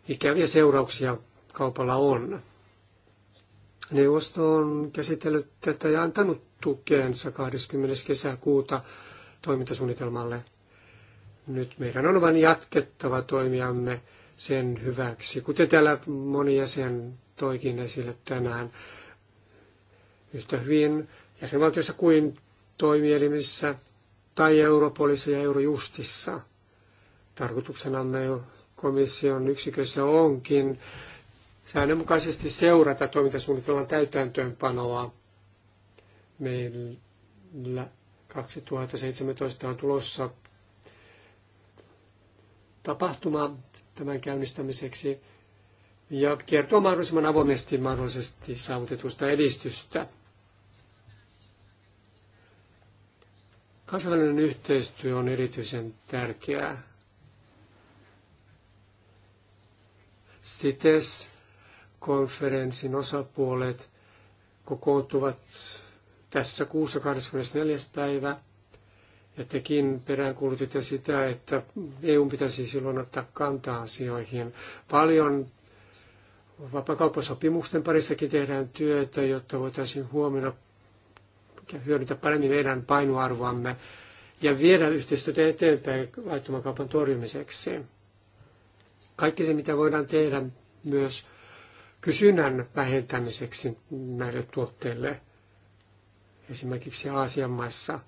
ikäviä seurauksia kaupalla on. Neuvosto on käsitellyt tätä ja antanut tukeensa 20. kesäkuuta toimintasuunnitelmalle. Nyt meidän on vain jatkettava toimiamme sen hyväksi. Kuten täällä moni jäsen toikin esille tänään, yhtä hyvin jäsenvaltioissa kuin toimielimissä tai Europolissa ja Eurojustissa. Tarkoituksenamme komission yksikössä onkin säännönmukaisesti seurata toimintasuunnitelman täytäntöönpanoa. Meillä 2017 on tulossa tapahtuma tämän käynnistämiseksi ja kertoo mahdollisimman avoimesti mahdollisesti saavutetusta edistystä. Kansainvälinen yhteistyö on erityisen tärkeää. CITES konferenssin osapuolet kokoontuvat tässä kuussa 24. päivä. Ja tekin peräänkuulutitte sitä, että EU pitäisi silloin ottaa kantaa asioihin. Paljon vapakauppasopimusten parissakin tehdään työtä, jotta voitaisiin huomenna hyödyntää paremmin meidän painoarvoamme ja viedä yhteistyötä eteenpäin laittoman kaupan torjumiseksi. Kaikki se, mitä voidaan tehdä myös kysynnän vähentämiseksi näille tuotteille, esimerkiksi Aasian maissa,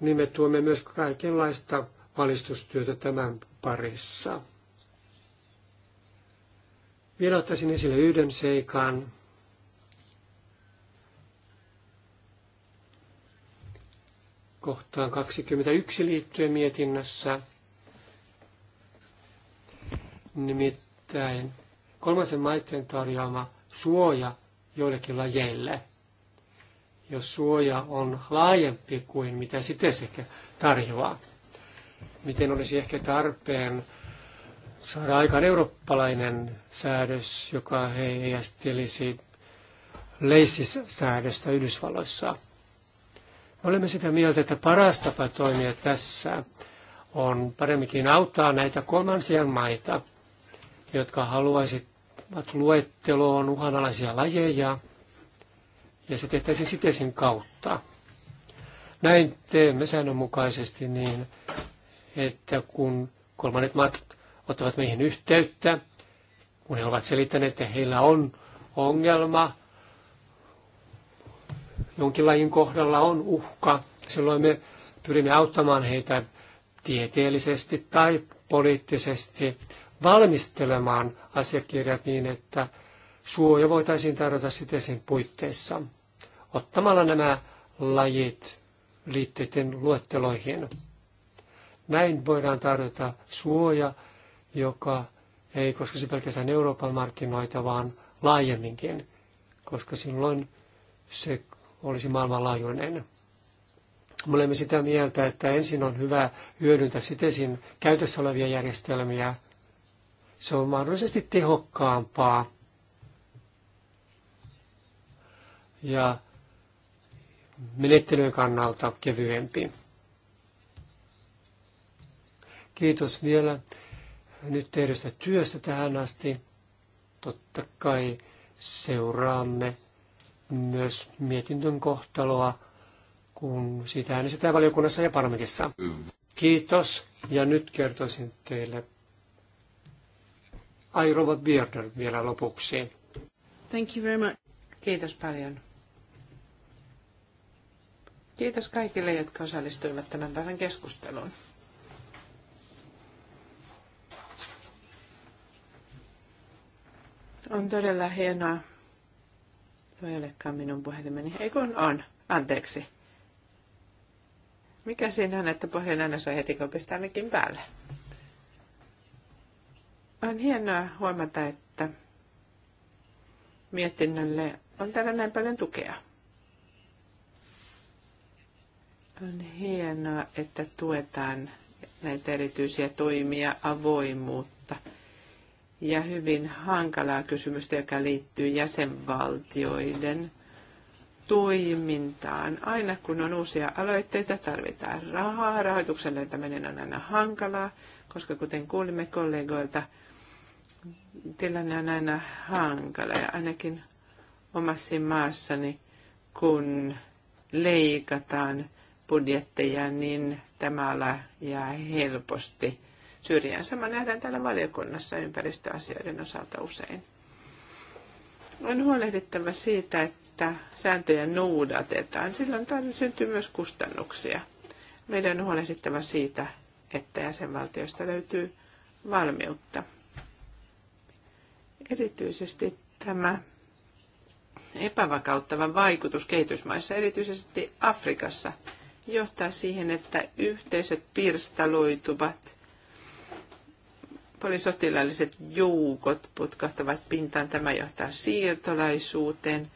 niin me tuomme myös kaikenlaista valistustyötä tämän parissa. Vielä ottaisin esille yhden seikan. Kohtaan 21 liittyen mietinnössä. Nimittäin kolmansien maiden tarjoama suoja joillekin lajeille, jos suoja on laajempi kuin mitä sitten ehkä tarjoaa. Miten olisi ehkä tarpeen saada aikaan eurooppalainen säädös, joka heijastelisi leissisäädöstä Yhdysvalloissa. Olemme sitä mieltä, että paras tapa toimia tässä on paremminkin auttaa näitä kolmansia maita, jotka haluaisivat ovat luetteloon uhanalaisia lajeja ja se tehtäisiin sitesin kautta. Näin teemme säännönmukaisesti niin, että kun kolmannet maat ottavat meihin yhteyttä, kun he ovat selittäneet, että heillä on ongelma, jonkin lajin kohdalla on uhka, silloin me pyrimme auttamaan heitä tieteellisesti tai poliittisesti valmistelemaan asiakirjat niin, että suoja voitaisiin tarjota sen puitteissa ottamalla nämä lajit liitteiden luetteloihin. Näin voidaan tarjota suoja, joka ei koskisi pelkästään Euroopan markkinoita, vaan laajemminkin, koska silloin se olisi maailmanlaajuinen. Me olemme sitä mieltä, että ensin on hyvä hyödyntää sitesin käytössä olevia järjestelmiä – se on mahdollisesti tehokkaampaa. Ja menettelyn kannalta kevyempi. Kiitos vielä nyt tehdystä työstä tähän asti. Totta kai seuraamme myös mietintön kohtaloa, kun sitä äänestetään valiokunnassa ja parlamentissa. Kiitos. Ja nyt kertoisin teille Ai Robert Björner vielä lopuksi. Thank you very much. Kiitos paljon. Kiitos kaikille, jotka osallistuivat tämän päivän keskusteluun. On todella hienoa. Tuo ei olekaan minun puhelimeni. Ei kun on. Anteeksi. Mikä siinä on, että puhelin aina soi heti, kun pistää mikin päälle? On hienoa huomata, että mietinnölle on täällä näin paljon tukea. On hienoa, että tuetaan näitä erityisiä toimia, avoimuutta ja hyvin hankalaa kysymystä, joka liittyy jäsenvaltioiden toimintaan. Aina kun on uusia aloitteita, tarvitaan rahaa. Rahoituksen löytäminen on aina hankalaa, koska kuten kuulimme kollegoilta, tilanne on aina hankala ja ainakin omassa maassani, kun leikataan budjetteja, niin tämä ala jää helposti syrjään. Sama nähdään täällä valiokunnassa ympäristöasioiden osalta usein. On huolehdittava siitä, että sääntöjä noudatetaan. Silloin täällä syntyy myös kustannuksia. Meidän on huolehdittava siitä, että jäsenvaltioista löytyy valmiutta Erityisesti tämä epävakauttava vaikutus kehitysmaissa, erityisesti Afrikassa, johtaa siihen, että yhteisöt pirstaloituvat, polisotilaalliset joukot putkahtavat pintaan, tämä johtaa siirtolaisuuteen,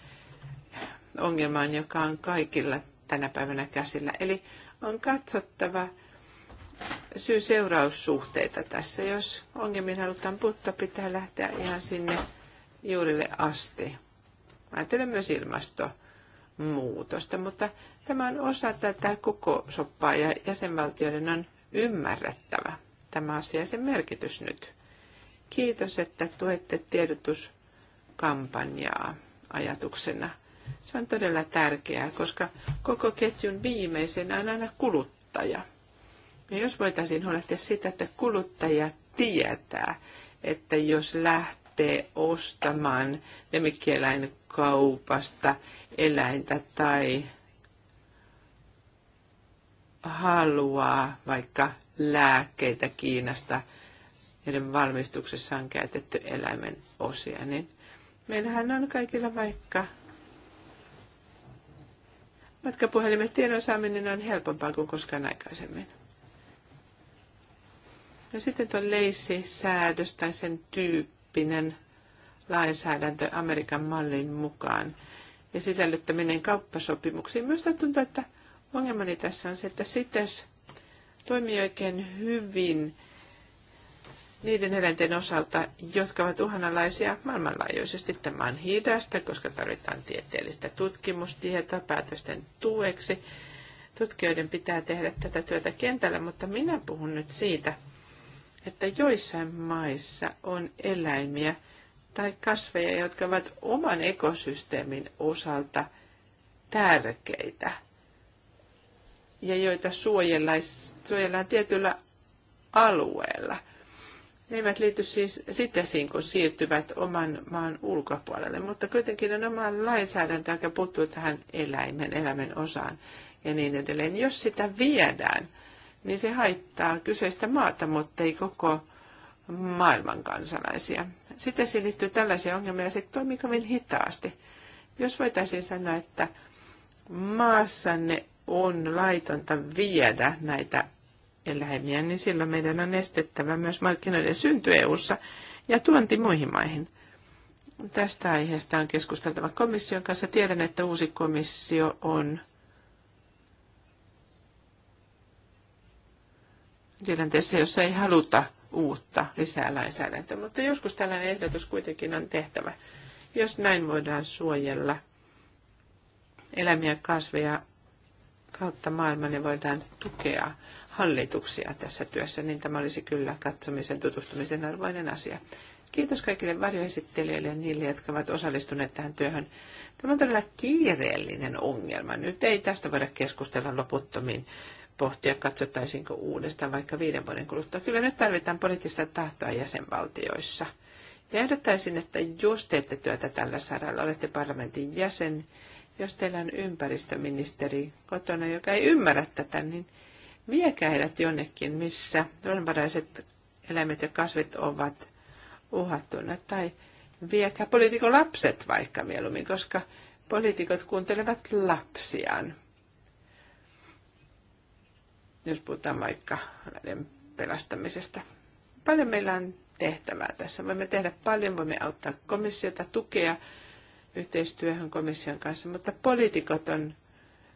ongelmaan, joka on kaikilla tänä päivänä käsillä. Eli on katsottava syy-seuraussuhteita tässä. Jos ongelmiin halutaan puuttua, pitää lähteä ihan sinne juurille asti. Ajattelen myös ilmastonmuutosta, mutta tämä on osa tätä koko soppaa ja jäsenvaltioiden on ymmärrettävä tämä asia ja sen merkitys nyt. Kiitos, että tuette tiedotuskampanjaa ajatuksena. Se on todella tärkeää, koska koko ketjun viimeisenä on aina kuluttaja – ja jos voitaisiin huolehtia sitä, että kuluttaja tietää, että jos lähtee ostamaan kaupasta eläintä tai haluaa vaikka lääkkeitä Kiinasta, joiden valmistuksessa on käytetty eläimen osia, niin meillähän on kaikilla vaikka matkapuhelimet tiedon saaminen on helpompaa kuin koskaan aikaisemmin. No sitten tuo leissisäädös tai sen tyyppinen lainsäädäntö Amerikan mallin mukaan ja sisällyttäminen kauppasopimuksiin. Minusta tuntuu, että ongelmani tässä on se, että sites toimii oikein hyvin niiden eläinten osalta, jotka ovat uhanalaisia maailmanlaajuisesti. Tämä on hidasta, koska tarvitaan tieteellistä tutkimustietoa päätösten tueksi. Tutkijoiden pitää tehdä tätä työtä kentällä, mutta minä puhun nyt siitä – että joissain maissa on eläimiä tai kasveja, jotka ovat oman ekosysteemin osalta tärkeitä ja joita suojellaan, suojellaan tietyllä alueella. Ne eivät liity siis sitten kun siirtyvät oman maan ulkopuolelle, mutta kuitenkin on oma lainsäädäntö, joka puuttuu tähän eläimen, elämän osaan ja niin edelleen. Jos sitä viedään, niin se haittaa kyseistä maata, mutta ei koko maailman kansalaisia. Sitten siihen liittyy tällaisia ongelmia ja se toimii kovin hitaasti. Jos voitaisiin sanoa, että maassanne on laitonta viedä näitä eläimiä, niin silloin meidän on estettävä myös markkinoiden synty EU-ssa ja tuonti muihin maihin. Tästä aiheesta on keskusteltava komission kanssa. Tiedän, että uusi komissio on tilanteessa, jossa ei haluta uutta lisää lainsäädäntöä. Mutta joskus tällainen ehdotus kuitenkin on tehtävä, jos näin voidaan suojella eläimiä kasveja kautta maailman ja niin voidaan tukea hallituksia tässä työssä, niin tämä olisi kyllä katsomisen, tutustumisen arvoinen asia. Kiitos kaikille varjoesittelijöille ja niille, jotka ovat osallistuneet tähän työhön. Tämä on todella kiireellinen ongelma. Nyt ei tästä voida keskustella loputtomiin pohtia, katsottaisiinko uudestaan vaikka viiden vuoden kuluttua. Kyllä nyt tarvitaan poliittista tahtoa jäsenvaltioissa. Ja ehdottaisin, että jos teette työtä tällä saralla, olette parlamentin jäsen, jos teillä on ympäristöministeri kotona, joka ei ymmärrä tätä, niin viekää heidät jonnekin, missä luonnonvaraiset eläimet ja kasvit ovat uhattuna. Tai viekää poliitikon lapset vaikka mieluummin, koska poliitikot kuuntelevat lapsiaan jos puhutaan vaikka näiden pelastamisesta. Paljon meillä on tehtävää tässä. Voimme tehdä paljon, voimme auttaa komissiota, tukea yhteistyöhön komission kanssa, mutta poliitikot on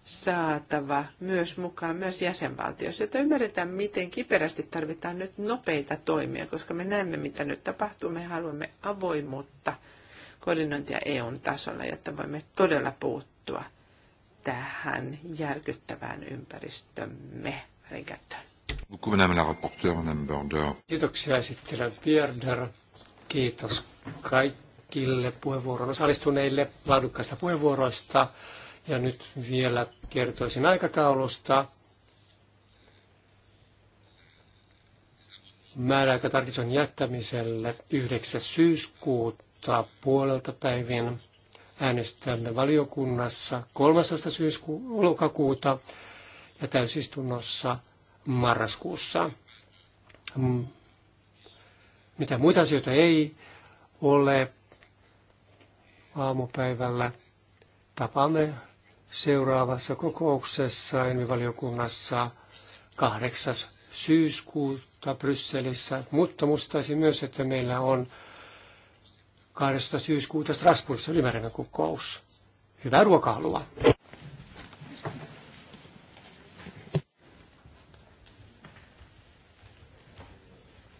saatava myös mukaan myös jäsenvaltioissa, jotta ymmärretään, miten kiperästi tarvitaan nyt nopeita toimia, koska me näemme, mitä nyt tapahtuu. Me haluamme avoimuutta koordinointia EUn tasolla, jotta voimme todella puuttua tähän järkyttävään ympäristömme hänen käyttöön. Kiitoksia esittelen Pierder. Kiitos kaikille puheenvuoron osallistuneille laadukkaista puheenvuoroista. Ja nyt vielä kertoisin aikataulusta. määräaikatarkistuksen jättämiselle 9. syyskuuta puolelta päivin äänestämme valiokunnassa 13. syyskuuta lokakuuta ja täysistunnossa marraskuussa. Mm. Mitä muita asioita ei ole aamupäivällä. Tapaamme seuraavassa kokouksessa envivaliokunnassa 8. syyskuuta Brysselissä, mutta muistaisin myös, että meillä on 12. syyskuuta Strasbourgissa ylimääräinen kokous. Hyvää ruokahalua!